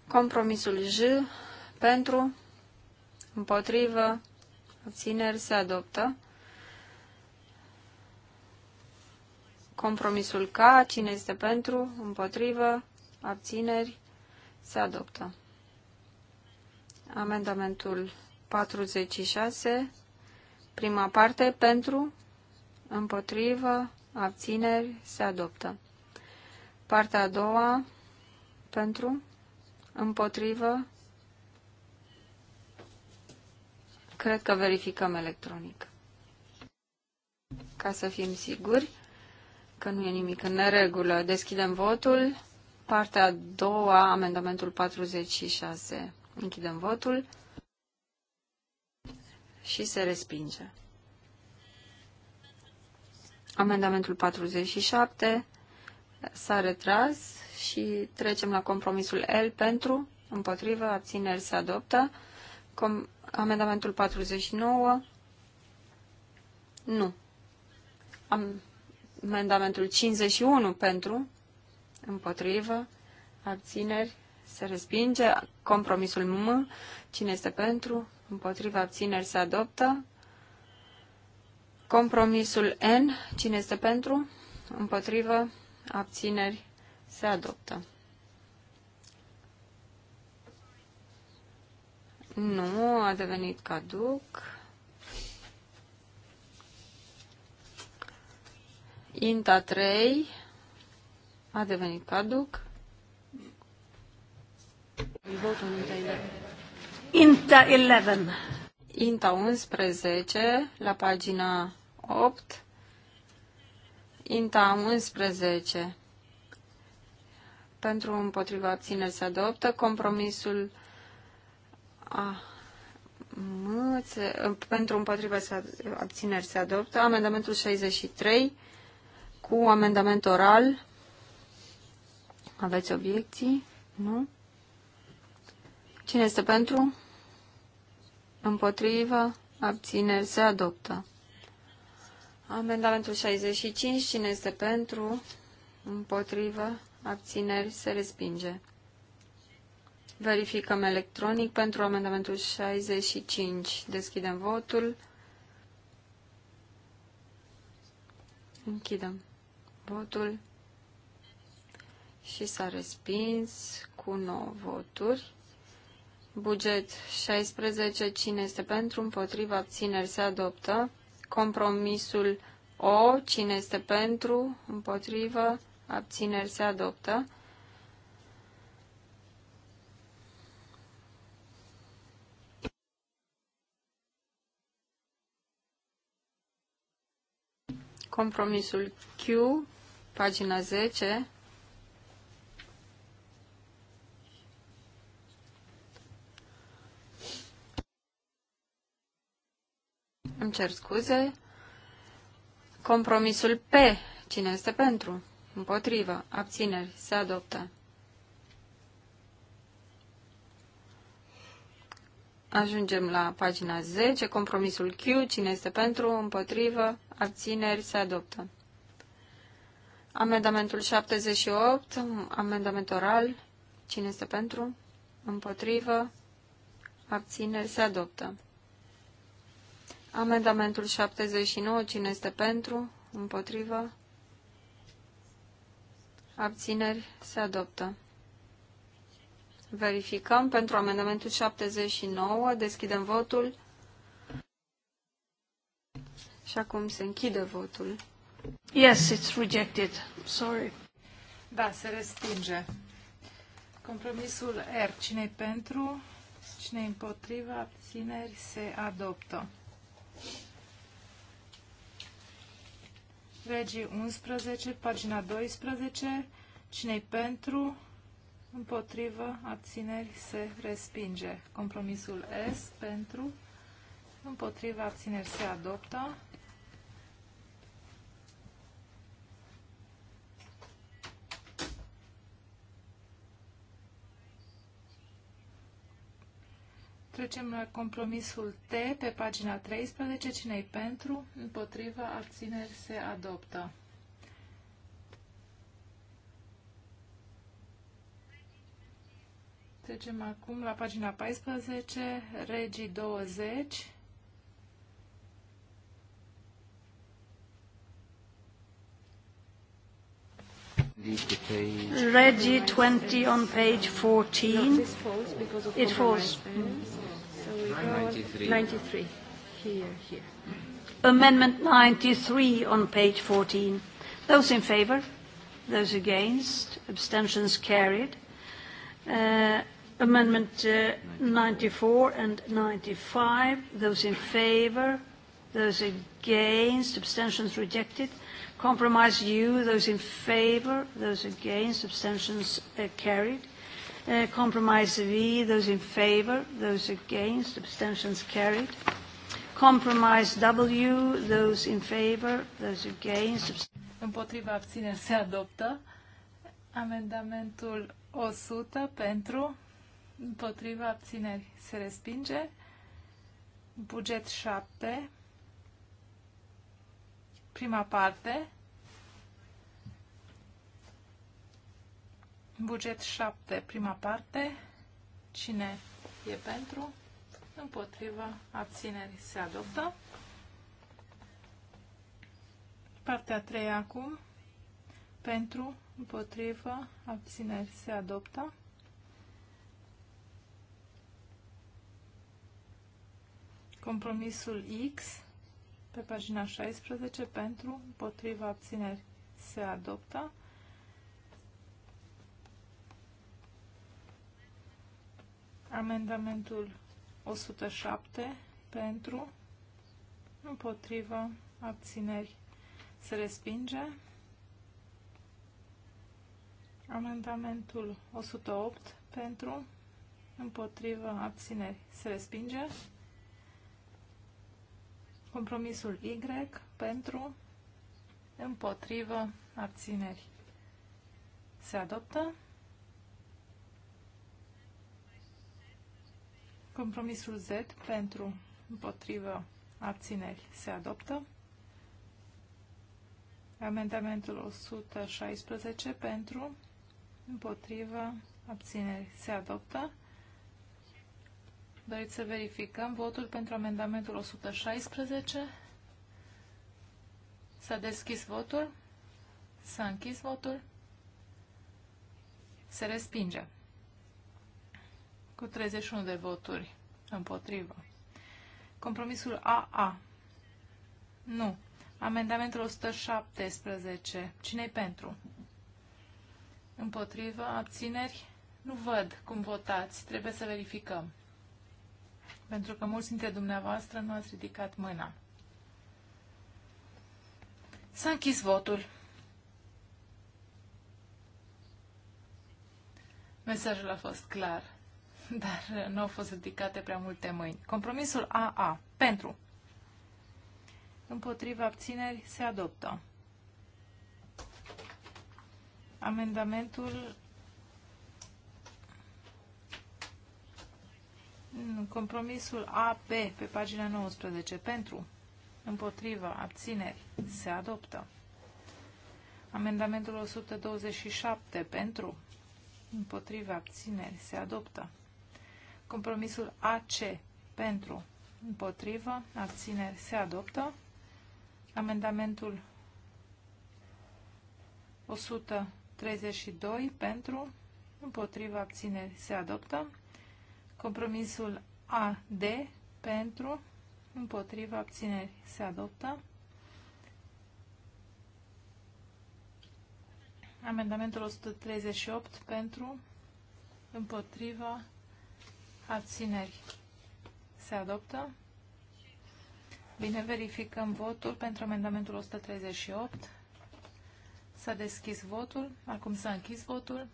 Compromisul J pentru, împotrivă, obțineri se adoptă. Compromisul K, cine este pentru, împotrivă, abțineri, se adoptă. Amendamentul 46, prima parte, pentru, împotrivă, abțineri, se adoptă. Partea a doua, pentru, împotrivă, cred că verificăm electronic. Ca să fim siguri, că nu e nimic în neregulă. Deschidem votul. Partea a doua, amendamentul 46. Închidem votul și se respinge. Amendamentul 47 s-a retras și trecem la compromisul L pentru, împotrivă, abțineri se adoptă. Com amendamentul 49, nu. Am Amendamentul 51 pentru, împotrivă, abțineri, se respinge. Compromisul M, cine este pentru, împotrivă, abțineri, se adoptă. Compromisul N, cine este pentru, împotrivă, abțineri, se adoptă. Nu, a devenit caduc. Inta 3 a devenit caduc. Inta 11. Inta 11 la pagina 8. Inta 11 pentru împotriva abțineri se adoptă. Compromisul a, mâțe, pentru împotriva abțineri se adoptă. Amendamentul 63 cu amendament oral. Aveți obiecții? Nu? Cine este pentru? Împotrivă? Abțineri? Se adoptă. Amendamentul 65. Cine este pentru? Împotrivă? Abțineri? Se respinge. Verificăm electronic pentru amendamentul 65. Deschidem votul. Închidem votul și s-a respins cu 9 voturi. Buget 16. Cine este pentru? Împotriva abțineri se adoptă. Compromisul O. Cine este pentru? împotriva abțineri se adoptă. Compromisul Q pagina 10, Îmi cer scuze. Compromisul P. Cine este pentru? Împotrivă. Abțineri. Se adoptă. Ajungem la pagina 10. Compromisul Q. Cine este pentru? Împotrivă. Abțineri. Se adoptă. Amendamentul 78, amendament oral. Cine este pentru? Împotrivă. Abțineri se adoptă. Amendamentul 79, cine este pentru? Împotrivă. Abțineri se adoptă. Verificăm pentru amendamentul 79. Deschidem votul. Și acum se închide votul. Yes, it's rejected. Sorry. Da, se respinge. Compromisul R. cine pentru? cine împotriva? Abțineri se adoptă. Regii 11, pagina 12. cine pentru? Împotrivă, abțineri se respinge. Compromisul S pentru, împotrivă, abțineri se adoptă. Trecem la compromisul T pe pagina 13. Cine-i pentru? Împotriva abțineri se adoptă. Trecem acum la pagina 14, regii 20. Reggie 20 on page 14. No, it falls. It falls. Mm. 93. 93. Here, here. Amendment 93 on page 14. Those in favor? Those against? Abstentions carried. Uh, amendment uh, 94 and 95. Those in favor? Those against? Abstentions rejected. Compromise U. Those in favor? Those against? Abstentions uh, carried. Uh, compromise V, those in favor, those against, abstentions carried. Compromise W, those in favor, those against. Împotriva abține se adoptă. Amendamentul 100 pentru, împotriva abțineri se respinge. Buget 7, prima parte, Buget 7, prima parte. Cine e pentru? Împotriva abțineri se adoptă. Partea a treia acum. Pentru, împotriva, abțineri se adoptă. Compromisul X pe pagina 16 pentru, împotriva, abțineri se adoptă. Amendamentul 107 pentru, împotrivă, abțineri se respinge. Amendamentul 108 pentru, împotrivă, abțineri se respinge. Compromisul Y pentru, împotrivă, abțineri se adoptă. Compromisul Z pentru împotrivă abțineri se adoptă. Amendamentul 116 pentru împotrivă abțineri se adoptă. Doriți să verificăm votul pentru amendamentul 116? S-a deschis votul? S-a închis votul? Se respinge cu 31 de voturi împotrivă. Compromisul AA. Nu. Amendamentul 117. cine pentru? Împotrivă? Abțineri? Nu văd cum votați. Trebuie să verificăm. Pentru că mulți dintre dumneavoastră nu ați ridicat mâna. S-a închis votul. Mesajul a fost clar. dar nu au fost ridicate prea multe mâini. Compromisul AA. Pentru. Împotriva abțineri se adoptă. Amendamentul Compromisul AB pe pagina 19. Pentru. Împotriva. Abțineri. Se adoptă. Amendamentul 127. Pentru. Împotriva. Abțineri. Se adoptă. Compromisul AC pentru, împotrivă, abțineri se adoptă. Amendamentul 132 pentru, împotrivă, abțineri se adoptă. Compromisul AD pentru, împotrivă, abțineri se adoptă. Amendamentul 138 pentru, împotriva, Abțineri. Se adoptă. Bine, verificăm votul pentru amendamentul 138. S-a deschis votul. Acum s-a închis votul.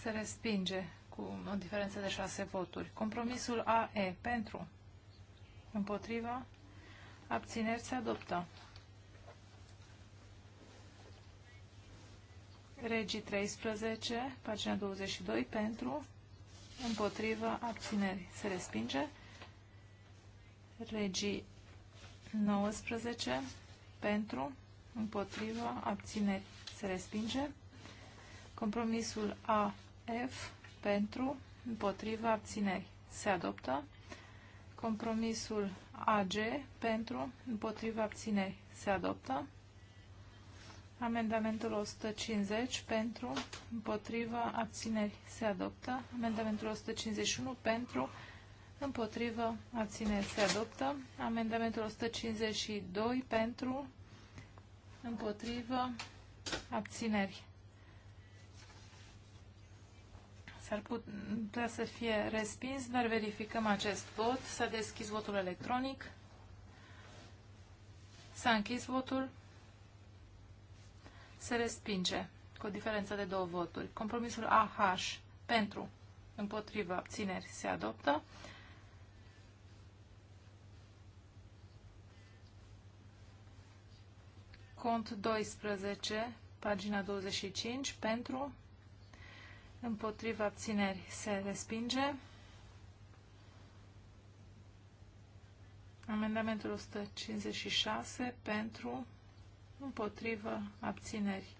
Se respinge cu o diferență de șase voturi. Compromisul AE pentru. Împotriva. Abțineri se adoptă. Regii 13, pagina 22, pentru, împotriva abținerii. se respinge. Regii 19, pentru, împotrivă, abținerii. se respinge. Compromisul AF, pentru, împotrivă, abținerii. se adoptă. Compromisul AG, pentru, împotrivă, abținerii. se adoptă. Amendamentul 150 pentru, împotrivă, abțineri se adoptă. Amendamentul 151 pentru, împotrivă, abțineri se adoptă. Amendamentul 152 pentru, împotrivă, abțineri. S-ar putea să fie respins, dar verificăm acest vot. S-a deschis votul electronic. S-a închis votul se respinge cu o diferență de două voturi. Compromisul AH pentru, împotriva abțineri se adoptă. Cont 12, pagina 25, pentru, împotriva abțineri se respinge. Amendamentul 156 pentru împotrivă, abțineri.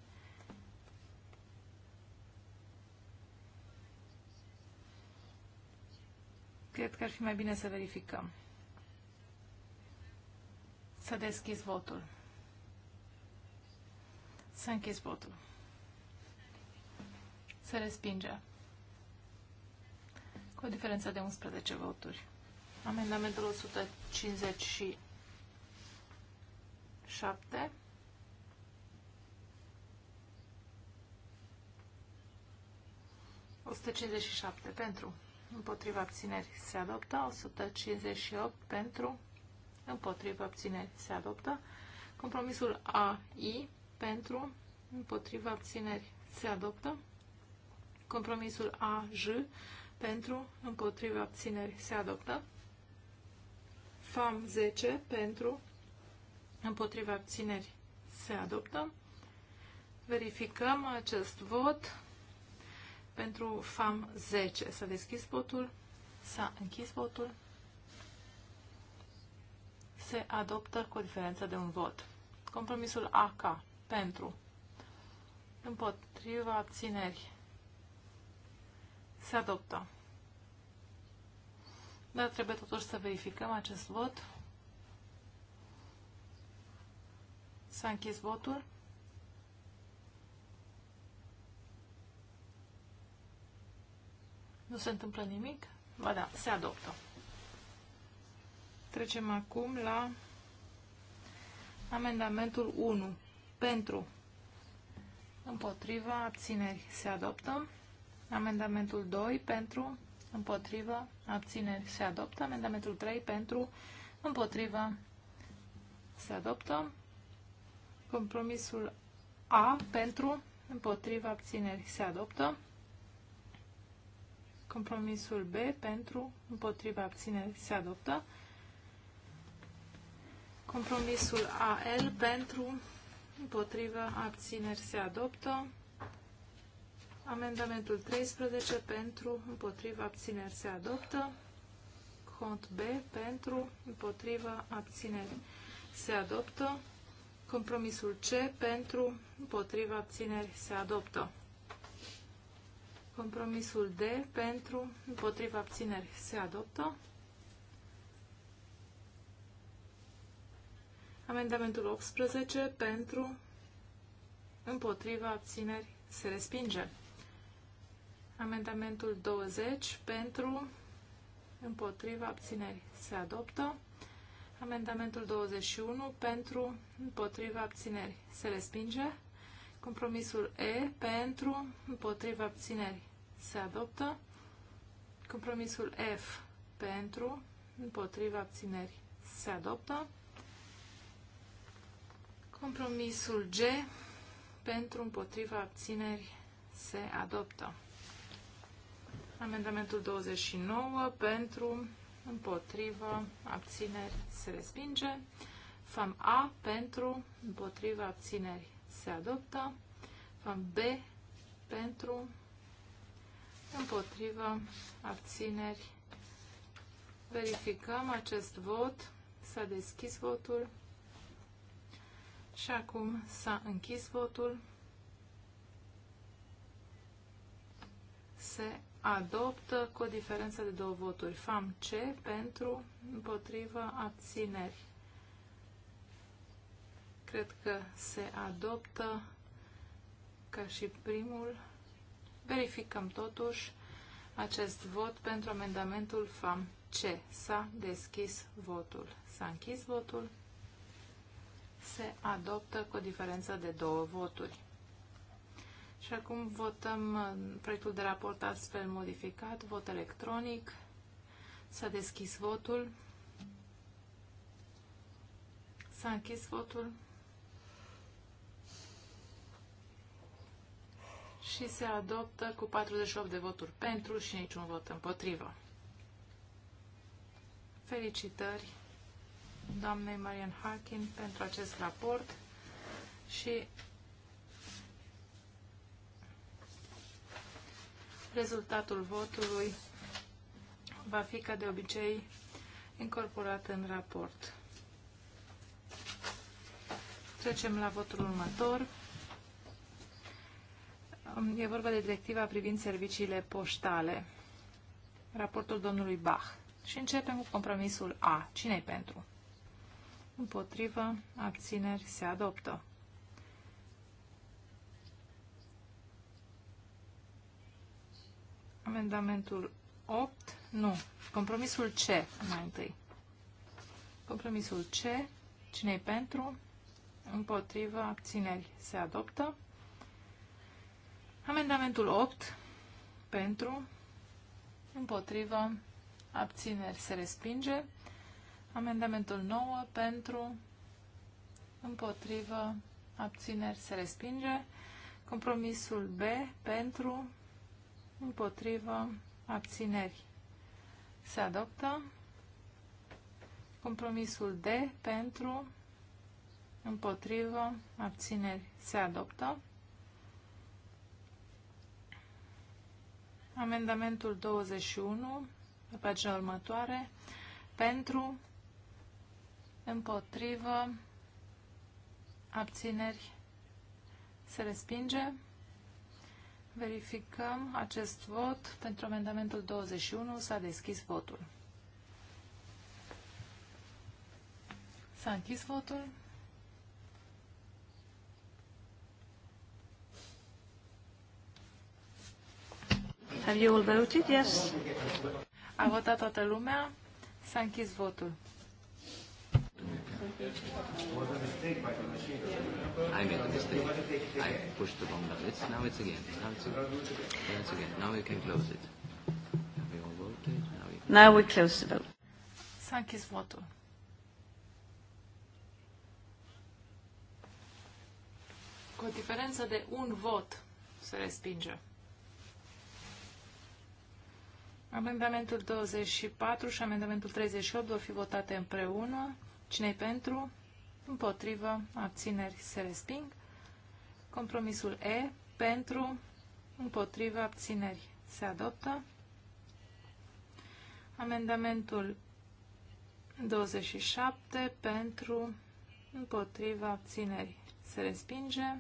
Cred că ar fi mai bine să verificăm. Să deschizi votul. Să închizi votul. Să respinge. Cu o diferență de 11 voturi. Amendamentul 157 157 pentru, împotriva abțineri se adoptă, 158 pentru, împotriva abțineri se adoptă, compromisul AI pentru, împotriva abțineri se adoptă, compromisul AJ pentru, împotriva abțineri se adoptă, FAM 10 pentru, împotriva abțineri se adoptă. Verificăm acest vot pentru FAM 10. S-a deschis votul, s-a închis votul, se adoptă cu o diferență de un vot. Compromisul AK pentru împotriva abțineri se adoptă. Dar trebuie totuși să verificăm acest vot. S-a închis votul. Nu se întâmplă nimic? Ba da, se adoptă. Trecem acum la amendamentul 1. Pentru, împotriva, abțineri, se adoptă. Amendamentul 2, pentru, împotriva, abțineri, se adoptă. Amendamentul 3, pentru, împotriva, se adoptă. Compromisul A, pentru, împotriva, abțineri, se adoptă. Compromisul B pentru, împotriva abțineri se adoptă. Compromisul AL pentru, împotriva abțineri se adoptă. Amendamentul 13 pentru, împotriva abțineri se adoptă. Cont B pentru, împotriva abțineri se adoptă. Compromisul C pentru, împotriva abțineri se adoptă. Compromisul D pentru împotriva abțineri se adoptă. Amendamentul 18 pentru împotriva abțineri se respinge. Amendamentul 20 pentru împotriva abțineri se adoptă. Amendamentul 21 pentru împotriva abțineri se respinge. Compromisul E pentru împotriva abțineri se adoptă. Compromisul F pentru, împotriva abțineri se adoptă. Compromisul G pentru, împotriva abțineri se adoptă. Amendamentul 29 pentru, împotriva abțineri se respinge. FAM A pentru, împotriva abțineri se adoptă. FAM B pentru, împotrivă, abțineri. Verificăm acest vot. S-a deschis votul și acum s-a închis votul. Se adoptă cu o diferență de două voturi. FAM C pentru, împotrivă, abțineri. Cred că se adoptă ca și primul Verificăm totuși acest vot pentru amendamentul FAM C. S-a deschis votul. S-a închis votul. Se adoptă cu o diferență de două voturi. Și acum votăm uh, proiectul de raport astfel modificat, vot electronic. S-a deschis votul. S-a închis votul. și se adoptă cu 48 de voturi pentru și niciun vot împotrivă. Felicitări doamnei Marian Harkin pentru acest raport și rezultatul votului va fi, ca de obicei, incorporat în raport. Trecem la votul următor. E vorba de directiva privind serviciile poștale. Raportul domnului Bach. Și începem cu compromisul A. Cine-i pentru? Împotrivă, abțineri, se adoptă. Amendamentul 8, nu. Compromisul C, mai întâi. Compromisul C, cine-i pentru? Împotrivă, abțineri, se adoptă. Amendamentul 8 pentru, împotrivă, abțineri se respinge. Amendamentul 9 pentru, împotrivă, abțineri se respinge. Compromisul B pentru, împotrivă, abțineri se adoptă. Compromisul D pentru, împotrivă, abțineri se adoptă. Amendamentul 21, pe pagina următoare, pentru, împotrivă, abțineri, se respinge. Verificăm acest vot. Pentru amendamentul 21 s-a deschis votul. S-a închis votul. Have you all voted? Yes. A votat toată lumea. S-a închis votul. I made a mistake. I pushed the wrong button. It's now it's again. Now it's again. Now it's again. Now we can close it. Have we all voted. Now we, now we close the vote. S-a închis votul. Cu o diferență de un vot se respinge. Amendamentul 24 și amendamentul 38 vor fi votate împreună. Cine-i pentru? Împotrivă. Abțineri se resping. Compromisul E. Pentru. Împotrivă. Abțineri se adoptă. Amendamentul 27 pentru, Împotrivă? abțineri. Se respinge.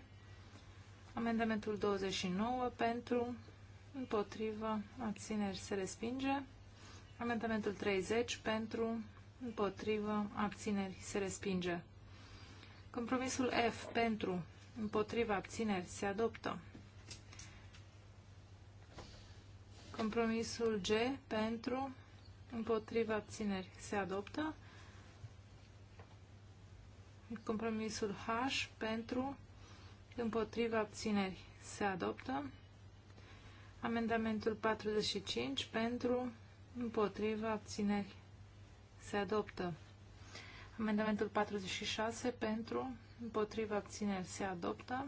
Amendamentul 29 pentru, împotrivă, abțineri se respinge. Amendamentul 30 pentru, împotrivă, abțineri se respinge. Compromisul F pentru, împotrivă, abțineri se adoptă. Compromisul G pentru, împotrivă, abțineri se adoptă. Compromisul H pentru, împotrivă, abțineri se adoptă. Amendamentul 45 pentru, împotriva, abțineri se adoptă. Amendamentul 46 pentru, împotriva, abțineri se adoptă.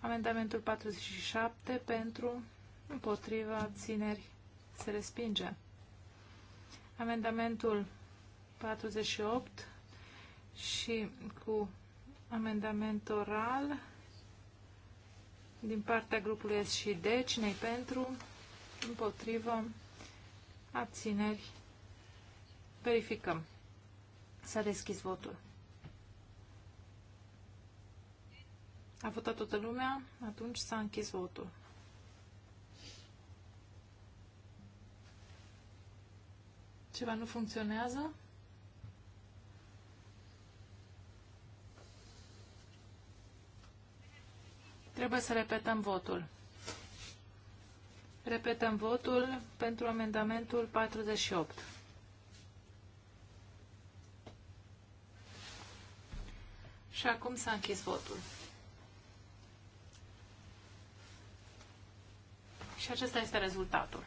Amendamentul 47 pentru, împotriva, abțineri se respinge. Amendamentul 48 și cu amendament oral din partea grupului S și D, cine pentru, împotrivă, abțineri, verificăm. S-a deschis votul. A votat toată lumea, atunci s-a închis votul. Ceva nu funcționează? Trebuie să repetăm votul. Repetăm votul pentru amendamentul 48. Și acum s-a închis votul. Și acesta este rezultatul,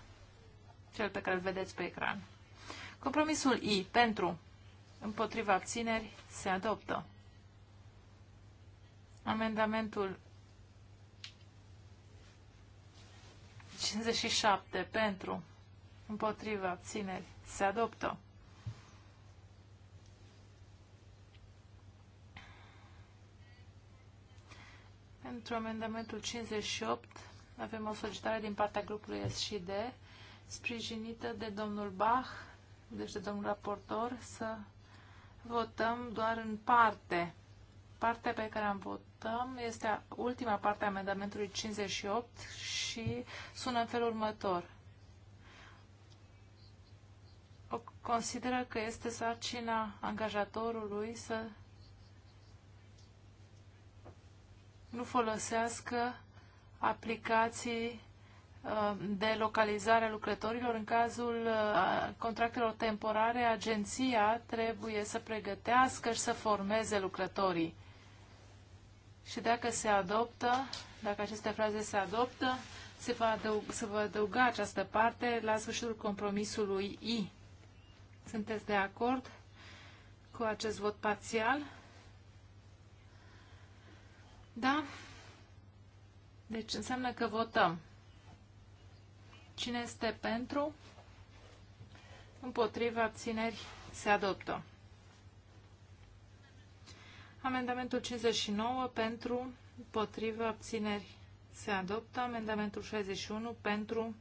cel pe care îl vedeți pe ecran. Compromisul I pentru împotriva abțineri se adoptă. Amendamentul 57 pentru, împotriva, abțineri, se adoptă. Pentru amendamentul 58 avem o solicitare din partea grupului S și D, sprijinită de domnul Bach, deci de domnul raportor, să votăm doar în parte partea pe care am votăm este ultima parte a amendamentului 58 și sună în felul următor. O consideră că este sarcina angajatorului să nu folosească aplicații uh, de localizare a lucrătorilor. În cazul uh, contractelor temporare, agenția trebuie să pregătească și să formeze lucrătorii și dacă se adoptă, dacă aceste fraze se adoptă, se va, adăug, se va adăuga această parte la sfârșitul compromisului I. Sunteți de acord cu acest vot parțial? Da? Deci înseamnă că votăm. Cine este pentru? Împotriva abțineri se adoptă. Amendamentul 59 pentru, potrivă, abțineri se adoptă. Amendamentul 61 pentru,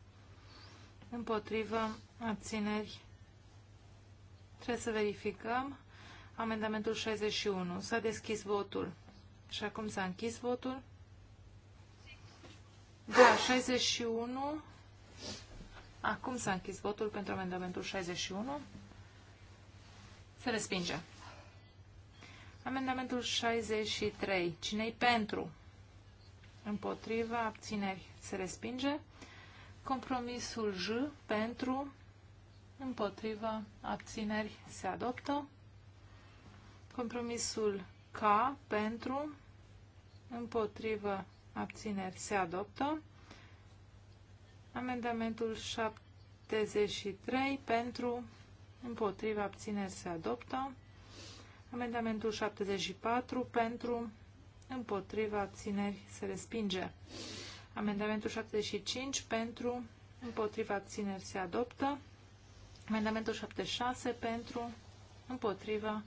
împotrivă, abțineri. Trebuie să verificăm. Amendamentul 61. S-a deschis votul. Și acum s-a închis votul. Da, 61. Acum s-a închis votul pentru amendamentul 61. Se respinge. Amendamentul 63. Cine-i pentru? Împotriva, abțineri, se respinge. Compromisul J pentru, împotriva, abțineri, se adoptă. Compromisul K pentru, împotrivă, abțineri, se adoptă. Amendamentul 73 pentru, împotriva, abțineri, se adoptă. Amendamentul 74 pentru, împotriva, abțineri, se respinge. Amendamentul 75 pentru, împotriva, abțineri, se adoptă. Amendamentul 76 pentru, împotriva,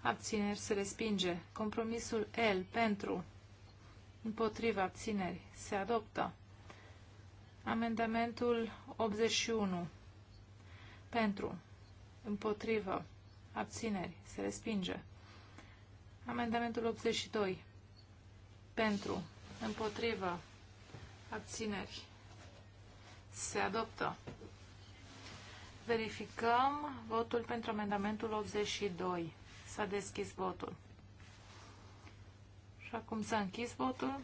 abțineri, se respinge. Compromisul L pentru, împotriva, abțineri, se adoptă. Amendamentul 81 pentru, împotriva, Abțineri. Se respinge. Amendamentul 82. Pentru. Împotrivă. Abțineri. Se adoptă. Verificăm votul pentru amendamentul 82. S-a deschis votul. Și acum s-a închis votul.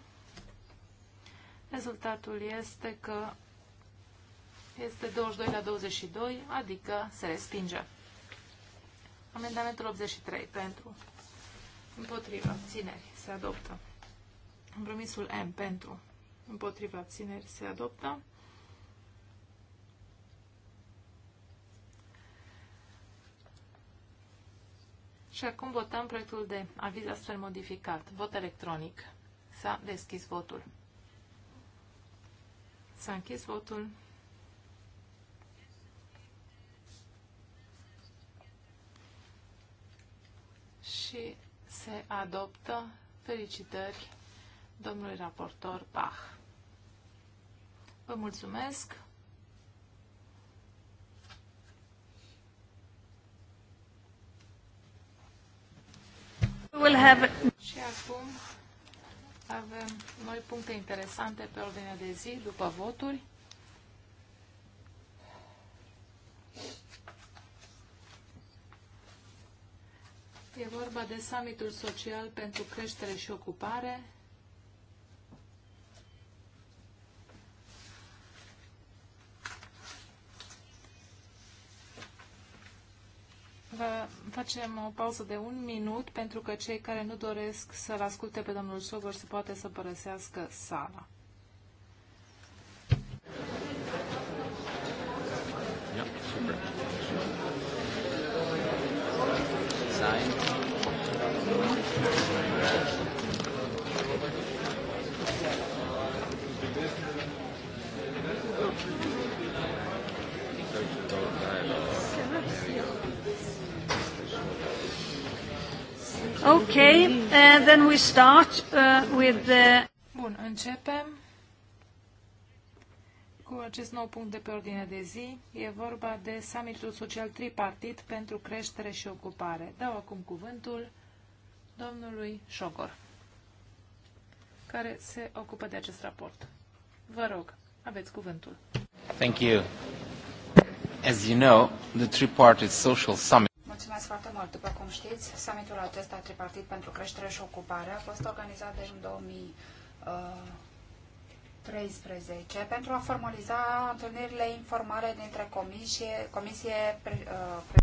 Rezultatul este că este 22 la 22, adică se respinge. Amendamentul 83 pentru. Împotriva abțineri se adoptă. Compromisul M pentru. Împotriva abțineri se adoptă. Și acum votăm proiectul de aviz astfel modificat. Vot electronic. S-a deschis votul. S-a închis votul. și se adoptă. Felicitări domnului raportor Bach. Vă mulțumesc! We'll have... Și acum avem noi puncte interesante pe ordinea de zi după voturi. E vorba de summitul social pentru creștere și ocupare. Vă facem o pauză de un minut pentru că cei care nu doresc să-l asculte pe domnul Sogor se poate să părăsească sala. Yeah, super. Sign. Ok, uh, then we start uh, with the... Bun, începem cu acest nou punct de pe ordine de zi. E vorba de summitul social tripartit pentru creștere și ocupare. Dau acum cuvântul domnului Șogor, care se ocupă de acest raport. Vă rog, aveți cuvântul. Thank you. As you know, the tripartite social summit Mulțumesc foarte mult. După cum știți, summitul acesta tripartit pentru creștere și ocupare a fost organizat de în 2013 uh, pentru a formaliza întâlnirile informale dintre comisie, comisie pre, uh, pre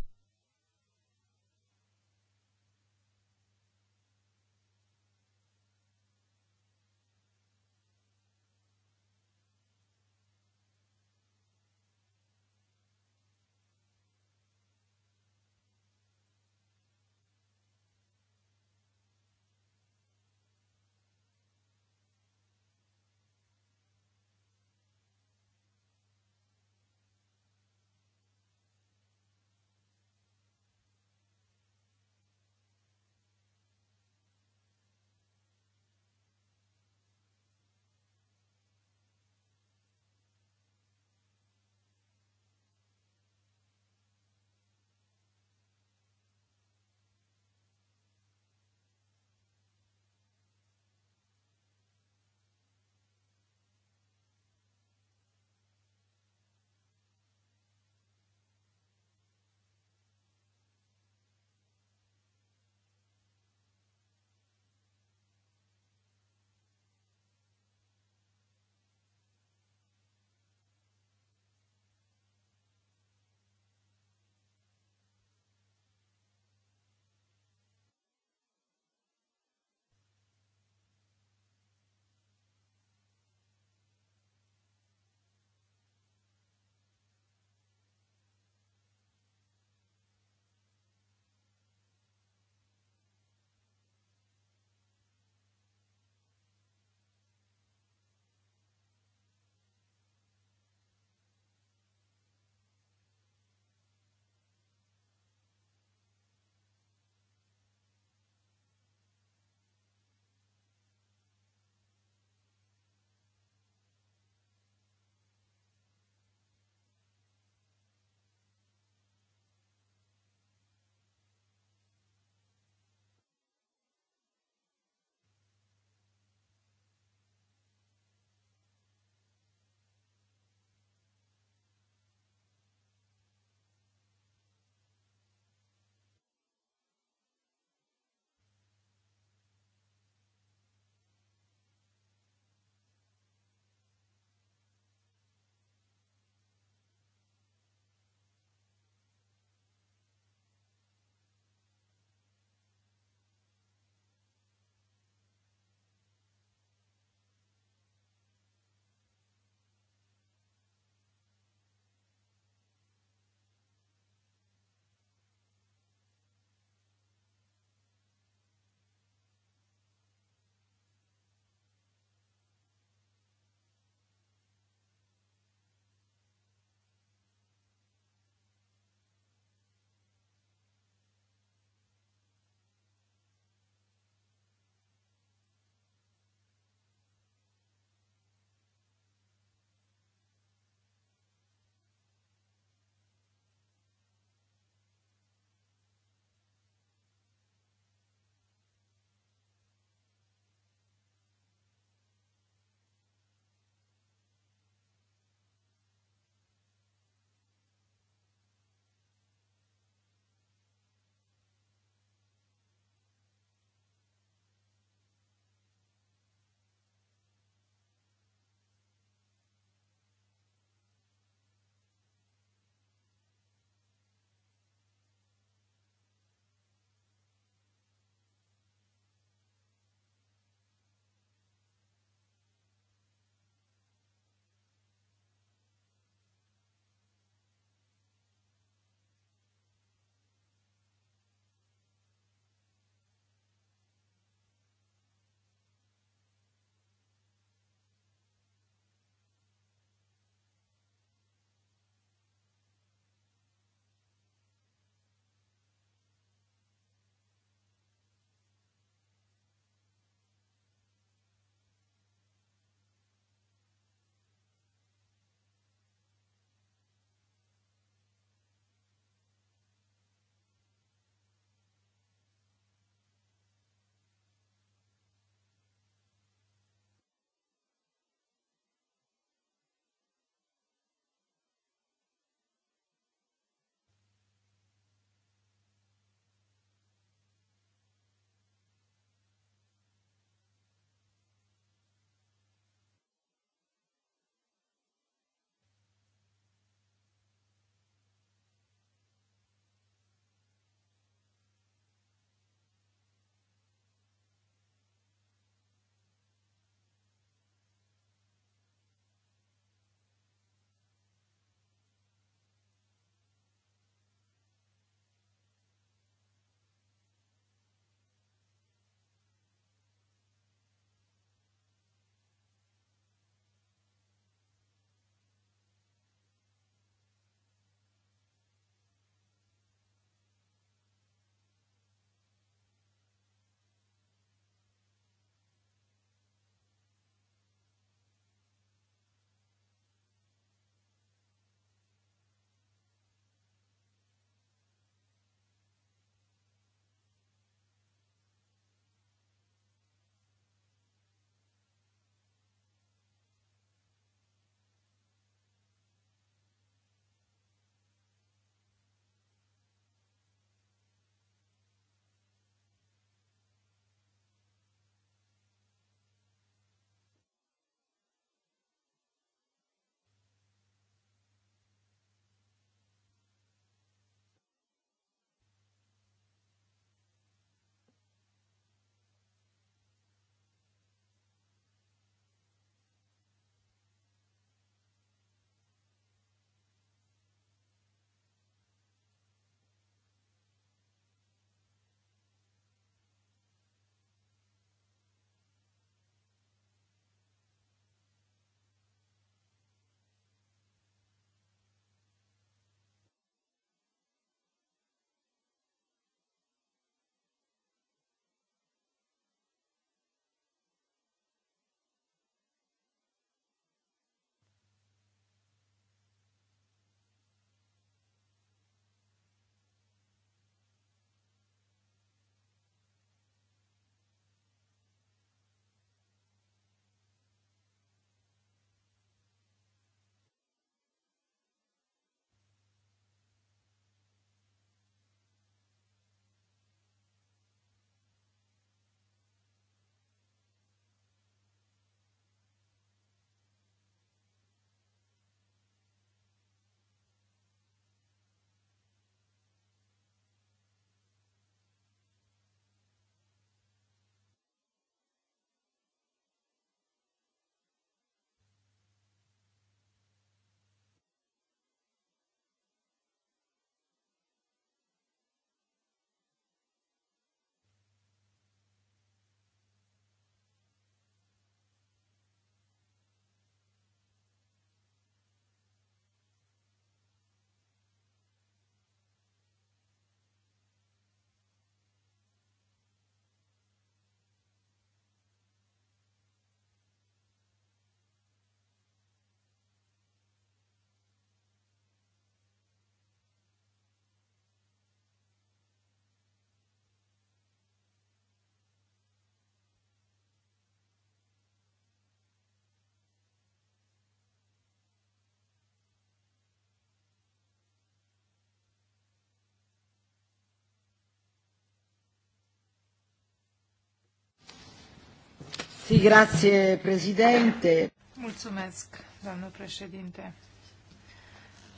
grazie Presidente. Mulțumesc, doamnă președinte.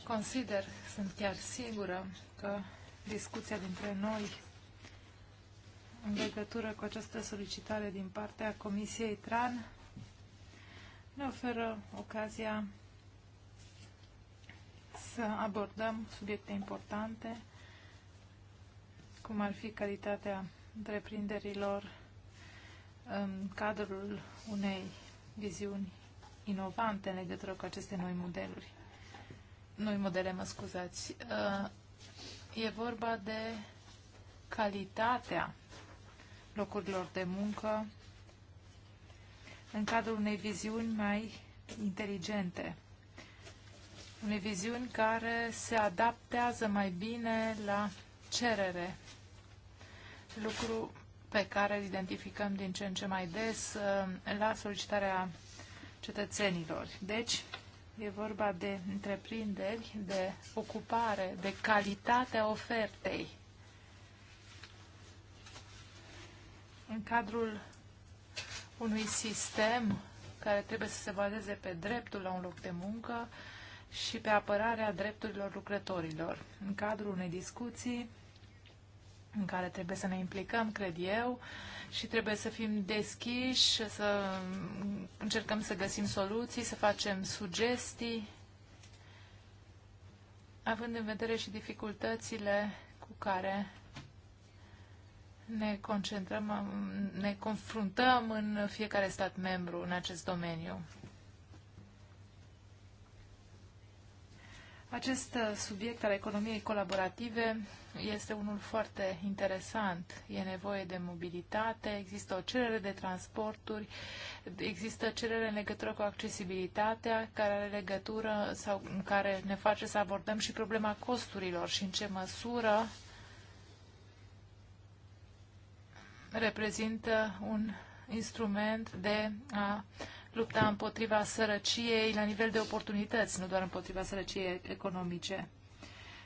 Consider, sunt chiar sigură că discuția dintre noi în legătură cu această solicitare din partea Comisiei TRAN ne oferă ocazia să abordăm subiecte importante, cum ar fi calitatea întreprinderilor în cadrul unei viziuni inovante în legătură cu aceste noi modeluri. Noi modele, mă scuzați. Uh, e vorba de calitatea locurilor de muncă în cadrul unei viziuni mai inteligente. Unei viziuni care se adaptează mai bine la cerere. Lucru pe care îl identificăm din ce în ce mai des uh, la solicitarea cetățenilor. Deci, e vorba de întreprinderi, de ocupare, de calitatea ofertei. În cadrul unui sistem care trebuie să se bazeze pe dreptul la un loc de muncă și pe apărarea drepturilor lucrătorilor. În cadrul unei discuții în care trebuie să ne implicăm, cred eu, și trebuie să fim deschiși, să încercăm să găsim soluții, să facem sugestii, având în vedere și dificultățile cu care ne concentrăm, ne confruntăm în fiecare stat membru în acest domeniu. Acest uh, subiect al economiei colaborative este unul foarte interesant. E nevoie de mobilitate, există o cerere de transporturi, există cerere în legătură cu accesibilitatea, care are legătură sau care ne face să abordăm și problema costurilor și în ce măsură reprezintă un instrument de a uh, lupta împotriva sărăciei la nivel de oportunități, nu doar împotriva sărăciei economice.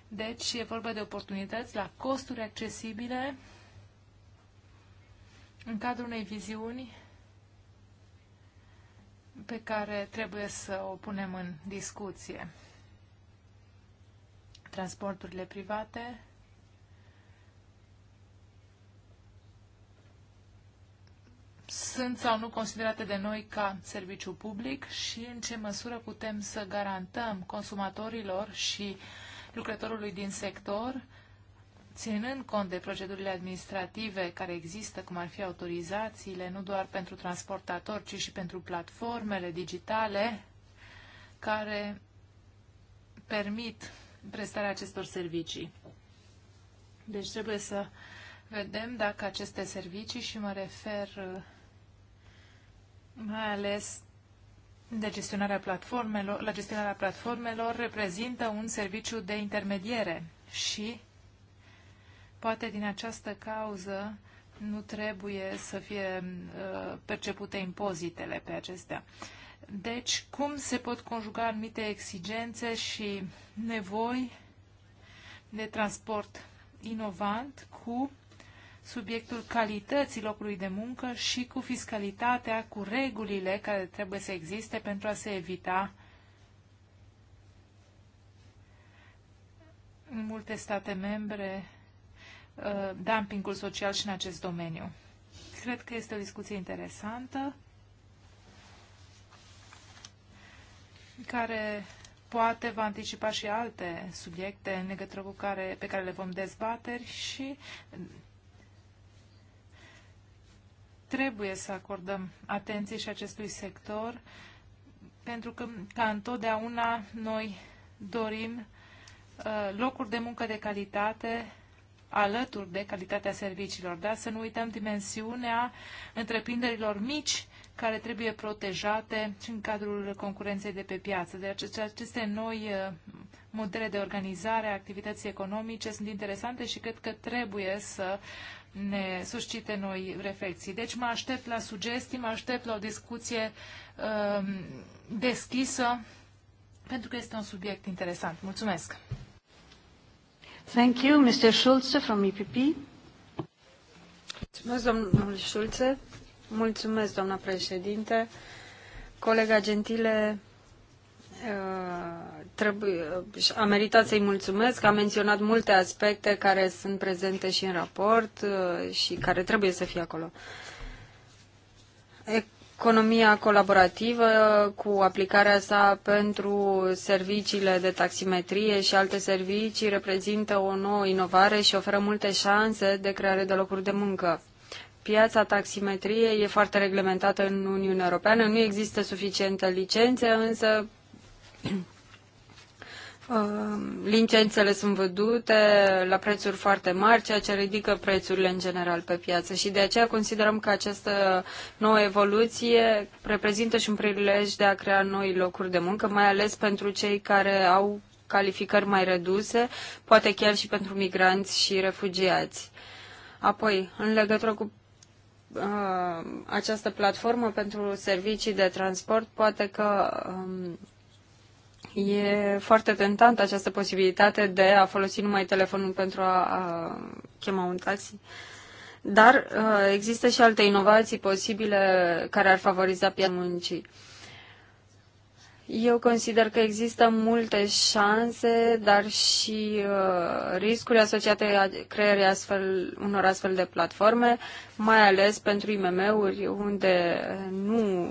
Deci e vorba de oportunități la costuri accesibile în cadrul unei viziuni pe care trebuie să o punem în discuție. Transporturile private sunt sau nu considerate de noi ca serviciu public și în ce măsură putem să garantăm consumatorilor și lucrătorului din sector, ținând cont de procedurile administrative care există, cum ar fi autorizațiile, nu doar pentru transportatori, ci și pentru platformele digitale care permit prestarea acestor servicii. Deci trebuie să vedem dacă aceste servicii, și mă refer mai ales de gestionarea platformelor, la gestionarea platformelor reprezintă un serviciu de intermediere și poate din această cauză nu trebuie să fie uh, percepute impozitele pe acestea. Deci, cum se pot conjuga anumite exigențe și nevoi de transport inovant cu subiectul calității locului de muncă și cu fiscalitatea, cu regulile care trebuie să existe pentru a se evita în multe state membre uh, dumpingul social și în acest domeniu. Cred că este o discuție interesantă care poate va anticipa și alte subiecte în legătură cu care, pe care le vom dezbateri și trebuie să acordăm atenție și acestui sector, pentru că, ca întotdeauna, noi dorim uh, locuri de muncă de calitate alături de calitatea serviciilor, Da, să nu uităm dimensiunea întreprinderilor mici care trebuie protejate și în cadrul concurenței de pe piață. Deci aceste, aceste noi uh, modele de organizare a activității economice sunt interesante și cred că trebuie să ne suscite noi reflexii. Deci mă aștept la sugestii, mă aștept la o discuție um, deschisă, pentru că este un subiect interesant. Mulțumesc! Thank you, Mr. Schulze from EPP. Mulțumesc, domnul Schulze. Mulțumesc, doamna președinte. Colega Gentile uh, trebuie, a meritat să-i mulțumesc. A menționat multe aspecte care sunt prezente și în raport uh, și care trebuie să fie acolo. Economia colaborativă cu aplicarea sa pentru serviciile de taximetrie și alte servicii reprezintă o nouă inovare și oferă multe șanse de creare de locuri de muncă piața taximetriei e foarte reglementată în Uniunea Europeană, nu există suficientă licențe, însă Ehm, licențele sunt vândute la prețuri foarte mari, ceea ce ridică prețurile în general pe piață și de aceea considerăm că această nouă evoluție reprezintă și un prilej de a crea noi locuri de muncă, mai ales pentru cei care au calificări mai reduse, poate chiar și pentru migranți și refugiați. Apoi, în legătură cu uh, această platformă pentru servicii de transport, poate că um, E foarte tentantă această posibilitate de a folosi numai telefonul pentru a, a chema un taxi. Dar uh, există și alte inovații posibile care ar favoriza piața muncii. Uh, eu consider că există multe șanse, dar și uh, riscuri asociate a creării astfel, unor astfel de platforme, mai ales pentru IMM-uri, unde nu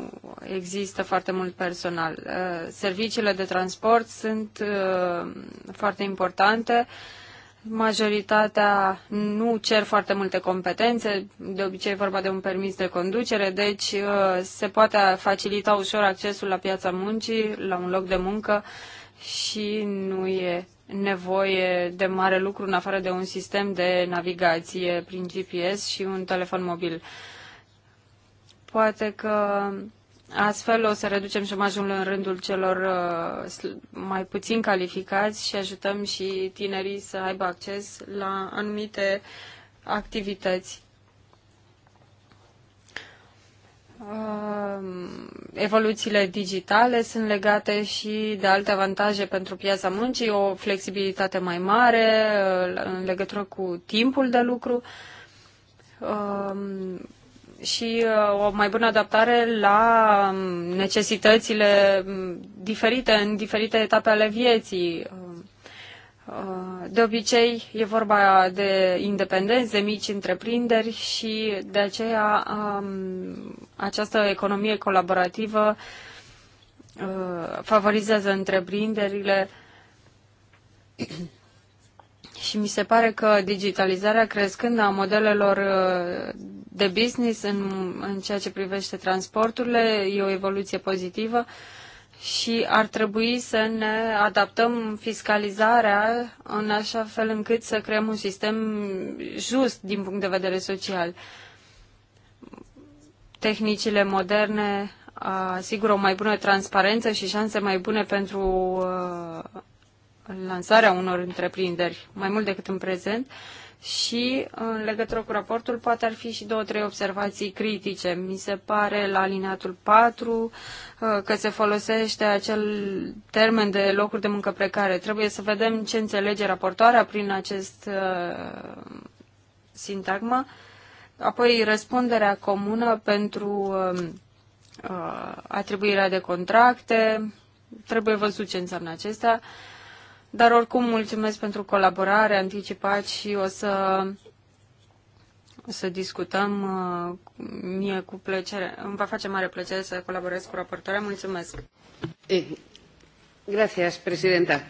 există foarte mult personal. Uh, serviciile de transport sunt uh, foarte importante. Uh, majoritatea nu cer foarte multe competențe, de obicei e vorba de un permis de conducere, deci uh, se poate facilita ușor accesul la piața muncii, la un loc de muncă și nu e nevoie de mare lucru în afară de un sistem de navigație prin GPS și un telefon mobil. Poate că Astfel o să reducem șomajul în rândul celor uh, mai puțin calificați și ajutăm și tinerii să aibă acces la anumite activități. Uh, evoluțiile digitale sunt legate și de alte avantaje pentru piața muncii, o flexibilitate mai mare uh, în legătură cu timpul de lucru și uh, o mai bună adaptare la um, necesitățile um, diferite în diferite etape ale vieții. De obicei e vorba de independenți, de mici întreprinderi și de aceea um, această economie colaborativă uh, favorizează întreprinderile și mi se pare că digitalizarea crescând a modelelor uh, de business în, în ceea ce privește transporturile, e o evoluție pozitivă și ar trebui să ne adaptăm fiscalizarea în așa fel încât să creăm un sistem just din punct de vedere social. Tehnicile moderne asigură o mai bună transparență și șanse mai bune pentru uh, lansarea unor întreprinderi, mai mult decât în prezent. Uh, și în legătură cu raportul poate ar fi și două, trei observații critice. Mi se pare la alineatul 4 uh, că se folosește acel termen de locuri de muncă precare. Trebuie să vedem ce înțelege raportoarea prin acest uh, sintagmă. Apoi răspunderea comună pentru um, uh, atribuirea de contracte. Trebuie văzut ce înseamnă acestea. Uh, dar oricum mulțumesc pentru colaborare, anticipat și o să, o să discutăm uh, mie cu plăcere. Îmi va face mare plăcere să colaborez cu raportoarea. Mulțumesc. Eh, gracias, presidenta.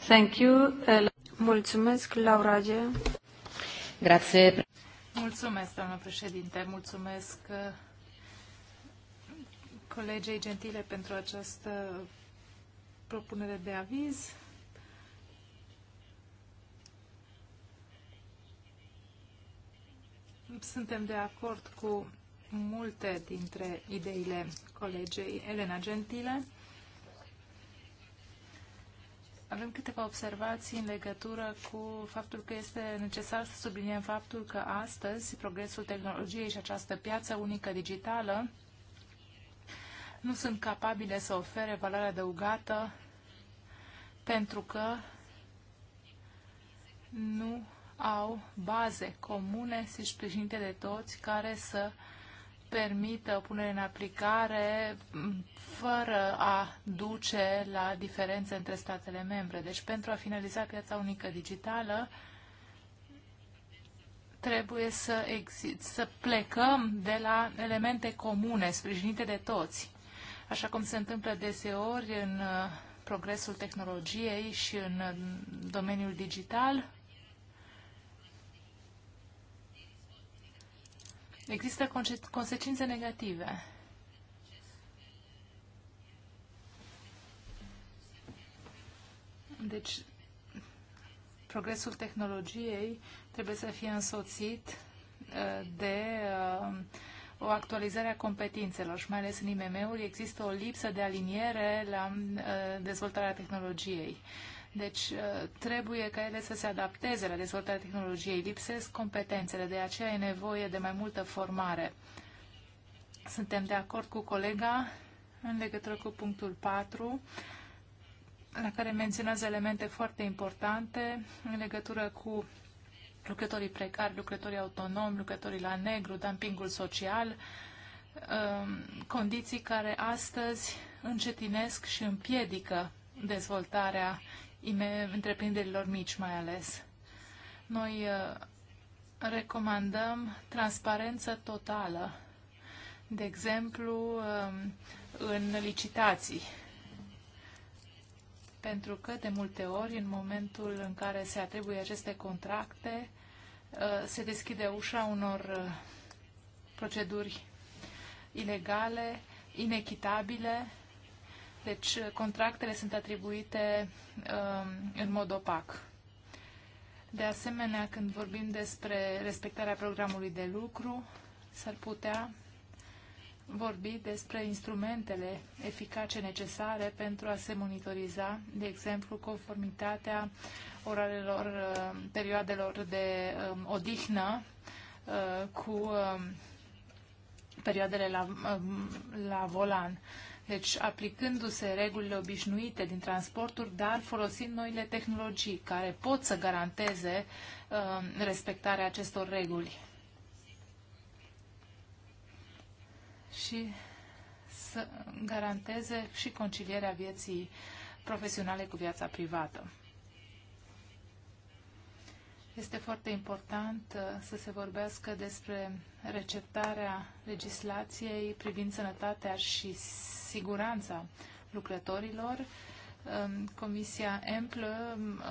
Thank you. Uh, mulțumesc, Laura G. Grazie. Mulțumesc, doamnă președinte. Mulțumesc uh, colegei Gentile pentru această propunere de aviz. Suntem de acord cu multe dintre ideile colegei Elena Gentile. Avem câteva observații în legătură cu faptul că este necesar să subliniem faptul că astăzi progresul tehnologiei și această piață unică digitală nu sunt capabile să ofere valoare adăugată pentru că nu au baze comune și sprijinite de toți care să uh, permită o punere în aplicare fără a duce la diferențe între statele membre. Deci pentru a finaliza piața unică digitală, trebuie să, exist, să plecăm de la elemente comune, sprijinite de toți. Așa cum se întâmplă deseori în uh, progresul tehnologiei și în uh, domeniul digital, Există consecințe negative. Deci, progresul tehnologiei trebuie să fie însoțit uh, de uh, o actualizare a competințelor și mai ales în IMM-uri există o lipsă de aliniere la uh, dezvoltarea tehnologiei. Deci uh, trebuie ca ele să se adapteze la dezvoltarea tehnologiei. Lipsesc competențele, de aceea e nevoie de mai multă formare. Suntem de acord cu colega în legătură cu punctul 4, la care menționează elemente foarte importante în legătură cu lucrătorii precari, lucrătorii autonomi, lucrătorii la negru, dumpingul social, um, condiții care astăzi încetinesc și împiedică dezvoltarea întreprinderilor mici mai ales. Noi uh, recomandăm transparență totală, de exemplu um, în licitații, pentru că de multe ori în momentul în care se atribuie aceste contracte uh, se deschide ușa unor uh, proceduri ilegale, inechitabile deci, uh, contractele sunt atribuite uh, în mod opac. De asemenea, când vorbim despre respectarea programului de lucru, s-ar putea vorbi despre instrumentele eficace necesare pentru a se monitoriza, de exemplu, conformitatea orarelor, uh, perioadelor de um, odihnă uh, cu um, perioadele la, um, la volan. Deci aplicându-se regulile obișnuite din transporturi, dar folosind noile tehnologii care pot să garanteze uh, respectarea acestor reguli. Și să garanteze și concilierea vieții profesionale cu viața privată. Este foarte important uh, să se vorbească despre receptarea legislației privind sănătatea și siguranța lucrătorilor. Comisia Emplă um,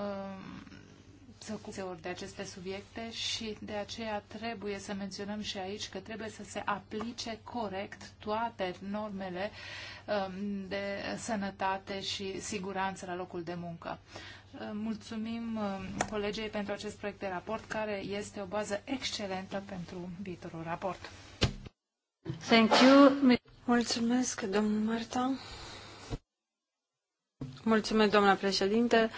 se ocupe de aceste subiecte și de aceea trebuie să menționăm și aici că trebuie să se aplice corect toate normele um, de sănătate și siguranță la locul de muncă. Mulțumim uh, colegei pentru acest proiect de raport, care este o bază excelentă pentru viitorul raport. Thank you. Mulțumesc, domnul Marta. Mulțumesc, doamna președinte.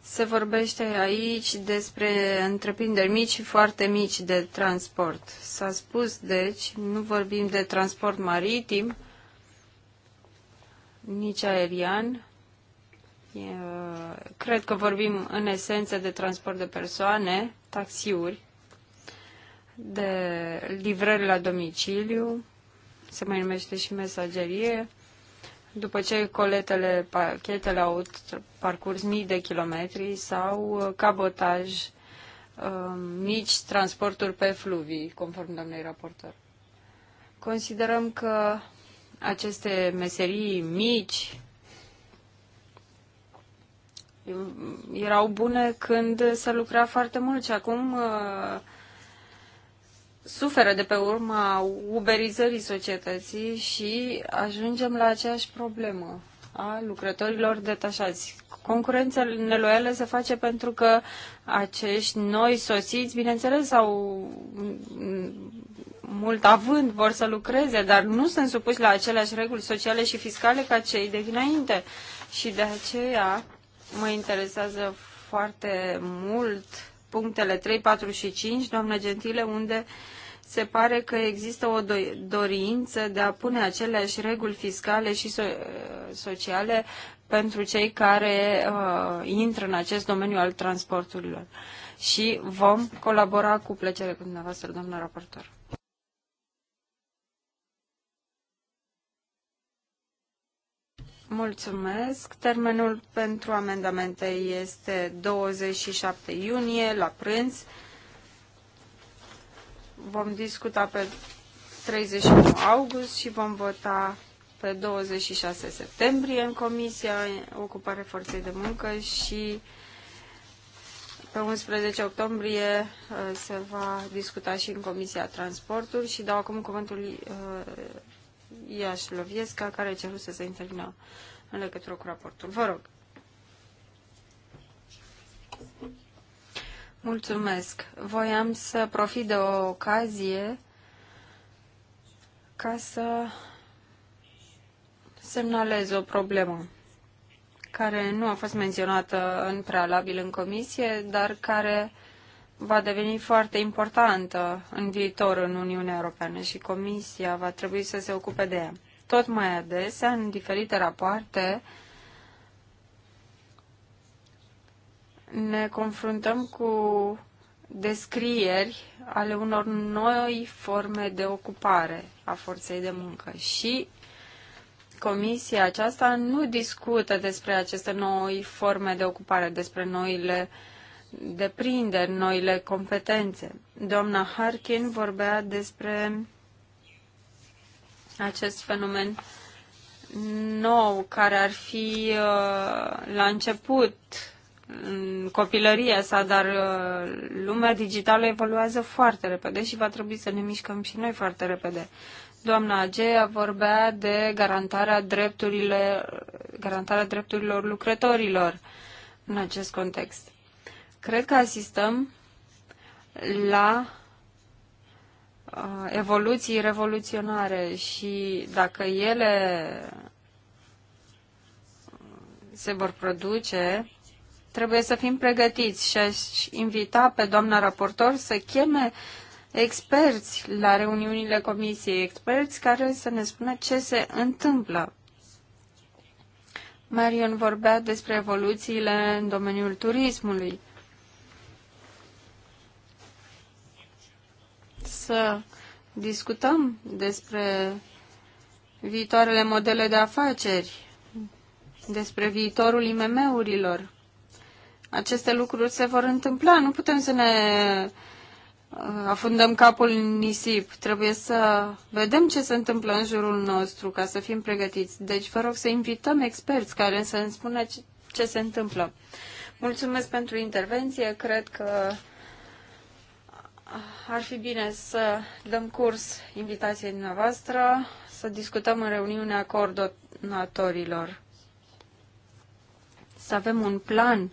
Se vorbește aici despre întreprinderi mici și foarte mici de transport. S-a spus, deci, nu vorbim de transport maritim, nici aerian, Cred că vorbim în esență de transport de persoane, taxiuri, de livrări la domiciliu, se mai numește și mesagerie. După ce coletele, pachetele au parcurs mii de kilometri sau cabotaj, um, mici transporturi pe fluvii, conform doamnei raportor. Considerăm că aceste meserii mici erau bune când se lucra foarte mult și acum uh, suferă de pe urma uberizării societății și ajungem la aceeași problemă a lucrătorilor detașați. Concurența neloială se face pentru că acești noi sosiți, bineînțeles, au mult având, vor să lucreze, dar nu sunt supuși la aceleași reguli sociale și fiscale ca cei de dinainte. Și de aceea Mă interesează foarte mult punctele 3, 4 și 5, doamnă Gentile, unde se pare că există o dorință de a pune aceleași reguli fiscale și so- sociale pentru cei care uh, intră în acest domeniu al transporturilor. Și vom colabora cu plăcere cu dumneavoastră, doamnă raportor. Mulțumesc. Termenul pentru amendamente este 27 iunie la prânz. Vom discuta pe 31 august și vom vota pe 26 septembrie în Comisia Ocupare Forței de Muncă și pe 11 octombrie uh, se va discuta și în Comisia Transporturi și dau acum cuvântul uh, Loviesca, care cerut să se intervină în legătură cu raportul. Vă rog. Mulțumesc. Voiam să profit de o ocazie ca să semnalez o problemă care nu a fost menționată în prealabil în comisie, dar care va deveni foarte importantă în viitor în Uniunea Europeană și Comisia va trebui să se ocupe de ea. Tot mai adesea, în diferite rapoarte, ne confruntăm cu descrieri ale unor noi forme de ocupare a forței de muncă și comisia aceasta nu discută despre aceste noi forme de ocupare, despre noile uh, deprinderi, noile competențe. Doamna Harkin vorbea despre acest fenomen nou care ar fi uh, la început în copilărie sa, dar uh, lumea digitală evoluează foarte repede și va trebui să ne mișcăm și noi foarte repede. Doamna Ageia vorbea de garantarea, drepturile, garantarea drepturilor lucrătorilor în acest context. Cred că asistăm la uh, evoluții revoluționare și dacă ele se vor produce, trebuie să fim pregătiți și aș invita pe doamna raportor să cheme experți la reuniunile comisiei, experți care să ne spună ce se întâmplă. Marion vorbea despre evoluțiile în domeniul turismului. să discutăm despre viitoarele modele de afaceri, despre viitorul IMM-urilor. Aceste lucruri se vor întâmpla, nu putem să ne uh, afundăm capul în nisip. Trebuie să vedem ce se întâmplă în jurul nostru ca să fim pregătiți. Deci vă rog să invităm experți care să ne spună ce se întâmplă. Mulțumesc pentru intervenție. Cred că ar fi bine să dăm curs invitației dumneavoastră, să discutăm în reuniunea coordonatorilor, să avem un plan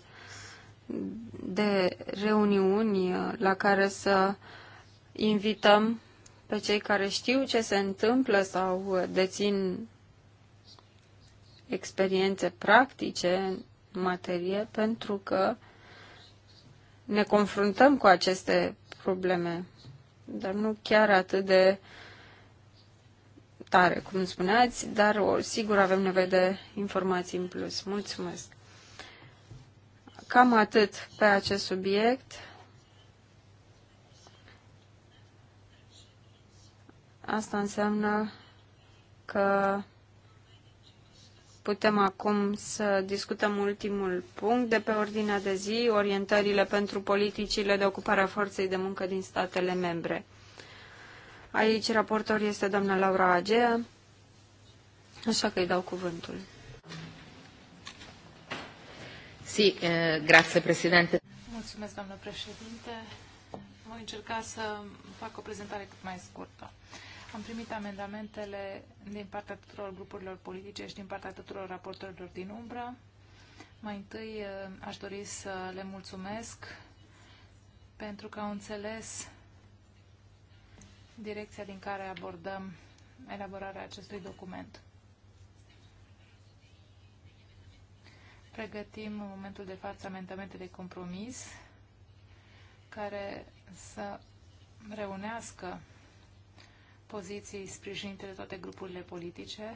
de reuniuni uh, la care să invităm pe cei care știu ce se întâmplă sau uh, dețin experiențe practice în materie, pentru că ne confruntăm cu aceste probleme, dar nu chiar atât de tare, cum spuneați, dar o, sigur avem nevoie de informații în plus. Mulțumesc! Cam atât pe acest subiect. Asta înseamnă că putem acum să discutăm ultimul punct de pe ordinea de zi, orientările pentru politicile de ocupare a forței de muncă din statele membre. Aici raportor este doamna Laura Agea, așa că îi dau cuvântul. Si, eh, grazie, președinte. Mulțumesc, doamnă președinte. Voi încerca să fac o prezentare cât mai scurtă. Uh, am primit amendamentele din partea tuturor grupurilor politice și din partea tuturor raportorilor din umbră. Mai întâi eh, aș dori să le mulțumesc pentru că au înțeles direcția din care abordăm elaborarea acestui document. Pregătim în momentul de față amendamente de compromis care să reunească poziții sprijinite de toate grupurile politice.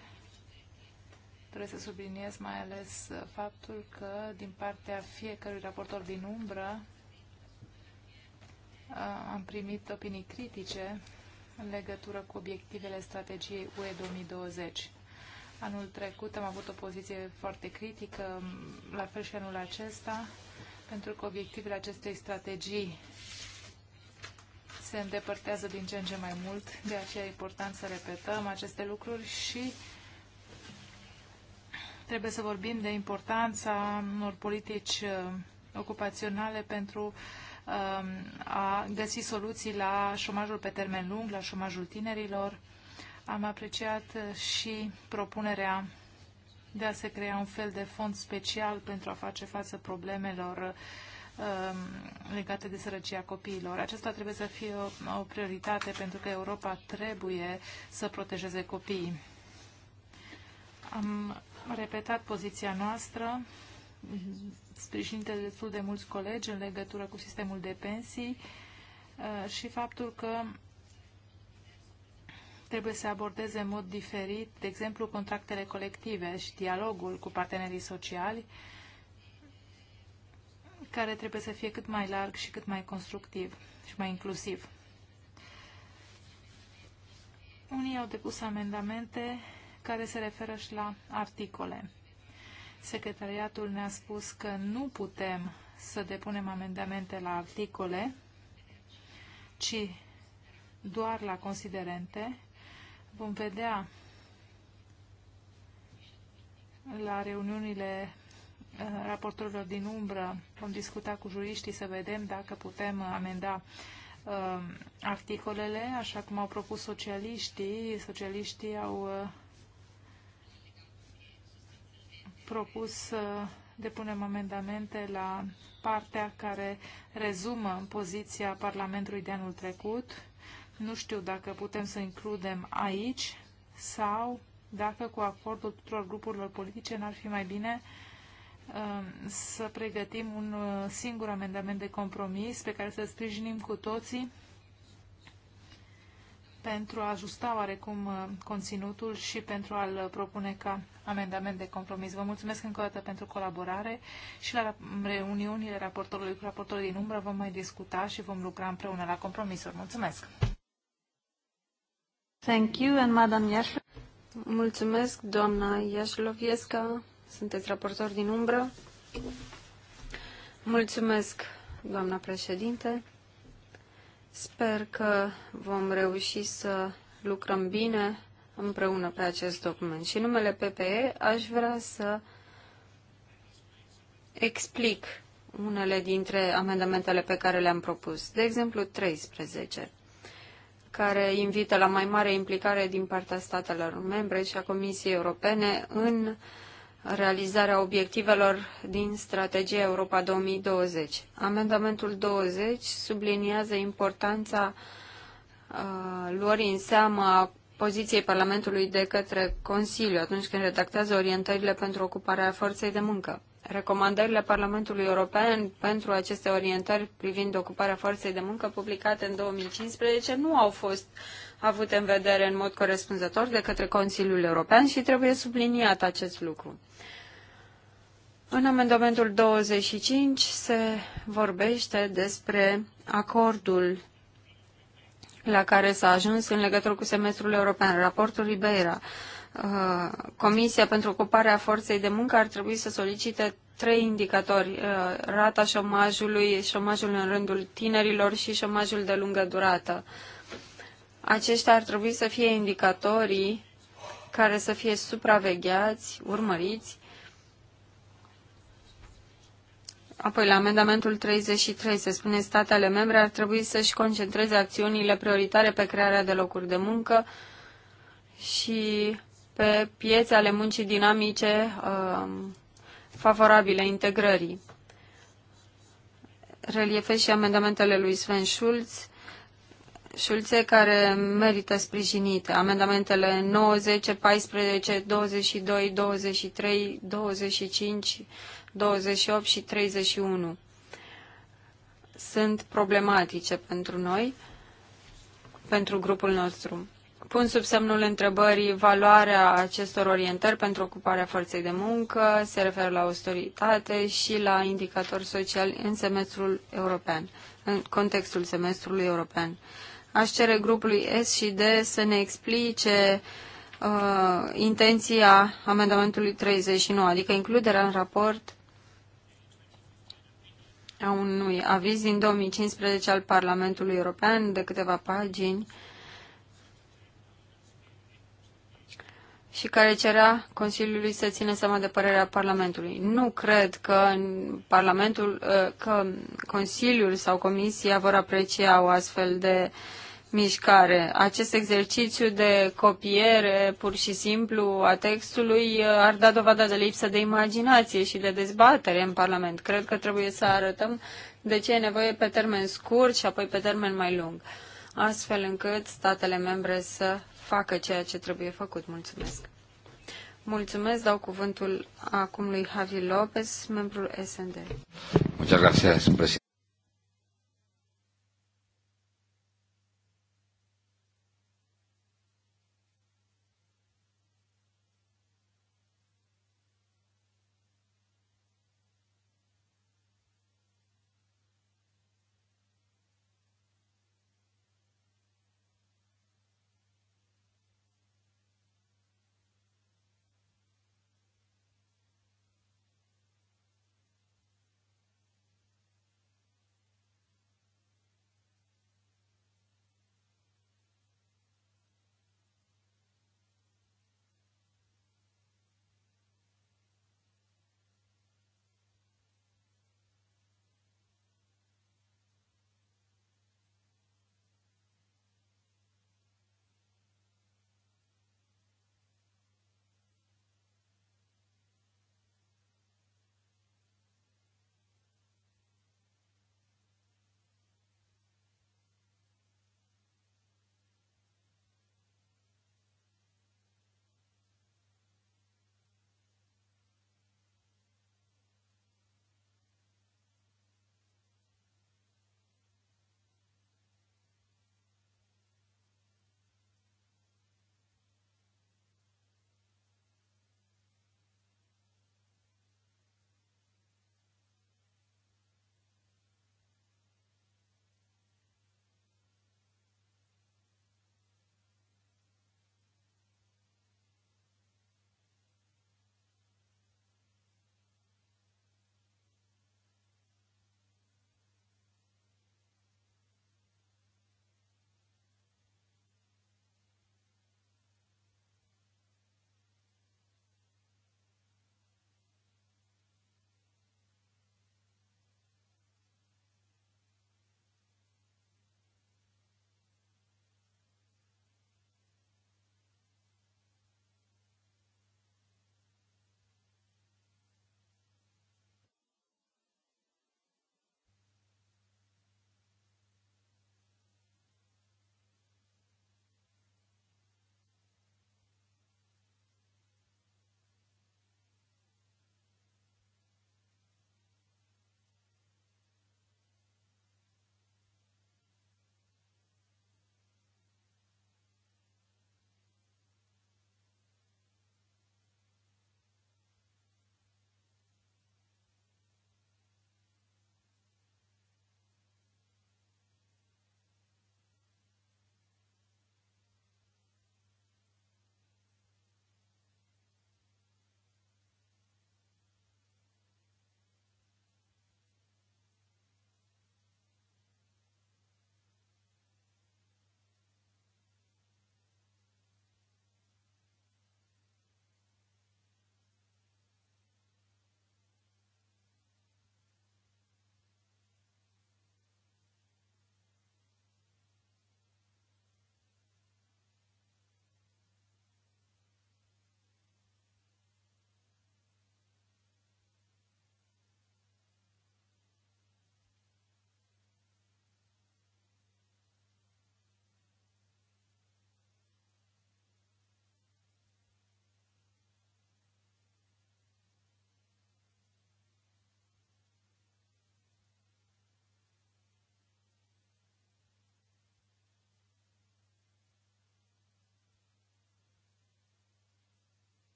Trebuie să subliniez mai ales faptul că din partea fiecărui raportor din umbră am primit opinii critice în legătură cu obiectivele strategiei UE 2020. Anul trecut am avut o poziție foarte critică, la fel și anul acesta, pentru că obiectivele acestei strategii se îndepărtează din ce în ce mai mult, de aceea e important să repetăm aceste lucruri și trebuie să vorbim de importanța unor politici uh, ocupaționale pentru um, a găsi soluții la șomajul pe termen lung, la șomajul tinerilor. Am apreciat uh, și propunerea de a se crea un fel de fond special pentru a face față problemelor uh, Um, legate de sărăcia copiilor. Aceasta trebuie să fie o, o prioritate pentru că Europa trebuie să protejeze copiii. Am repetat poziția noastră, sprijinită de destul de mulți colegi în legătură cu sistemul de pensii uh, și faptul că trebuie să abordeze în mod diferit, de exemplu, contractele colective și dialogul cu partenerii sociali, care trebuie să fie cât mai larg și cât mai constructiv și mai inclusiv. Unii au depus amendamente care se referă și la articole. Secretariatul ne-a spus că nu putem să depunem amendamente la articole, ci doar la considerente. Vom vedea la reuniunile Uh, raporturilor din umbră. Vom discuta cu juriștii să vedem dacă putem amenda uh, articolele, așa cum au propus socialiștii. Socialiștii au uh, propus să depunem amendamente la partea care rezumă poziția Parlamentului de anul trecut. Nu știu dacă putem să includem aici sau dacă cu acordul tuturor grupurilor politice n-ar fi mai bine uh, Um, să pregătim un uh, singur amendament de compromis pe care să sprijinim cu toții pentru a ajusta oarecum uh, conținutul și pentru a-l uh, propune ca amendament de compromis. Vă mulțumesc încă o dată pentru colaborare și la reuniunile raportorului cu raportorul din umbră vom mai discuta și vom lucra împreună la compromisuri. Mulțumesc! Thank you and Madam Mulțumesc, doamna Iașlovieska sunteți raportor din umbră. Mulțumesc, doamna președinte. Sper că vom reuși să lucrăm bine împreună pe acest document. Și numele PPE aș vrea să explic unele dintre amendamentele pe care le-am propus. De exemplu, 13, care invită la mai mare implicare din partea statelor membre și a Comisiei Europene în uh, realizarea obiectivelor din strategia Europa 2020. Amendamentul 20 subliniază importanța uh, luării în seamă a poziției Parlamentului de către Consiliu atunci când redactează orientările pentru ocuparea forței de muncă. Recomandările Parlamentului European pentru aceste orientări privind ocuparea forței de muncă publicate în 2015 nu au fost uh, avute în vedere în mod corespunzător de către Consiliul European și trebuie subliniat acest lucru. În amendamentul 25 se vorbește despre acordul la care s-a ajuns în legătură cu semestrul european, raportul Ribeira. Uh, Comisia pentru ocuparea forței de muncă ar trebui să solicite trei indicatori, uh, rata șomajului, șomajul în rândul tinerilor și șomajul de lungă durată aceștia ar trebui să fie indicatorii care să fie supravegheați, urmăriți. Apoi, la amendamentul 33 se spune statele membre ar trebui să-și concentreze acțiunile prioritare pe crearea de locuri de muncă și pe piețe ale muncii dinamice um, favorabile integrării. Reliefez și amendamentele lui Sven Schulz Șulțe care merită sprijinite. Amendamentele 10, 14, 22, 23, 25, 28 și 31 sunt problematice pentru noi, pentru grupul nostru. Pun sub semnul întrebării valoarea acestor orientări pentru ocuparea forței de muncă, se referă la autoritate și la indicatori sociali în semestrul european, în contextul semestrului european. Aș cere grupului S și D să ne explice uh, intenția amendamentului 39, adică includerea în raport a unui aviz din 2015 al Parlamentului European de câteva pagini și care cerea Consiliului să țină seama de părerea Parlamentului. Nu cred că Parlamentul, uh, că Consiliul sau Comisia vor aprecia o astfel de uh, mișcare. Acest exercițiu de copiere pur și simplu a textului uh, ar da dovada de lipsă de imaginație și de dezbatere în Parlament. Cred că trebuie să arătăm de ce e nevoie pe termen scurt și apoi pe termen mai lung, astfel încât statele membre să facă ceea ce trebuie făcut. Mulțumesc! Mulțumesc, dau cuvântul acum lui Javi Lopez, membrul SND. Muchas gracias,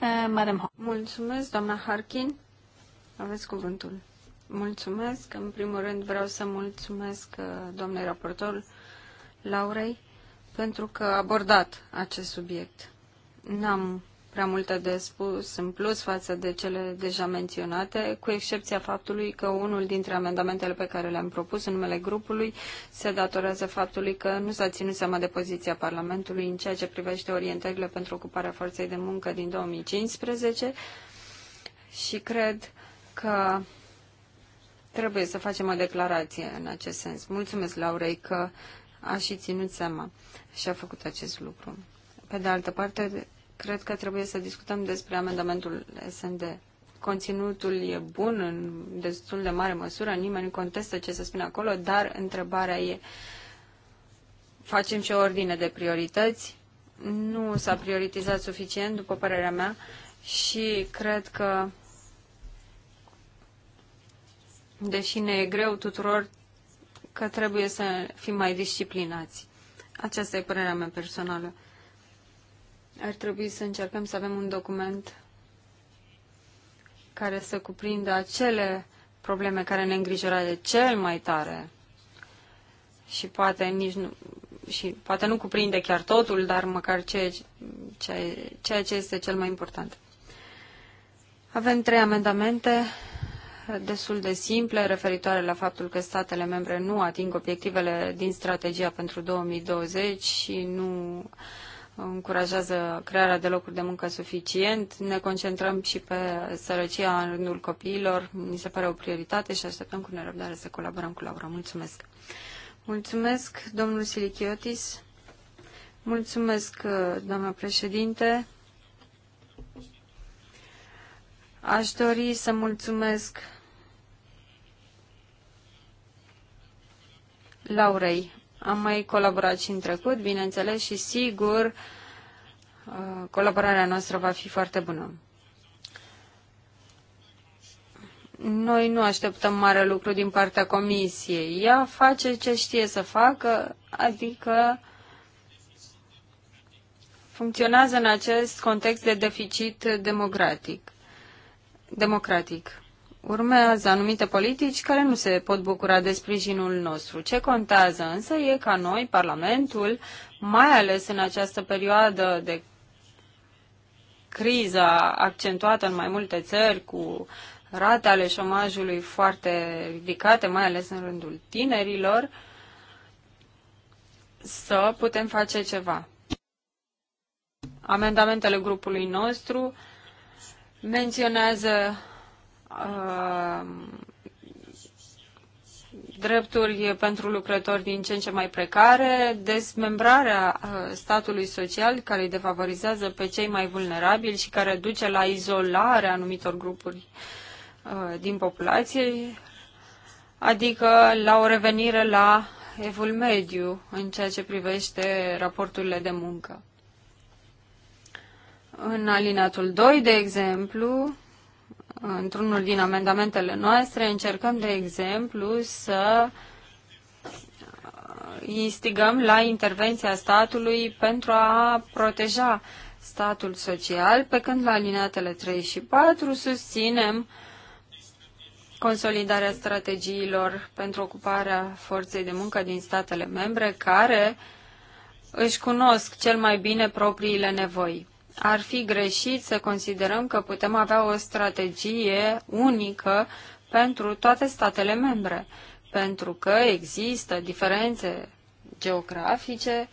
Eh, Madam. Mulțumesc, doamna Harkin. Aveți cuvântul. Mulțumesc. În primul rând vreau să mulțumesc eh, doamnei raportor Laurei pentru că a abordat acest subiect. N-am prea multe de spus în plus față de cele deja menționate, cu excepția faptului că unul dintre amendamentele pe care le-am propus în numele grupului se datorează faptului că nu s-a ținut seama de poziția Parlamentului în ceea ce privește orientările pentru ocuparea forței de muncă din 2015 și cred că trebuie să facem o declarație în acest sens. Mulțumesc, Laurei, că a și ținut seama și a făcut acest lucru. Pe de altă parte, Cred că trebuie să discutăm despre amendamentul SND. Conținutul e bun în destul de mare măsură, nimeni nu contestă ce se spune acolo, dar întrebarea e facem și o ordine de priorități. Nu s-a prioritizat suficient, după părerea mea, și cred că deși ne e greu tuturor, că trebuie să fim mai disciplinați. Aceasta e părerea mea personală ar trebui să încercăm să avem un document care să cuprindă acele probleme care ne îngrijorează cel mai tare și poate nici nu, și poate nu cuprinde chiar totul, dar măcar ceea, ce, ceea ce este cel mai important. Avem trei amendamente destul de simple referitoare la faptul că statele membre nu ating obiectivele din strategia pentru 2020 și nu încurajează crearea de locuri de muncă suficient. Ne concentrăm și pe sărăcia în rândul copiilor. Mi se pare o prioritate și așteptăm cu nerăbdare să colaborăm cu Laura. Mulțumesc! Mulțumesc, domnul Silichiotis. Mulțumesc, doamna președinte. Aș dori să mulțumesc Laurei am mai colaborat și în trecut, bineînțeles, și sigur uh, colaborarea noastră va fi foarte bună. Noi nu așteptăm mare lucru din partea comisiei. Ea face ce știe să facă, adică funcționează în acest context de deficit democratic. democratic urmează anumite politici care nu se pot bucura de sprijinul nostru. Ce contează însă e ca noi, Parlamentul, mai ales în această perioadă de criza accentuată în mai multe țări cu rate ale șomajului foarte ridicate, mai ales în rândul tinerilor, să putem face ceva. Amendamentele grupului nostru menționează Uh, drepturi pentru lucrători din ce în ce mai precare, desmembrarea uh, statului social care îi defavorizează pe cei mai vulnerabili și care duce la izolarea anumitor grupuri uh, din populație, adică la o revenire la evul mediu în ceea ce privește raporturile de muncă. În alinatul 2, de exemplu, într-unul din amendamentele noastre, încercăm, de exemplu, să uh, instigăm la intervenția statului pentru a proteja statul social, pe când la alineatele 3 și 4 susținem consolidarea strategiilor pentru ocuparea forței de muncă din statele membre care își cunosc cel mai bine propriile nevoi ar fi greșit să considerăm că putem avea o strategie unică pentru toate statele membre, pentru că există diferențe geografice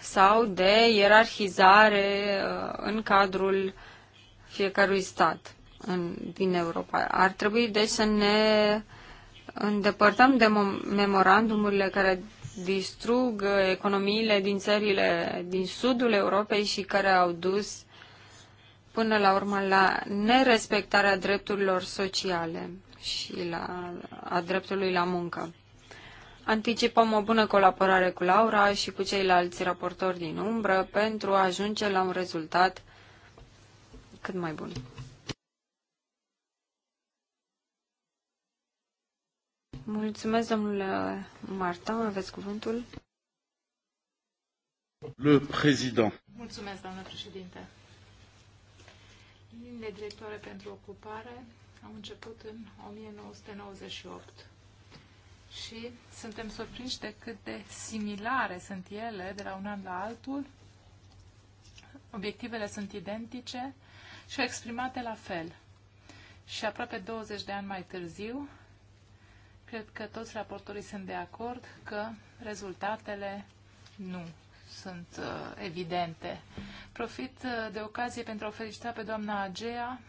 sau de ierarhizare uh, în cadrul fiecărui stat în, din Europa. Ar trebui deci să ne îndepărtăm de memorandumurile care distrug economiile din țările din sudul Europei și care au dus până la urmă la nerespectarea drepturilor sociale și la, a dreptului la muncă. Anticipăm o bună colaborare cu Laura și cu ceilalți raportori din umbră pentru a ajunge la un rezultat cât mai bun. Mulțumesc, domnule Marta. Aveți cuvântul? Le président. Mulțumesc, doamnă președinte. Liniile directoare pentru ocupare au început în 1998 și suntem surprinși de cât de similare sunt ele de la un an la altul. Obiectivele sunt identice și exprimate la fel. Și aproape 20 de ani mai târziu, Cred că toți raportorii sunt de acord că rezultatele nu sunt uh, evidente. Profit uh, de ocazie pentru a felicita pe doamna Agea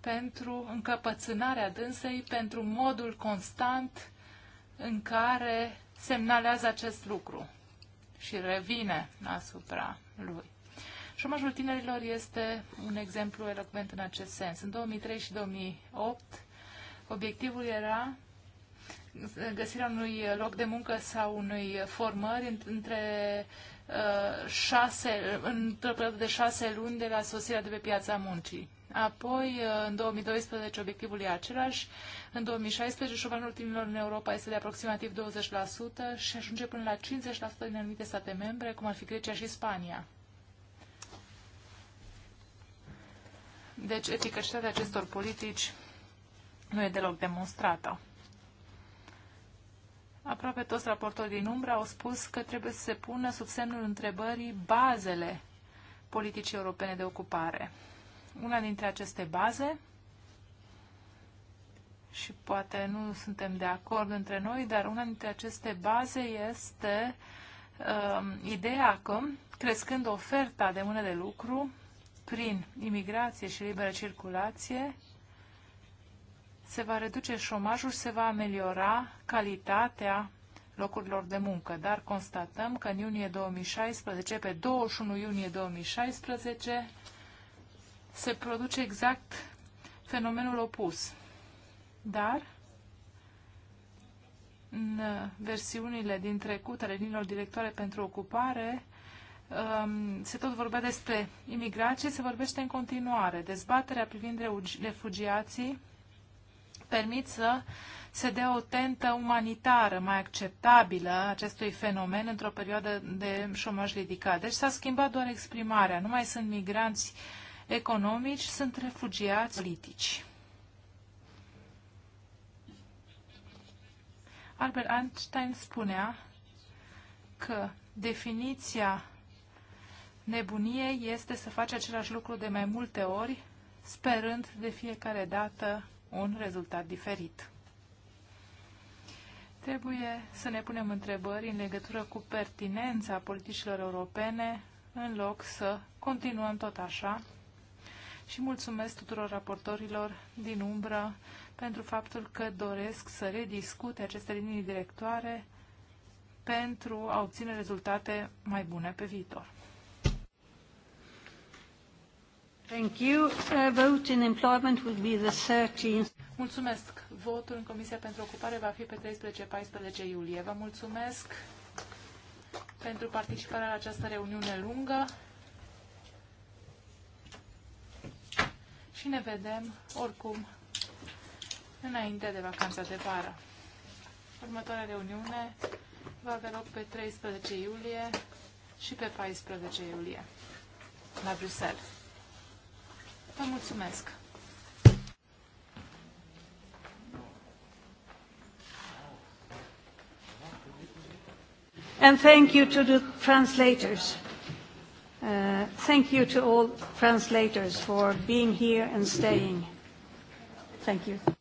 pentru încăpățânarea dânsei, pentru modul constant în care semnalează acest lucru și revine asupra lui. Șomajul tinerilor este un exemplu elocvent în acest sens. În 2003 și 2008, obiectivul era găsirea unui loc de muncă sau unui formări între uh, șase, într-o perioadă de șase luni de la sosirea de pe piața muncii. Apoi, uh, în 2012, obiectivul e același. În 2016, șomajul tinerilor în Europa este de aproximativ 20% și ajunge până la 50% din anumite state membre, cum ar fi Grecia și Spania. Deci eficacitatea acestor politici nu e deloc demonstrată. Aproape toți raportorii din umbră au spus că trebuie să se pună sub semnul întrebării bazele politicii europene de ocupare. Una dintre aceste baze, și poate nu suntem de acord între noi, dar una dintre aceste baze este uh, ideea că, crescând oferta de mână de lucru, prin imigrație și liberă circulație, se va reduce șomajul, se va ameliora calitatea locurilor de muncă, dar constatăm că în iunie 2016, pe 21 iunie 2016, se produce exact fenomenul opus. Dar în versiunile din trecut ale linilor directoare pentru ocupare se tot vorbea despre imigrație, se vorbește în continuare. Dezbaterea privind refugiații permit să se dea o tentă umanitară mai acceptabilă acestui fenomen într-o perioadă de șomaj ridicat. Deci s-a schimbat doar exprimarea. Nu mai sunt migranți economici, sunt refugiați politici. Albert Einstein spunea că definiția nebunie este să faci același lucru de mai multe ori, sperând de fiecare dată un rezultat diferit. Trebuie să ne punem întrebări în legătură cu pertinența politicilor europene, în loc să continuăm tot așa. Și mulțumesc tuturor raportorilor din umbră pentru faptul că doresc să rediscute aceste linii directoare pentru a obține rezultate mai bune pe viitor. Thank you. Uh, vote in employment will be the 13 Mulțumesc. Votul în Comisia pentru Ocupare va fi pe 13-14 iulie. Vă mulțumesc pentru participarea la această reuniune lungă și ne vedem oricum înainte de vacanța de vară. Următoarea reuniune va avea loc pe 13 iulie și pe 14 iulie la Bruxelles. Vă mulțumesc! And thank you to the translators. Uh, thank you to all translators for being here and staying. Thank you.